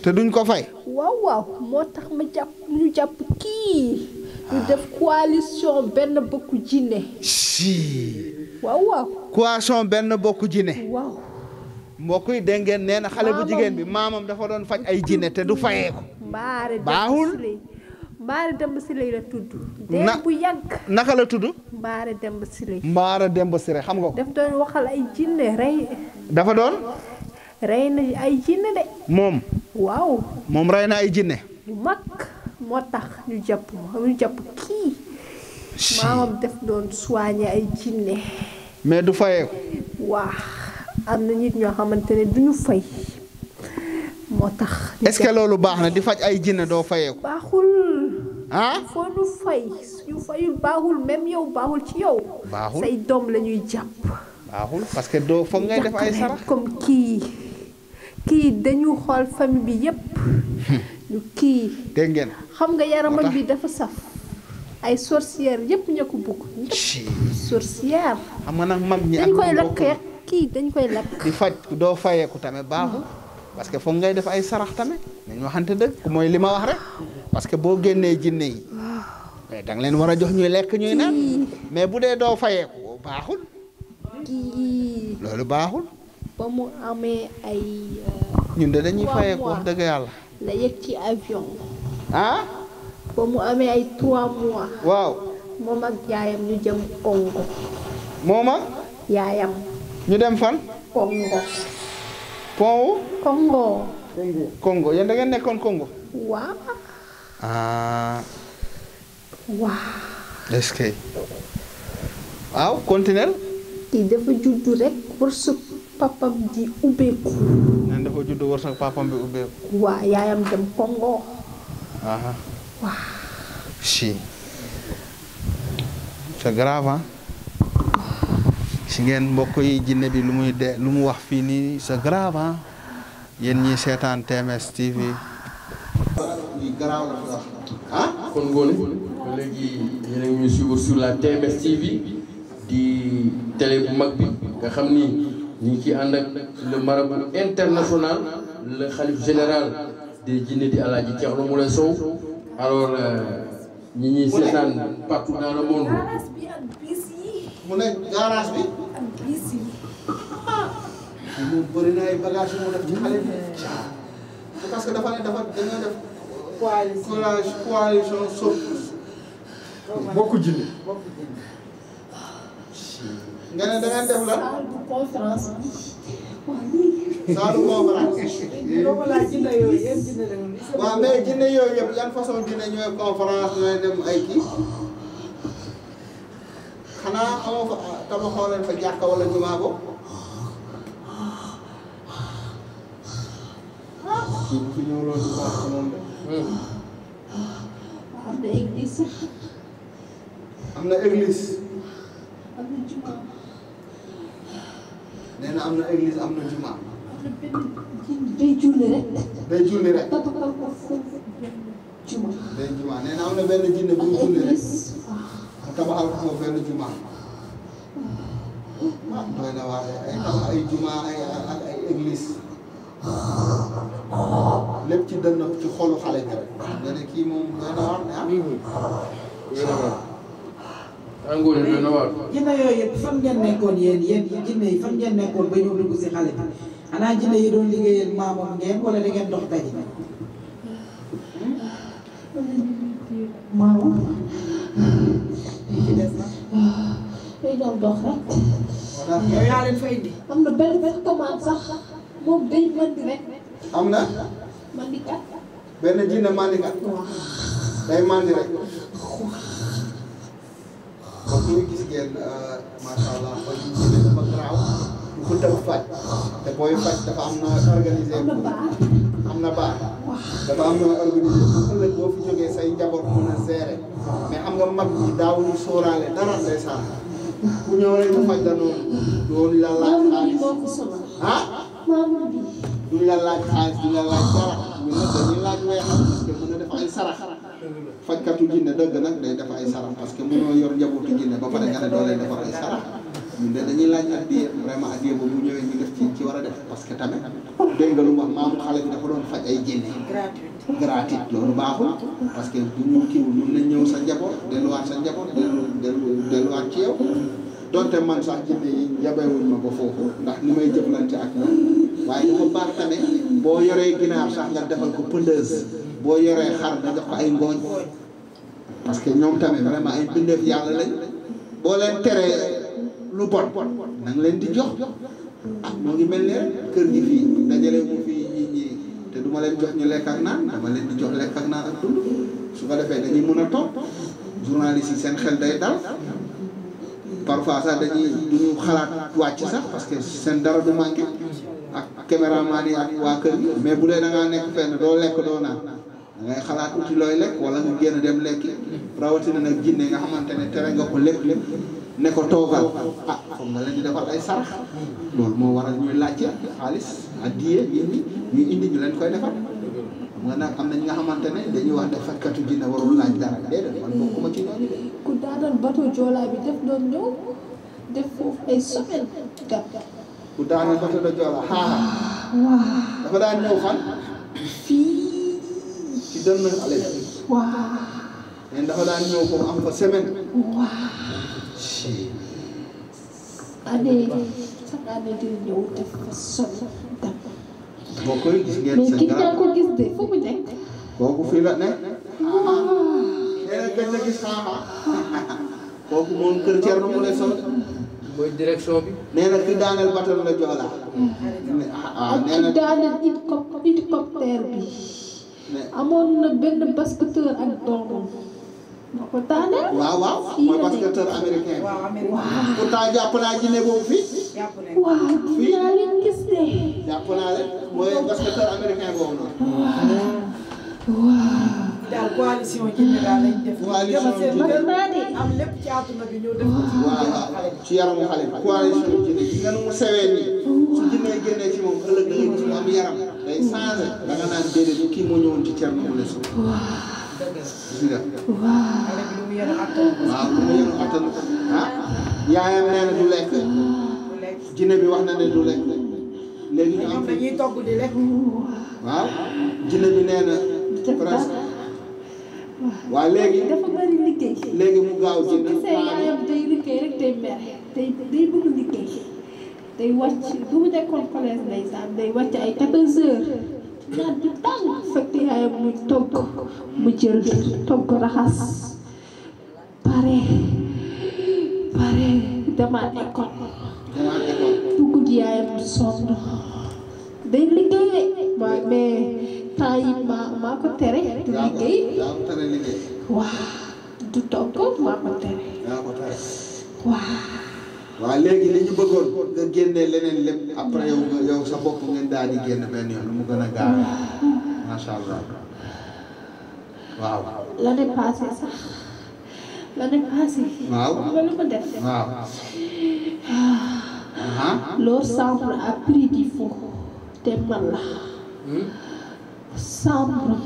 te duñ ko fay. waaw waaw moo tax ma jàpp ñu jàpp kii. ñu def coalition benn bokku jinne waaw waaw coalition benn bokku jinne waaw mbokk yi dégg ngeen xale bu jigéen bi maamam dafa doon faj ay jinne te du fayee ko baaxul mbaare demb la tudd. na bu yàgg. naka la tudd. mbaare demb siley. mbaare xam nga ko. daf doon waxal ay jinne rey. dafa doon. rey na ay jinne de. moom. waaw. moom rey na ay jinne. yu mag. moo tax ñu jàpp ma ñu jàpp kii. maamam def doon soigné ay jinne mais du fayeeku. waa am na nit ñoo xamante ne du ñu fay. moo tax. est-ce que loolu baax na di faj ay jinne doo fayeeku. baaxul. ah foo fay fayul baaxul même yow baaxul ci yow. baaxul say doom la ñuy jàpp. parce que doo foog ngay def ay sarax comme kii kii dañu xool famille bi yépp ñu hmm. kii. dégg ngeen. xam nga yaramam bi dafa saf ay sorcières yépp ña ko bugg. sorcière xam nga nag mag ñi dañ koy kii dañ koy lakk. di faj doo fayeeku tamit baaxul. Hmm. parce que foog ngay def ay sarax tamit. nañ waxante dëgg mooy li ma wax rek. parce que boo génnee jinne yi. mais danga leen war a jox ñuy lekk ñuy naan. mais bu dee doo fayeeku baaxul. loolu baaxul. ba mu amee ay. Euh, ñun de dañuy fayeeku wax dëgg yàlla. la yëg ci avion. ah. ba mu amee ay trois mois. waaw. moom ak yaayam ñu jëm Congo. moom ak. yaayam. ñu dem fan. Congo. pont wu. Congo. Congo nekkoon kongo waaw. ah. waaw. est-ce que. waaw continuel. kii dafa judd rek wërsëg papam di ubbeeku. nee dafa judd wërsëg papam bi ubbeeku. waaw yaayam dem Congo. Aha. Wow. Si. C'est grave, hein? si ngeen mbokk yi jinne bi lu muy de lu mu wax fii nii c'est grave ah yéen ñi seetaan TMS TV. garaaw la kon ngoone ba léegi yéen la TMS TV di télé bu mag bi nga xam ni ñu ngi ciy ànd ak le marabout international le xalif général di jinne di Alaaji Thierno Moule Sow alors euh, ñi ñuy seetaan partout dans le monde. mu mu def ci bi. parce que dafa ne dafa dañoo def. coalition coalition sauf. bokku jinne. nga ne da def la. Saalum moo ko laaj. waaw mais jinne yooyu yëpp yan façon jinne ñooy conférence ñooy dem ay kii. xanaa amoo fa ah, tama xooleen fa jàkka wala jumaa bo ci ci ñëw loolu ci baax moom de. am na église. am na église. am na jumaa. nee am na église am na juma. day julli rek. day julli rek. juma. day juma nee na am na benn jinne bu tabaxal ko benn juma. ah na waaye ay tabax ay juma ay ay église. lépp ci dënn ci xolu xale nga ne kii moom doy na waar ne ah. Mm-hmm. tàngoor yi doy na waar. jinne yooyu fan ngeen nekkoon yéen yéen jinne yi fan ngeen nekkoon ba ñëw dugg si xale bi jinne yi doon liggéeyal maamam ngeen wala da ngeen dox daje. maamam. day doon dox rek. yow yaa leen am na benn benn commande di na. mandikat. benn jinne mandi rek. kon ñu gis ngeen euh, macha allah ba ñu si nekk ba garaaw ñu ko dem faj te booy faj dafa am na organisé am na baax dafa am na organisé bu say njaboot mën faj la noonu loolu la laaj xaalis ah duñ laaj xaalis duñ la laaj dara ñu ne dañuy laaj weexal parce que mën a def sarax fajkatu jinne dëgg nag day def ay sarax parce que mënoo yor njabootu jinne ba pare nga ne doo leen defar ay sarax ñun de dañuy laaj addiya vraiment addiya boobu bu ñëwee ñu def ci war a def parce que tamit dégg nga lu wax maamu xale bi dafa doon faj ay jinne gratuit loolu baaxul parce que bu ñu kiiwul mun nañ ñëw sa njaboot delluwaat sa njaboot dellu dellu delluwaat ci yow donte man sax jinne yi yabewuñ ma ba foofu ndax ni may jëflante ak ñoom waaye dafa baax tamit boo yoree ginaar sax nga defal ko pëndeuse boo yoree xar nga jox ko ay ngooñ parce que ñoom tamit vraiment ay bindeef yàlla lañ boo leen teree lu bon na nga leen di jox ah moo ngi mel ne kër gi fii dajale mu te duma leen jox ñu lekk ak naan dama leen di jox lekk ak naan ak dund su ko defee dañuy mën a toog journaliste yi seen xel day dal parfois sax dañuy duñu xalaat wàcc sax parce que seen dara du manqué ak caméraman yi ak waa kër gi mais bu dee da nekk fenn doo lekk doo naan da ngay xalaat uti looy lekk wala nga génn dem lekki rawatina nag jinne nga xamante ne tere nga ko lépp lépp ne ko toogal ah foog nga leen di defal ay sarax loolu moo waral ñuy laajte xaalis addiye yéen ñi ñuy indi ñu leen koy defal xam nga nag am nañ ñi nga xamante ne dañuy wax defarkatu jinne warul laaj dara déedéet man bokkuma ku daanal bato joolaa bi def doon ñëw def foofu ay semaine gàpp ku daanal bato ah, dafa daan ñëw fan ci dënn xale bi. waaw. mais dafa daan ñëw foofu am fa semaine. waaw. année sax année di ñëw dafa sonn dam. boo koy gis ngeen mais ki nga ko gis de fu mu nekk. kooku fii la nekk. waaw. léeg-léeg gën na gis xaama. kooku moom kër Thierno mu lay sonn. mooy direction bi. nee na ki daaneel batal la Joola. Mhm. Ah, ah nee na ak ki daaneel hélicoptère bi. amoon na benn basketteur ak doomam. ma ko taane. waaw waaw mooy basketteur américain. waaw waaw. jàpp naa Guinée boobu fii. waaw jàpp naa leen mooy basketteur américain boobu noonu. waaw waaw. ci àdduna bi ñëw def ko ci. nga nu mu sewee nii. génnee ci moom ëllëg da ngay gis mu kii moo ñëwoon ci Thierno Moule Sow. waaw. gis nga. waaw. lu mu yenu attan. waaw ah, lu yaayam nee du lekk. jinne bi wax na ne du lekk. léegi ñu am dañuy togg di lekk. waaw jinne bi nee na waaw léegi dafa bari léegi mu gaaw jinne. bu gisee liggéey rek day bëgg liggéey. day wàcc bu mu nekkoon collège ndeysaan day wàcc ay 14 heures naat bi tàng yaayam muy togg mu jël togg raxas pare pare demaat école bu guddi yaayam sonn day liggéey waaye mais temps yi maa maa ko tere du liggéey waaw du togg maa ko tere waaw waaw léegi li ñu bëggoon nga génnee leneen lépp après yow yow sa bopp ngeen daal di génn benn yoon lu mu gën a gaaw macha allah waaw. l'année passée sax l'année passée. waaw waaw. leur chambre a pris du feu te man la. chambre. Hmm?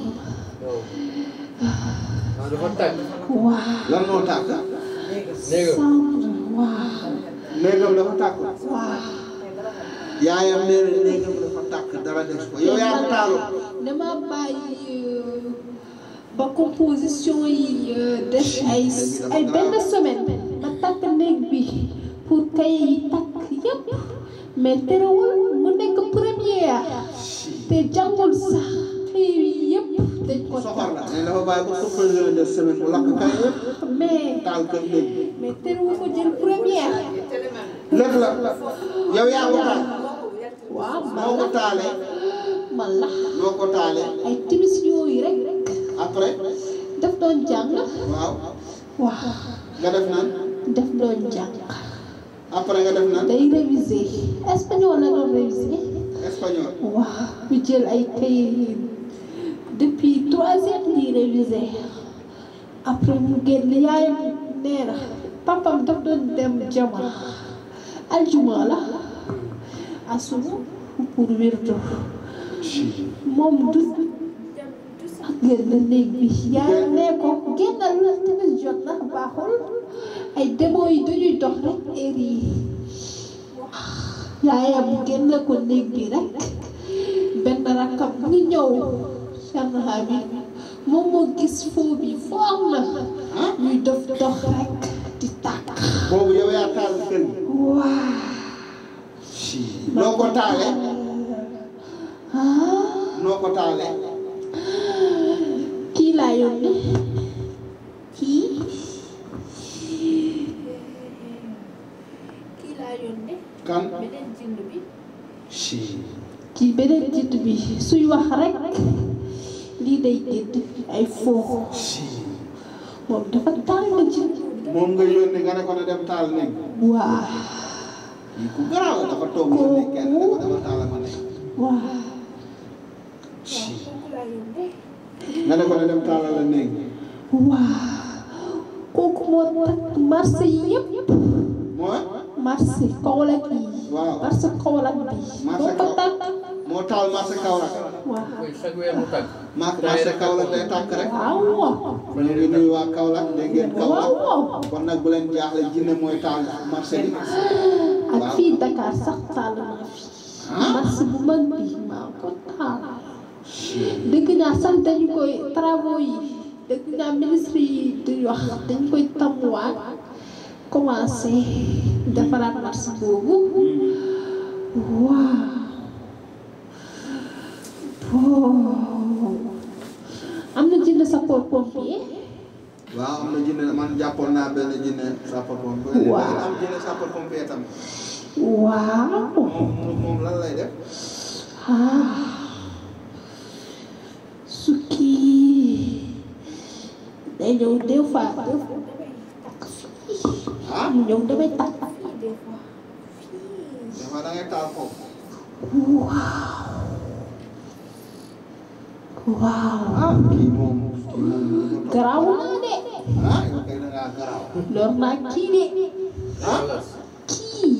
Ah, waaw. lan moo tàkk. chambre waaw. néegam dafa tàkk waaw yaayam nee na néegam dafa tàkk dara des euh, composition yi euh, def ay ay benn semaine ba tàkk néeg bi pour kay tàkk yépp mais terewul mu nekk première te jàngul sax mais yëpp dañ ko soxor la ne dafa bàyyi ba ko jël première lépp la yow yaa ko waaw moo ko taale man la moo ko taale ay timis yooyu rek après daf doon jàng waaw waaw nga def naan daf doon jàng après nga def naan day réviser espagnol la doon réviser espagnol waaw jël ay kayit depuis trois heures ñuy réviser après mu génn yaayam nee na daf doon dem jama aljuma la asuma pour wirdu moom du génn néeg bi yaayam nee ko génnal la jot na baaxul ay demoo yi dañuy dox rek heure yi yaayam génn ko néeg bi rek benn rakkam ngi ñëw Thierno Habib moom moo gis foo bi foog na ñuy def dox rek di tàkk. boobu yow yaa taal seen. noo ko taale. noo kii laa yónni kii. kii laa yónni. kan beneen jind bi. kii beneen jind bi suy wax rek. lii day gédd ay foofu moom dafa taal ma ci moom nga yónni nga ne ko ne dafa toog yónni kenn ne nga ne ko ne dem taal la nekk kooku moo takk yëpp mooy marché yi marché Kaolack bi moo taal marché Kaolack. maa marché tàkk rek. ñu ngi nuyu waa bu leen jaaxle jinne mooy taal marché bi. ak fii Dakar sax taal naa fi. Ah? bu mag bi maa ko taal. dégg naa sax dañu koy travaux yi dégg naa ministre yi di wax dañu koy tàmmuwaat commencé defaraat marché boobu waaw. Oh. am na jinne sapeur pompier. waaw am na jinne man jàppoon naa benn jinne sapeur waaw waaw. moom moom lan lay def. Ah. sukki day ñëw des fois ah? des fois. mu ñëw damay tàq. des fois taal foofu. waaw. waaw. garaaw naa de. lor naa kii de. ah kii.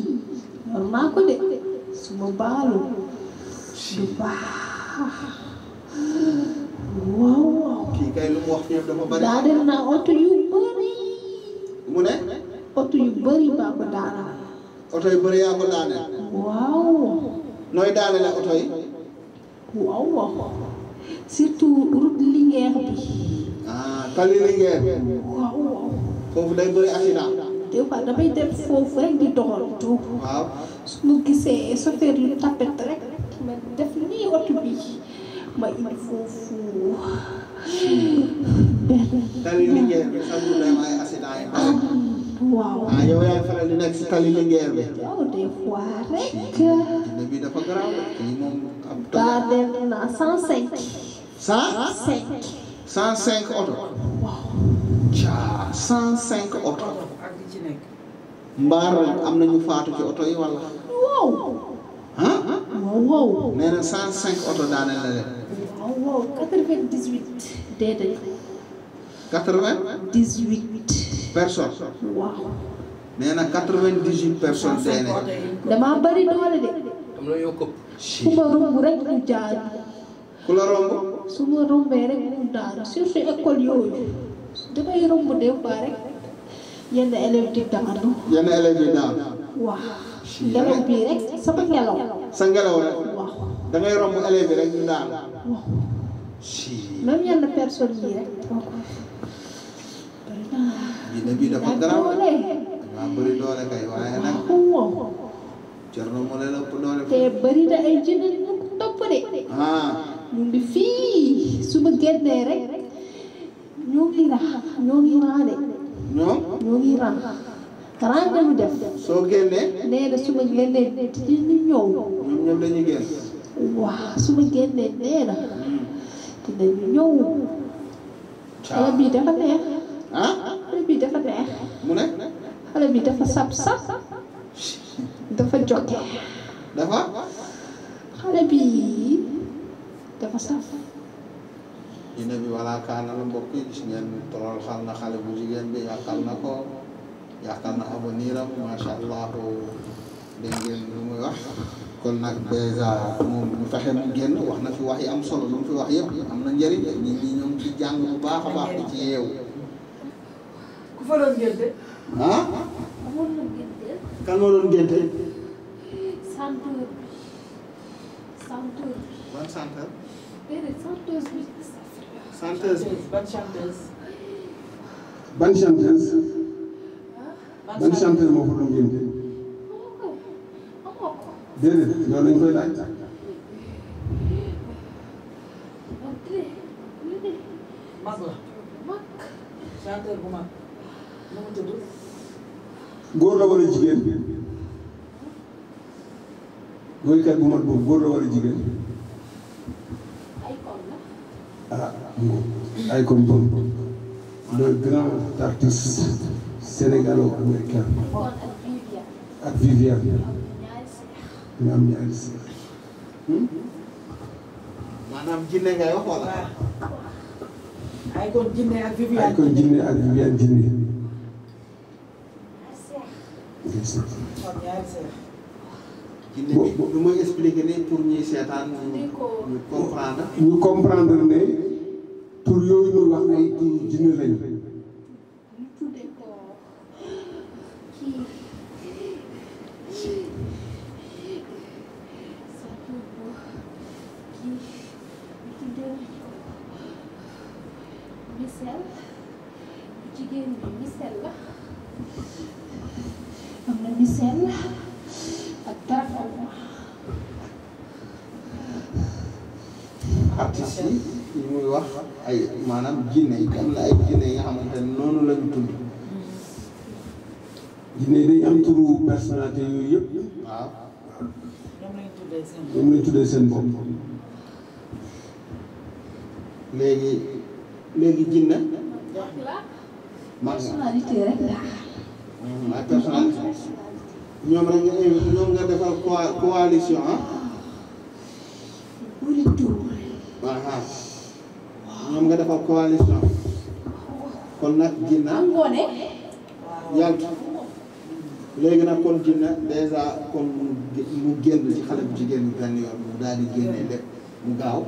lor naa ko de. suma baalu. su baax. waaw waaw. kii naa oto yu bari. mu ne. oto yu bari baa ko daana. oto yu bari yaa ko daane. waaw. nooy daane la oto yi. waaw waaw. surtout route Linguère bi. ah tali Linguère. waaw waaw. foofu day bëri accident. des dem foofu rek di doxantu. su ma gisee chauffeur yu tapet rek def nii oto bi ma indi foofu. Hmm. tali Linguère bi sax mu ne ay accident yi. Ah. waaw ah yow yaay nekk si tali Linguère bi. waaw oh, des rek. dafa garaaw la. kii moom am tool. daa dem na 105. 105. 105 oto. waaw. caa 105 oto. mbaar nañu faatu ci oto yi wala. waaw. ah. waaw waaw. nee na 105 oto daaneel la leen. waaw waaw 98. déedéet. 80. 18. personne waaw. nee na quatre-vingt-dix-huit personnes. sénégalais damaa bari doole de. ku ma romb rek mu jaar. ku la romb. su ma rombee rek mu daanu surtout école yooyu damay romb des fois rek yenn élèves di daanu. yenn élèves di daanu. waaw. ngelaw bii rek sama ngelaw. sa ngelaw rek. waaw romb élèves yi rek ñu daanu. waaw. même yenn yi diine bi dafa garaaw dafa bëri doole kay waaye nag Cerno moo leen ëpp doole te bëri na ay jinne ñu topp de ah ñu ngi fii suba génnee rek ñoo ngi rax ñoo ngi rax de ñoom ñoo ngi rax rax na ñu def soo génnee nee na suba génnee di ñu ñëw ñoom ñoom dañuy génn waaw suba génnee nee na hmm. dinañu ñëw xale bi dafa neex ah xale bi dafa neex. mu ne. xale bi dafa sab sab dafa jot dafa. xale bi dafa saf. dina bi wala kaana la mbokk yi gis ngeen torool xal na xale bu jigéen bi yàqal na ko yàqal na abo niiram macha allah lu muy wax. kon nag dèjà moom nu fexe mu génn wax na fi wax yi am solo lu mu fi wax yëpp am na njëriñ ñi ñi ñoom di jàng bu baax a baax di ci yeewu. ku fa doon génte. ah. kan moo doon génte. santeur bi santeur bi. ban santeur. déedéet chanteuse bi. chanteuse bi ban chanteuse. ban chanteuse. ban chanteuse moo fa doon génte. déedéet loolu lañ koy laaj. mag la. mag. chanteur bu mag. góor la wala jigéen woykat bu mat boobu góor la wala jigéen ah ay comme boobu le grand artiste sénégalo-américain ak Viviane ñu am ñaari seex hmm? maanaam jinne ngay wax wala kon jinne ak Viviane jinne bu may expliquer ne pour ñuy seetaan ñu comprendre. ñu comprendre ne tur yooyu ñu wax ay tur jinne lañu nationalité yooyu yëpp waaw ñoom lañ seen bopp léegi léegi jinne personnalité rek la hmm, personnalité ñoom rek nga ñoom nga defal coalition ah waaw nga defal coalition kon nag jinne yàlla léegi nag kon jinne dèjà kon mu génn ci xale bu jigéen bi benn yoon mu daal di génnee lépp mu gaaw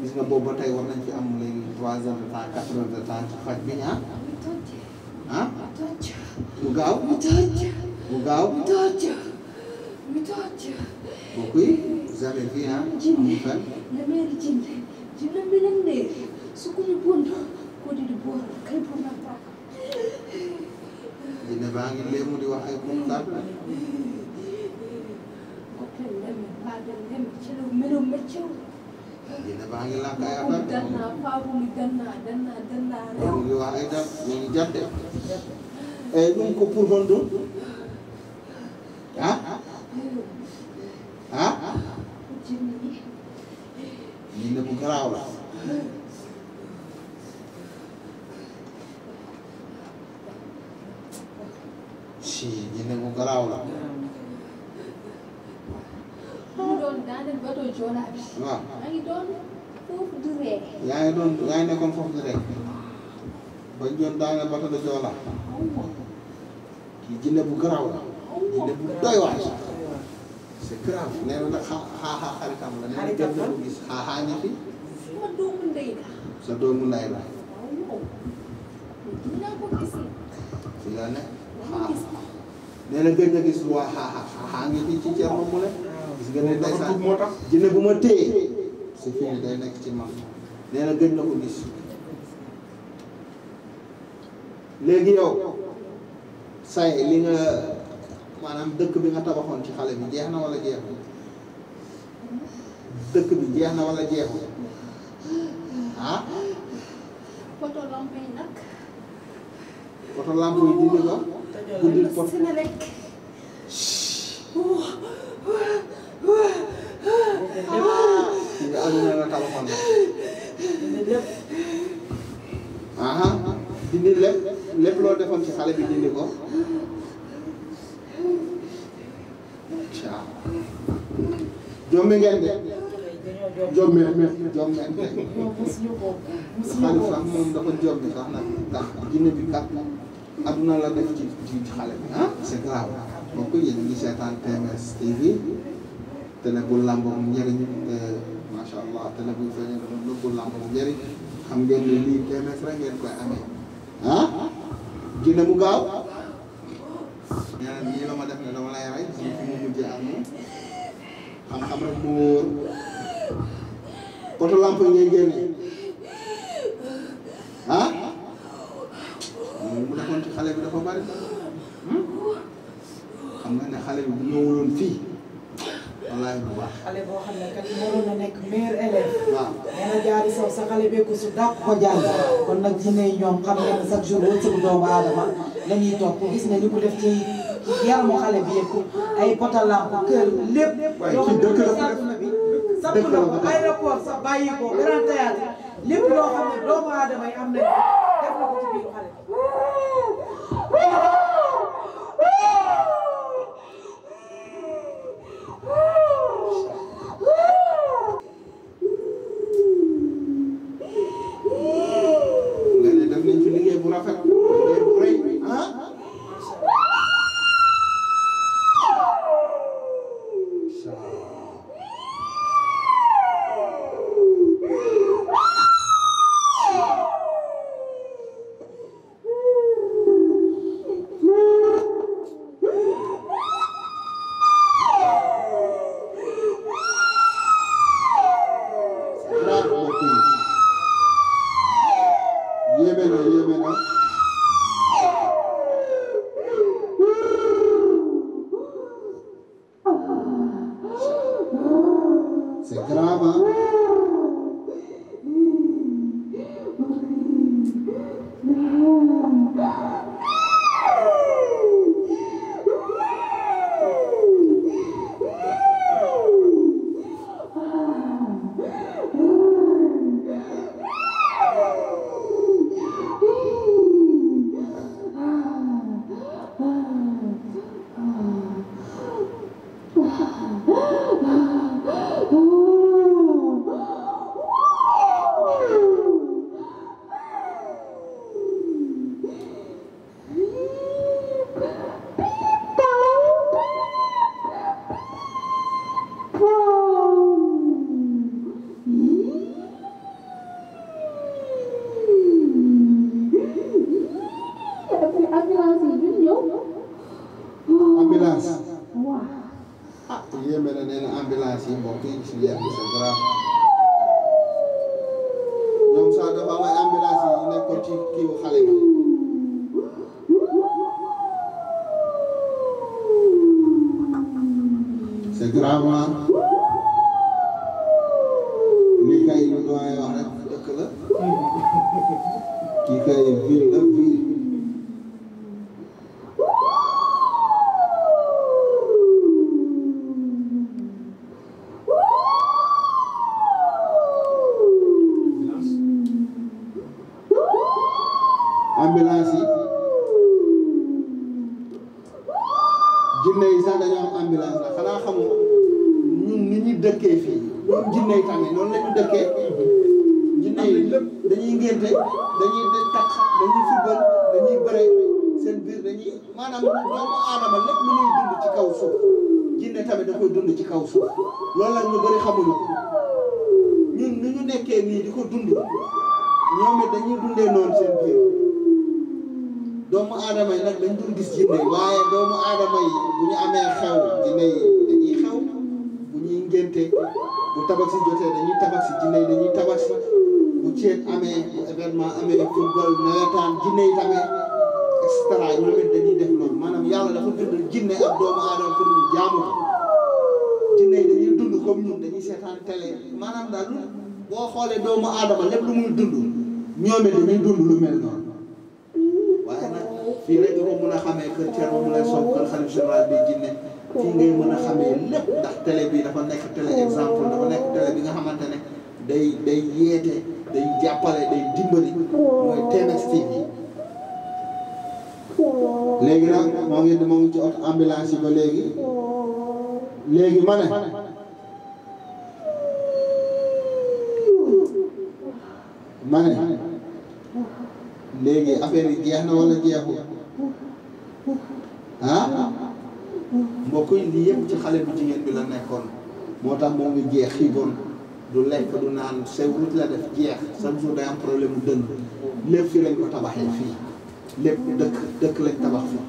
gis nga boobu ba tey war nañ ci am léegi trois heures de temps quatre heures de temps ci faj bi ñaar ah mu gaaw mu gaaw mbokk yi vous avez vu ah mu fen jinne bi nag ne su ko ñu bon ko di di boor kay bon na yi ne baa ngi léemu di wax ay munkar yi ne baa ngi làkk ay affaire mu ngi wax ay daf eh, mu ngi jadde eyi ɗum ko pour hon ɗum ha ha yinde ko garawla si jinne bu garaaw la. mu doon daaneel bato Joola bi. waaw maa ngi doon foofu du ree. yaa ngi doon yaa ngi nekkoon foofu du ree ba ñu doon daaneel bato de Joola kii jinne bu garaaw la jinne bu doy waar c'est grave nee na nag xaaxaa xaritam la nee na kenn ko gis xaaxaa ñi fi. sama doomu ndey la. sa doomu ndey la. waaw. dinaa ko gis. fi la ne. nee na gën na gis waa xaaxaa xaaxaa ngi ci ci ah. gis nga ne ndeysaan moo tax jinne bu ma téye su fekkee day nekk ci man nee na gën na ko gis léegi yow say li nga maanaam dëkk bi nga tabaxoon ci xale bi jeex na wala jeexul dëkk bi jeex na wala jeexul ah. poto lamp yi dindi ko. guddul ko nga am na la téléphone aha dindi lépp lépp loo defoon ci xale bi dindi ko jomme ngeen de jomme jomme xale sax moom dafa jomme sax nag ndax bi kat aduna la def ci ci xale bi ah c'est grave donc yéen a ngi seetaan TMS TV télé bu làmboom njëriñ euh, macha allah télé bu feeñee lu bu làmboom njëriñ xam ngeen lii TMS rek ngeen koy amee ah dina mu gaaw. ñeneen ñii la ma def ne dama lay rey fi mu mujjee ak moom xam-xam rek mu wóor poto lampe ngay génne ah? xale bi dafa bari hmm? xam nga ne xale bi bu ñëwuloon fii wallaahi bu baax. xale boo xam ne kat mënoon na nekk meilleur élève. waaw nee na jaari sow sa xale bee ko su dàq ko jàng kon nag jinne yi ñoom xam nañ ne chaque jour wërsëgu doomu aadama la ñuy topp gis nga ñu ko def ci yaramu xale bi yëpp ay potalam kër lépp. waaye kii dëkk la ko def dëkk la ko def sapp ko aéroport sax bàyyi ko grand théâtre lépp loo xam ne doomu aadama yi am nañ def na ko ci biiru xale léegi def nañ ci liggéey bu rafet maanaam doomu lépp lu muy dund ci kaw suuf jinne tamit da dund ci kaw suuf loolu la ñu bëri xamuñu ñun nu ñu nekkee nii di ko dund ñoom dañuy dundee noonu seen biir doomu aadama yi nag dañ doon gis jinne waaye doomu aadama yi bu ñu amee xew jinne yi dañuy xew bu ñuy ngénte bu si jotee dañuy tabax si jinne yi dañuy tabax si bu ceet amee bu événement amee football nawetaan jinne yi tamit et cetera ñoom dañuy def maanaam yàlla dafa bind jinne ak doomu aadama pour ñu jaamu jinne yi dañuy dund comme ñun dañuy seetaan télé maanaam daal boo xoolee doomu aadama lépp lu muy dund ñoome dañuy dund lu mel noonu waaye fii rek nga ko mën a xamee kër Thierno Moulay Sow kër xalif jinne fii ngay mën a xamee lépp ndax télé bi dafa nekk télé exemple dafa nekk télé bi nga xamante ne day day yeete day jàppale day dimbali mooy TMS TV léegi nag moo ngi moo ngi ci oto ambulance yi ba léegi léegi ma ne ma ne léegi affaire yi jeex na wala jeexu ah mbokk yi yëpp ci xale bi jigéen bi la nekkoon moo tax moo ngi jeex xiiboon du lekk du naan sewut la def jeex chaque jour day am problème mu dënd lépp lañ ko tabaxee fii lépp dëkk dëkk lañ tabax fa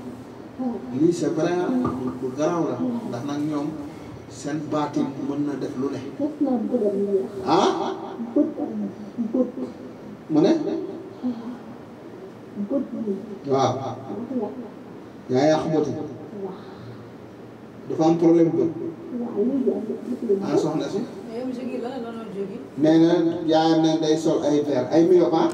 lii c'est vrai lu garaaw la ndax nag ñoom seen baatin mën na def lu ne ah mu ne waaw yaa yàq dafa am problème bët ah soxna si nee yaayam ne day sol ay verre ay miyop ah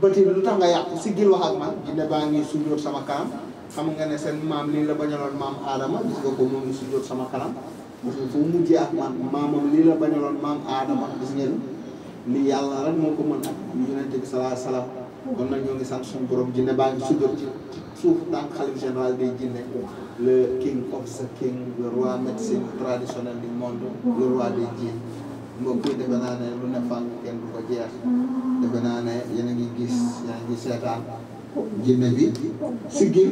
bët yi lu tax nga yàq si gil wax ak man jinne baa ngi sujjóot sama kanam xam nga ne seen maam lii la bañaloon maam aadama gis nga ko moom ngi sama kanam parce que fu mujjee ak man maamam lii la bañaloon maam aadama gis ngeen lii yàlla rek moo ko mën ak yonente bi salaa salaam kon nag ñoo ngi sant suñu borom jinne baa ngi sujjóot ci suuf daan xalif général day jinne le king of the king le roi médecine traditionnel du monde le roi des djinns mbokk yi defe naa ne lu ne fang kenn du ko jeex mm. defe naa ne yéen a ngi gis yéen a ngi seetaan jinne bi sigil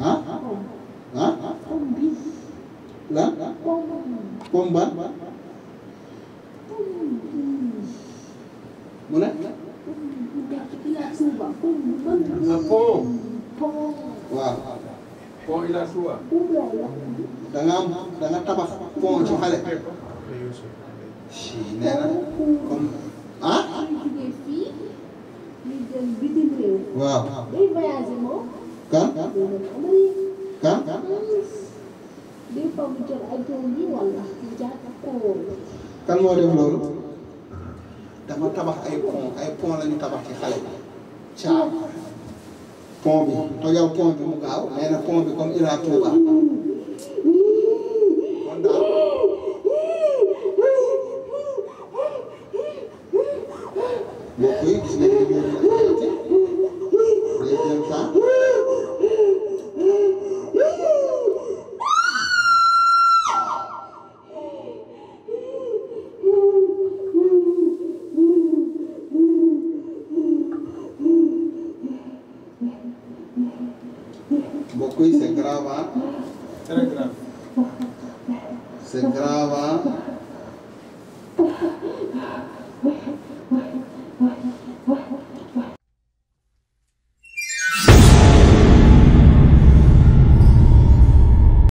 ah, ah? mu ne po waaw po ila suba da nga am da nga tabax si nee na comme ah. waaw. kan. kan. kan moo def loolu. dama tabax ay pont ay pont la ñu tabax ci xale bi. caa pont bi tojal pont bi mu gaaw nee na pont bi comme Ila Touba. kon daal. mbokk yi gis nañu ne ñoom ñoo